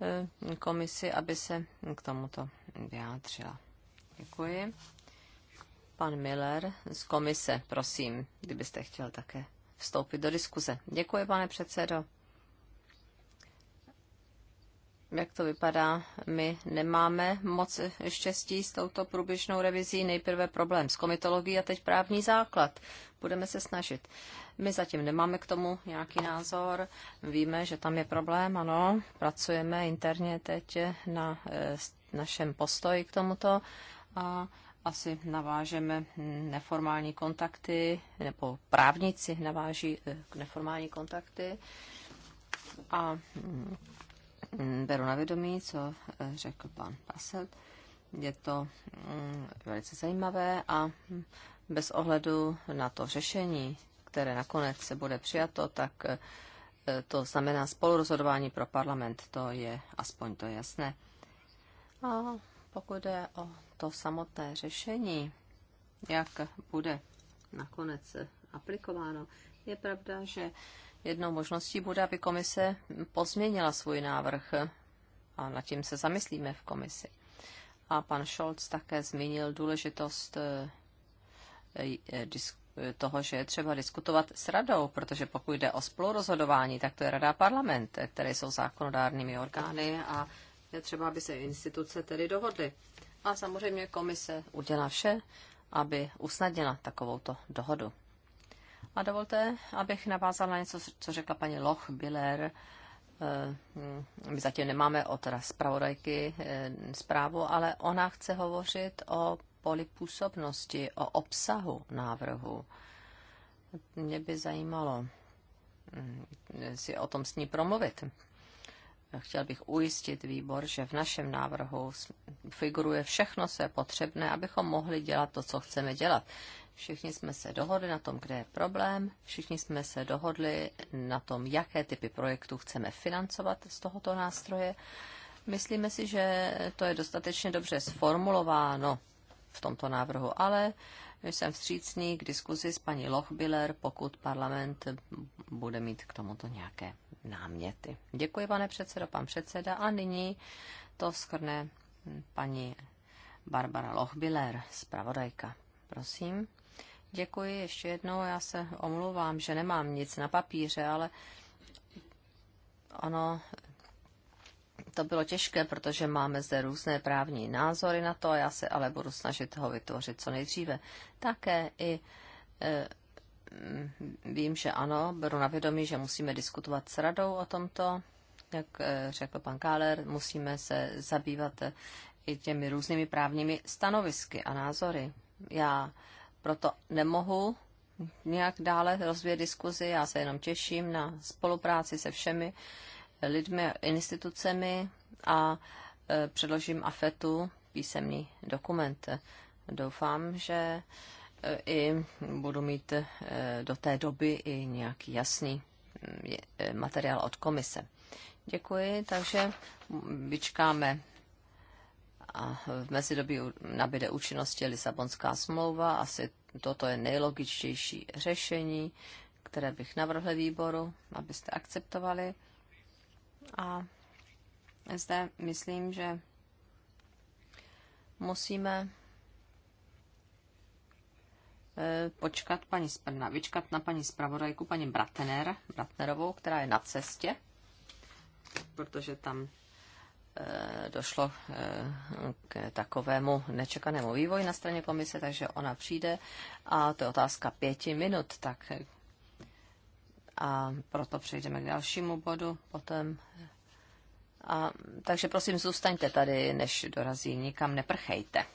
Eh, komisi, aby se k tomuto vyjádřila. Děkuji. Pan Miller z komise, prosím, kdybyste chtěl také vstoupit do diskuze. Děkuji, pane předsedo. Jak to vypadá, my nemáme moc štěstí s touto průběžnou revizí. Nejprve problém s komitologií a teď právní základ. Budeme se snažit. Uh, my zatím nemáme k tomu nějaký názor. Víme, že tam je problém, ano. Pracujeme interně teď na e, našem postoji k tomuto a asi navážeme hm, neformální kontakty, nebo právníci naváží e, neformální kontakty. A hm, hm, beru na vědomí, co e, řekl pan Paset. Je to velice zajímavé a bez ohledu na to řešení, které nakonec se bude přijato, tak eh, to znamená spolurozhodování pro parlament, to je aspoň to jasné. A pokud jde o to samotné řešení, jak bude nakonec eh, aplikováno, je pravda, že jednou možností bude, aby komise pozměnila svůj návrh eh, a nad tím se zamyslíme v komisi. A pan Scholz také zmínil důležitost toho, že je třeba diskutovat s radou, protože pokud jde o spolurozhodování, tak to je rada a parlament, které jsou zákonodárnými orgány a je třeba, aby se instituce tedy dohodly. A samozřejmě komise udělá vše, aby usnadnila takovouto dohodu. A dovolte, abych navázala na něco, co řekla paní Loch Biller. Eh, hm, my zatím nemáme od zpravodajky eh, zprávu, ale ona chce hovořit o poli působnosti, o obsahu návrhu. Mě by zajímalo mm, si o tom s ní promluvit. Chtěl bych ujistit výbor, že v našem návrhu figuruje všechno, co je potřebné, abychom mohli dělat to, co chceme dělat. Všichni jsme se dohodli na tom, kde je problém, všichni jsme se dohodli na tom, jaké typy projektů chceme financovat z tohoto nástroje. Myslíme si, že to je dostatečně dobře sformulováno v tomto návrhu, ale jsem vstřícný k diskuzi s paní Lochbiller, pokud parlament bude mít k tomuto nějaké náměty. Děkuji, pane předsedo, pan předseda. A nyní to skrne paní Barbara Lochbiller, zpravodajka. Prosím. Děkuji ještě jednou. Já se omlouvám, že nemám nic na papíře, ale ano, to bylo těžké, protože máme zde různé právní názory na to, a já se ale budu snažit ho vytvořit co nejdříve. Také i e, mm, vím, že ano, beru na vědomí, že musíme diskutovat s radou o tomto. Jak e, řekl pan Káler, musíme se zabývat e, i těmi různými právními stanovisky a názory. Já proto nemohu nějak dále rozvíjet diskuzi, já se jenom těším na spolupráci se všemi, lidmi a institucemi a e, předložím AFETu písemný dokument. Doufám, že e, i budu mít e, do té doby i nějaký jasný mm, materiál od komise. Děkuji, takže vyčkáme a v mezidobí nabide účinnosti Lisabonská smlouva. Asi toto je nejlogičtější řešení, které bych navrhl výboru, abyste akceptovali. A zde myslím, že musíme e, počkat paní, vyčkat na paní zpravodajku, paní Bratener, Bratnerovou, která je na cestě, protože tam e, došlo e, k takovému nečekanému vývoji na straně komise, takže ona přijde a to je otázka pěti minut, tak a proto přejdeme k dalšímu bodu potom. A, takže prosím, zůstaňte tady, než dorazí, nikam neprchejte.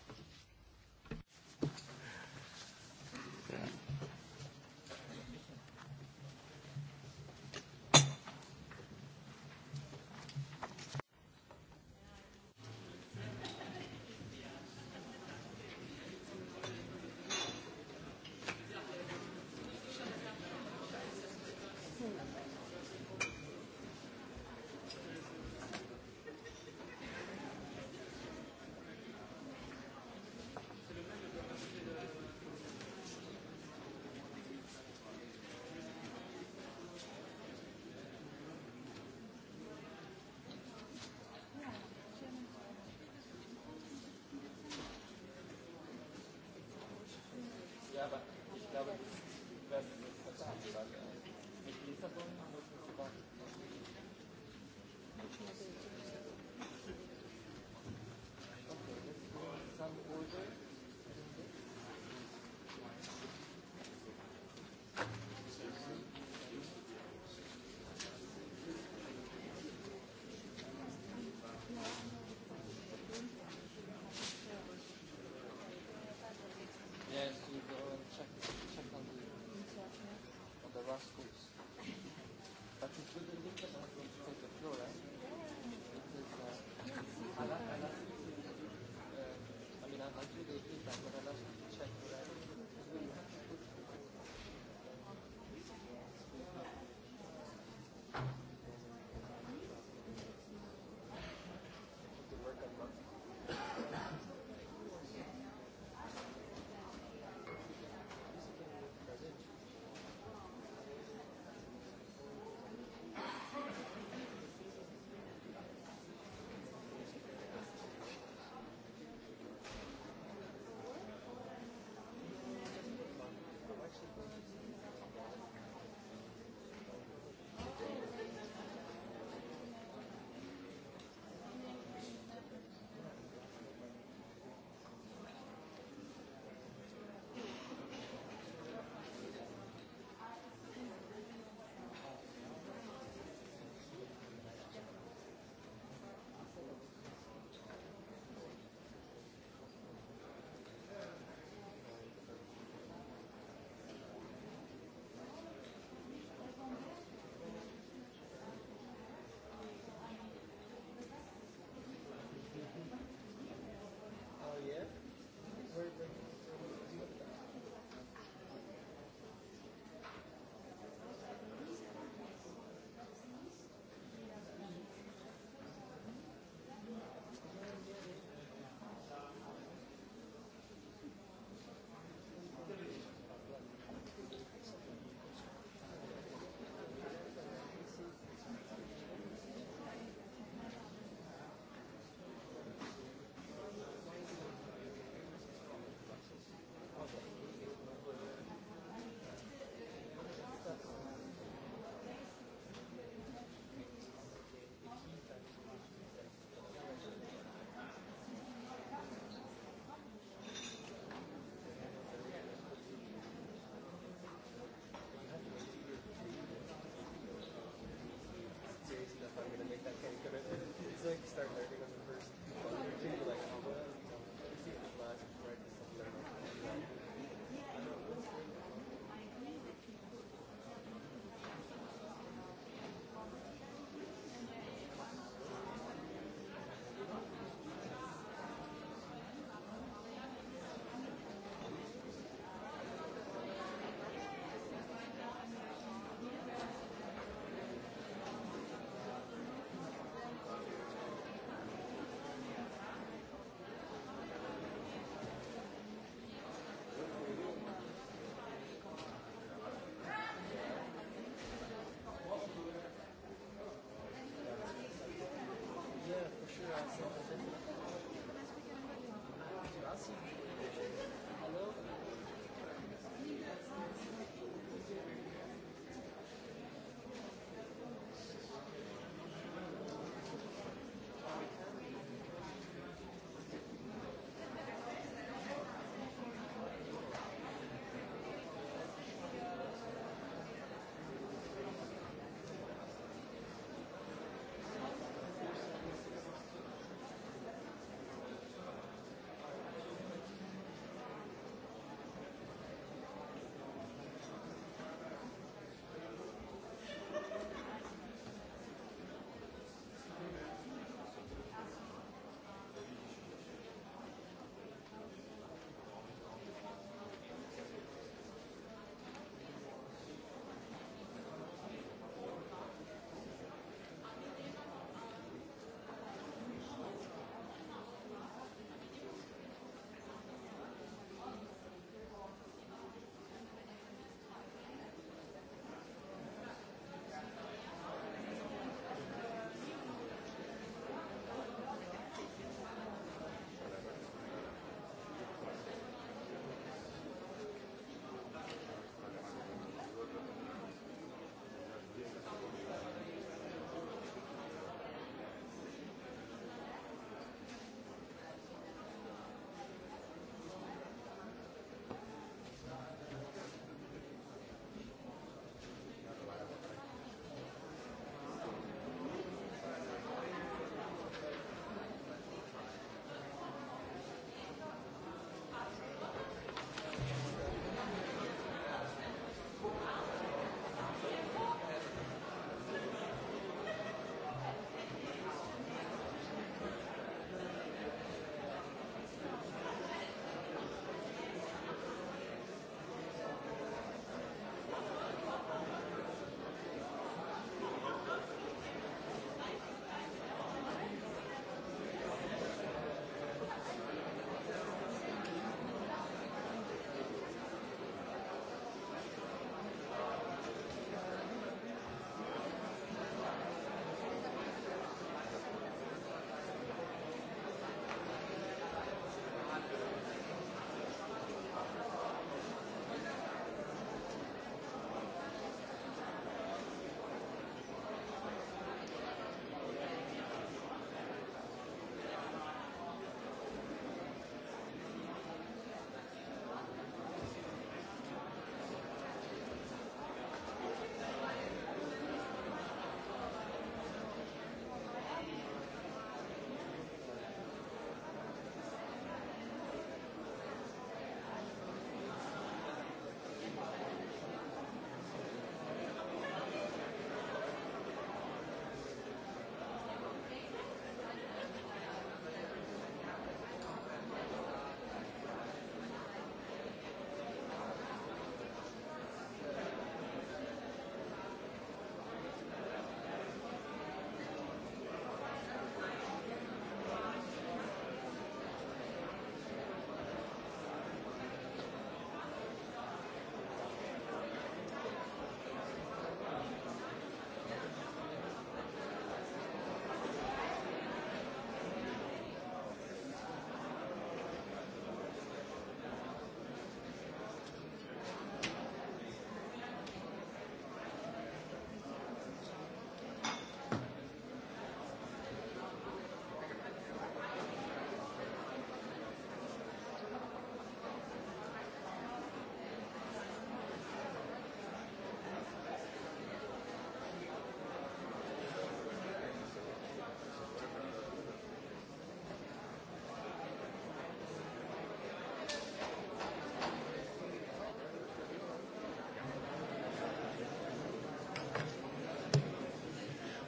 otázkou. Thank you, Starbucks.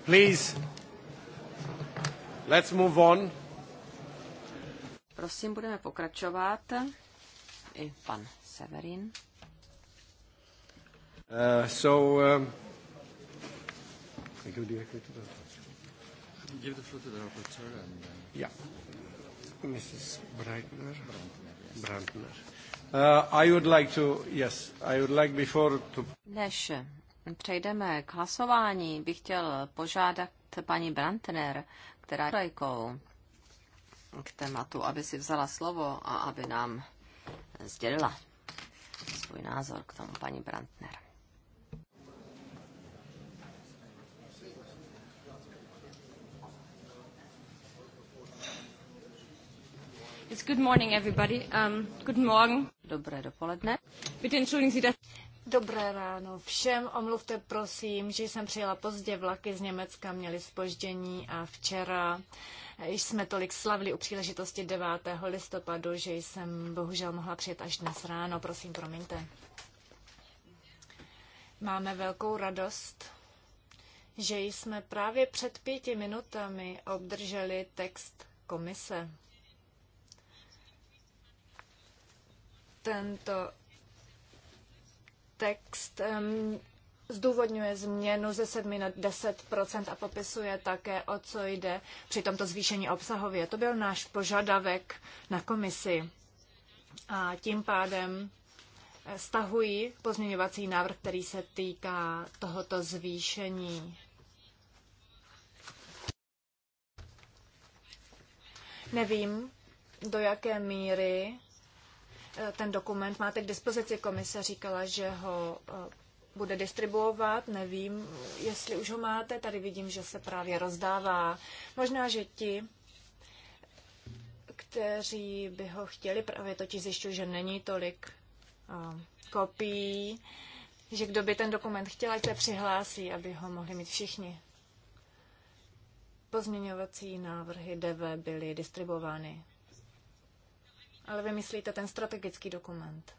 Please. Let's move on. Prosím, budeme pokračovat. I pan Severin. Uh, so, um, I give directly to the Give the floor to the rapporteur and... Uh, yeah. Mrs. Breitner. Brandner. Yes. Brandner. Uh, I would like to, yes, I would like before to... Než přejdeme k hlasování, bych chtěl požádat paní Brantner, která je krajkou k tématu, aby si vzala slovo a aby nám sdělila svůj názor k tomu paní Brantner. It's good morning, everybody. Um, good morning. Dobré dopoledne. Bitte entschuldigen Sie, dass Dobré ráno všem. Omluvte prosím, že jsem přijela pozdě. Vlaky z Německa měly spoždění a včera jsme tolik slavili u příležitosti 9. listopadu, že jsem bohužel mohla přijet až dnes ráno. Prosím, promiňte. Máme velkou radost, že jsme právě před pěti minutami obdrželi text komise. Tento text zdůvodňuje změnu ze 7 na 10 a popisuje také, o co jde při tomto zvýšení obsahově. To byl náš požadavek na komisi. A tím pádem eh, stahuji pozměňovací návrh, který se týká tohoto zvýšení. Nevím, do jaké míry Eh, ten dokument máte k dispozici. Komise říkala, že ho eh, bude distribuovat, nevím, jestli už ho máte, tady vidím, že se právě rozdává. Možná, že ti, kteří by ho chtěli, právě totiž zjišťuji, že není tolik uh, kopií, že kdo by ten dokument chtěl, ať se přihlásí, aby ho mohli mít všichni. Pozměňovací návrhy DV byly distribuovány ale myslíte ten strategický dokument.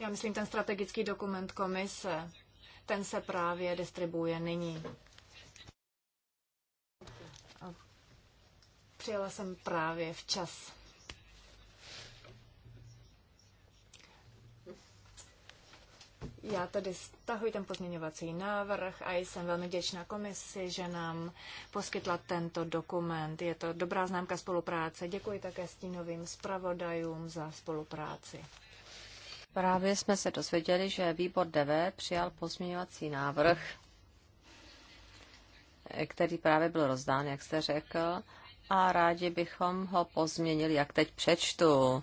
Já myslím ten strategický dokument komise. Ten se právě distribuje nyní. Přijela jsem právě včas. Já tady stahuji ten pozměňovací návrh a jsem velmi děčná komisi, že nám poskytla tento dokument. Je to dobrá známka spolupráce. Děkuji také stínovým zpravodajům za spolupráci. Právě jsme se dozvěděli, že výbor DV přijal pozměňovací návrh, který právě byl rozdán, jak jste řekl, a rádi bychom ho pozměnili, jak teď přečtu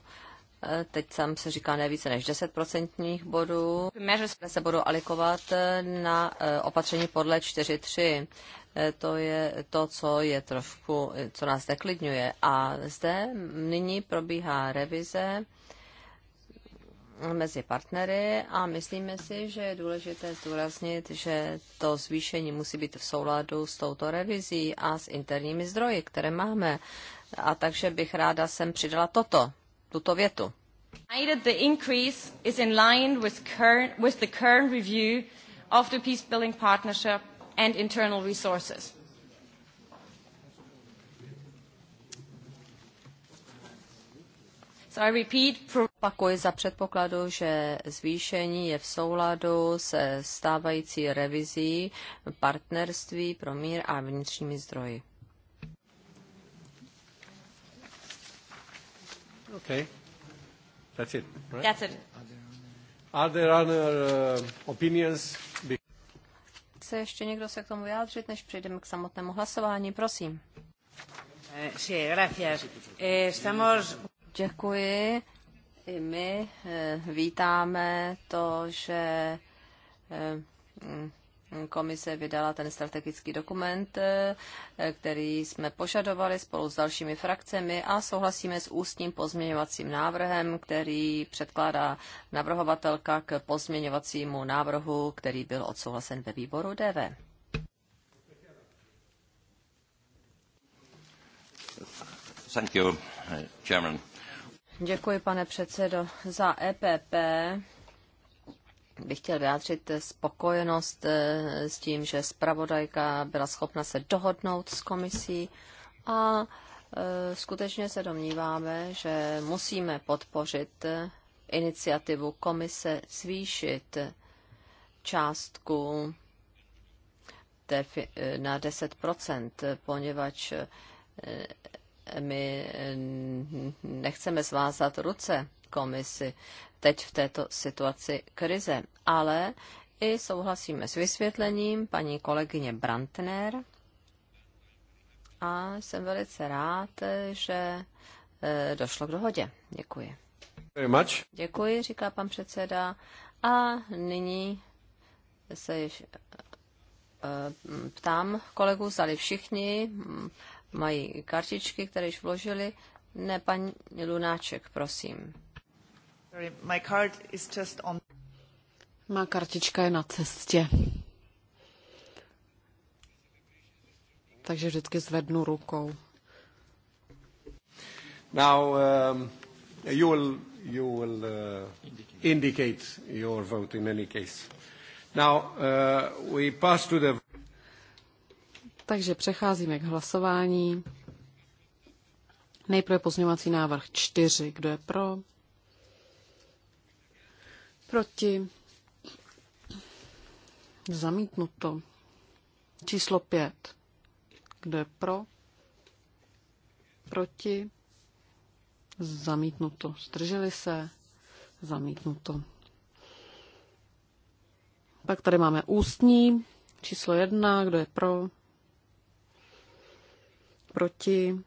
Eh, teď tam se říká ne více než 10% bodů, které se budou alikovat eh, na eh, opatření podle 4.3. To je to, co je trošku, co nás deklidňuje. A zde nyní probíhá revize mezi partnery a myslíme si, že je důležité zdůraznit, že to zvýšení musí být v souladu s touto revizí a s interními zdroji, které máme. A takže bych ráda sem přidala toto tuto větu. and internal resources. So I repeat, Opakuji za předpokladu, že zvýšení je v souladu se stávající revizí partnerství pro mír a vnitřními zdroji. Okay. That's it, right? That's it. Are there other uh, opinions? Chce ještě někdo se k tomu vyjádřit, než přejdeme k samotnému hlasování? Prosím. Eh, sí, gracias. Eh, estamos... Děkuji. I my eh, vítáme to, že komise vydala ten strategický dokument, eh, který jsme požadovali spolu s dalšími frakcemi a souhlasíme s ústním pozměňovacím návrhem, který předkládá navrhovatelka k pozměňovacímu návrhu, který byl odsouhlasen ve výboru DV. Thank you, Děkuji, pane předsedo, za EPP bych chtěl vyjádřit spokojenost eh, s tím, že zpravodajka byla schopna se dohodnout s komisí a eh, skutečně se domníváme, že musíme podpořit eh, iniciativu komise zvýšit částku na 10 poněvadž my nechceme svázat ruce komisi teď v této situaci krize. Ale i souhlasíme s vysvětlením paní kolegyně Brantner a jsem velice rád, že e, došlo k dohodě. Děkuji. Děkuji, říká pan předseda. A nyní se e, ptám kolegu, zali všichni mají kartičky, které již vložili. Ne, paní Lunáček, prosím. My card is just on... Má kartička je na cestě. Takže vždycky zvednu rukou. Now, um, you will, you will uh, indicate your vote in any case. Now, uh, we pass to the... Takže přecházíme k hlasování. Nejprve pozměňovací návrh 4. Kdo je pro? Proti. Zamítnuto. Číslo pět. Kdo je pro? Proti? Zamítnuto. Zdrželi se? Zamítnuto. Pak tady máme ústní. Číslo jedna. Kdo je pro? Proti?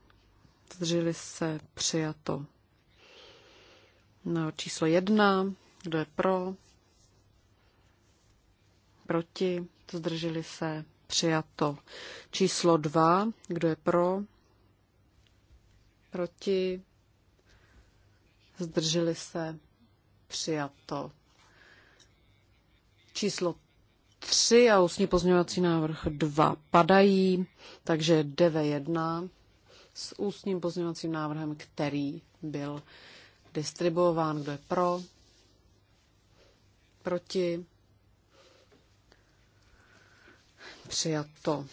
Zdrželi se? Přijato. No, číslo jedna. Kdo je pro? Proti? Zdrželi se? Přijato. Číslo 2. Kdo je pro? Proti? Zdrželi se? Přijato. Číslo 3 a ústní pozměňovací návrh 2 padají, takže DV1 s ústním pozměňovacím návrhem, který byl distribuován. Kdo je pro? proti, přijato.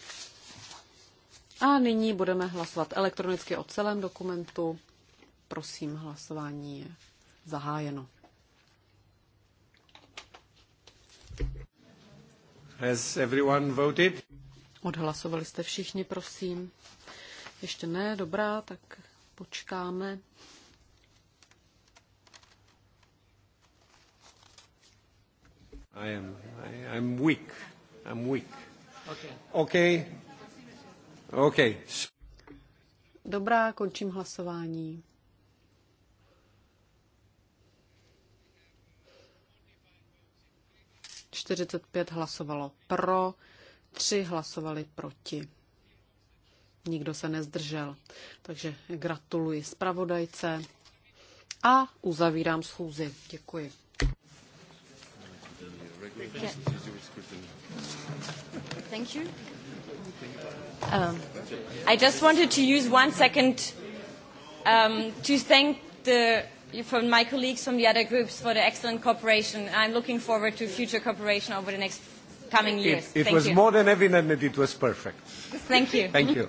A nyní budeme hlasovat elektronicky o celém dokumentu. Prosím, hlasování je zahájeno. Has everyone voted? Odhlasovali jste všichni, prosím. Ještě ne, dobrá, tak počkáme. I am. I, I'm weak. I'm weak. Okay. Okay. Okay. Dobrá, končím hlasování. Čtyřicet pět hlasovalo pro, tři hlasovali proti. Nikdo se nezdržel. Takže gratuluji zpravodajce a uzavírám schůzi. Děkuji. Thank you. Um, I just wanted to use one second um, to thank the, from my colleagues from the other groups for the excellent cooperation. I'm looking forward to future cooperation over the next coming years. It, it Thank was you. more than evident that it was perfect. Thank you. Thank you.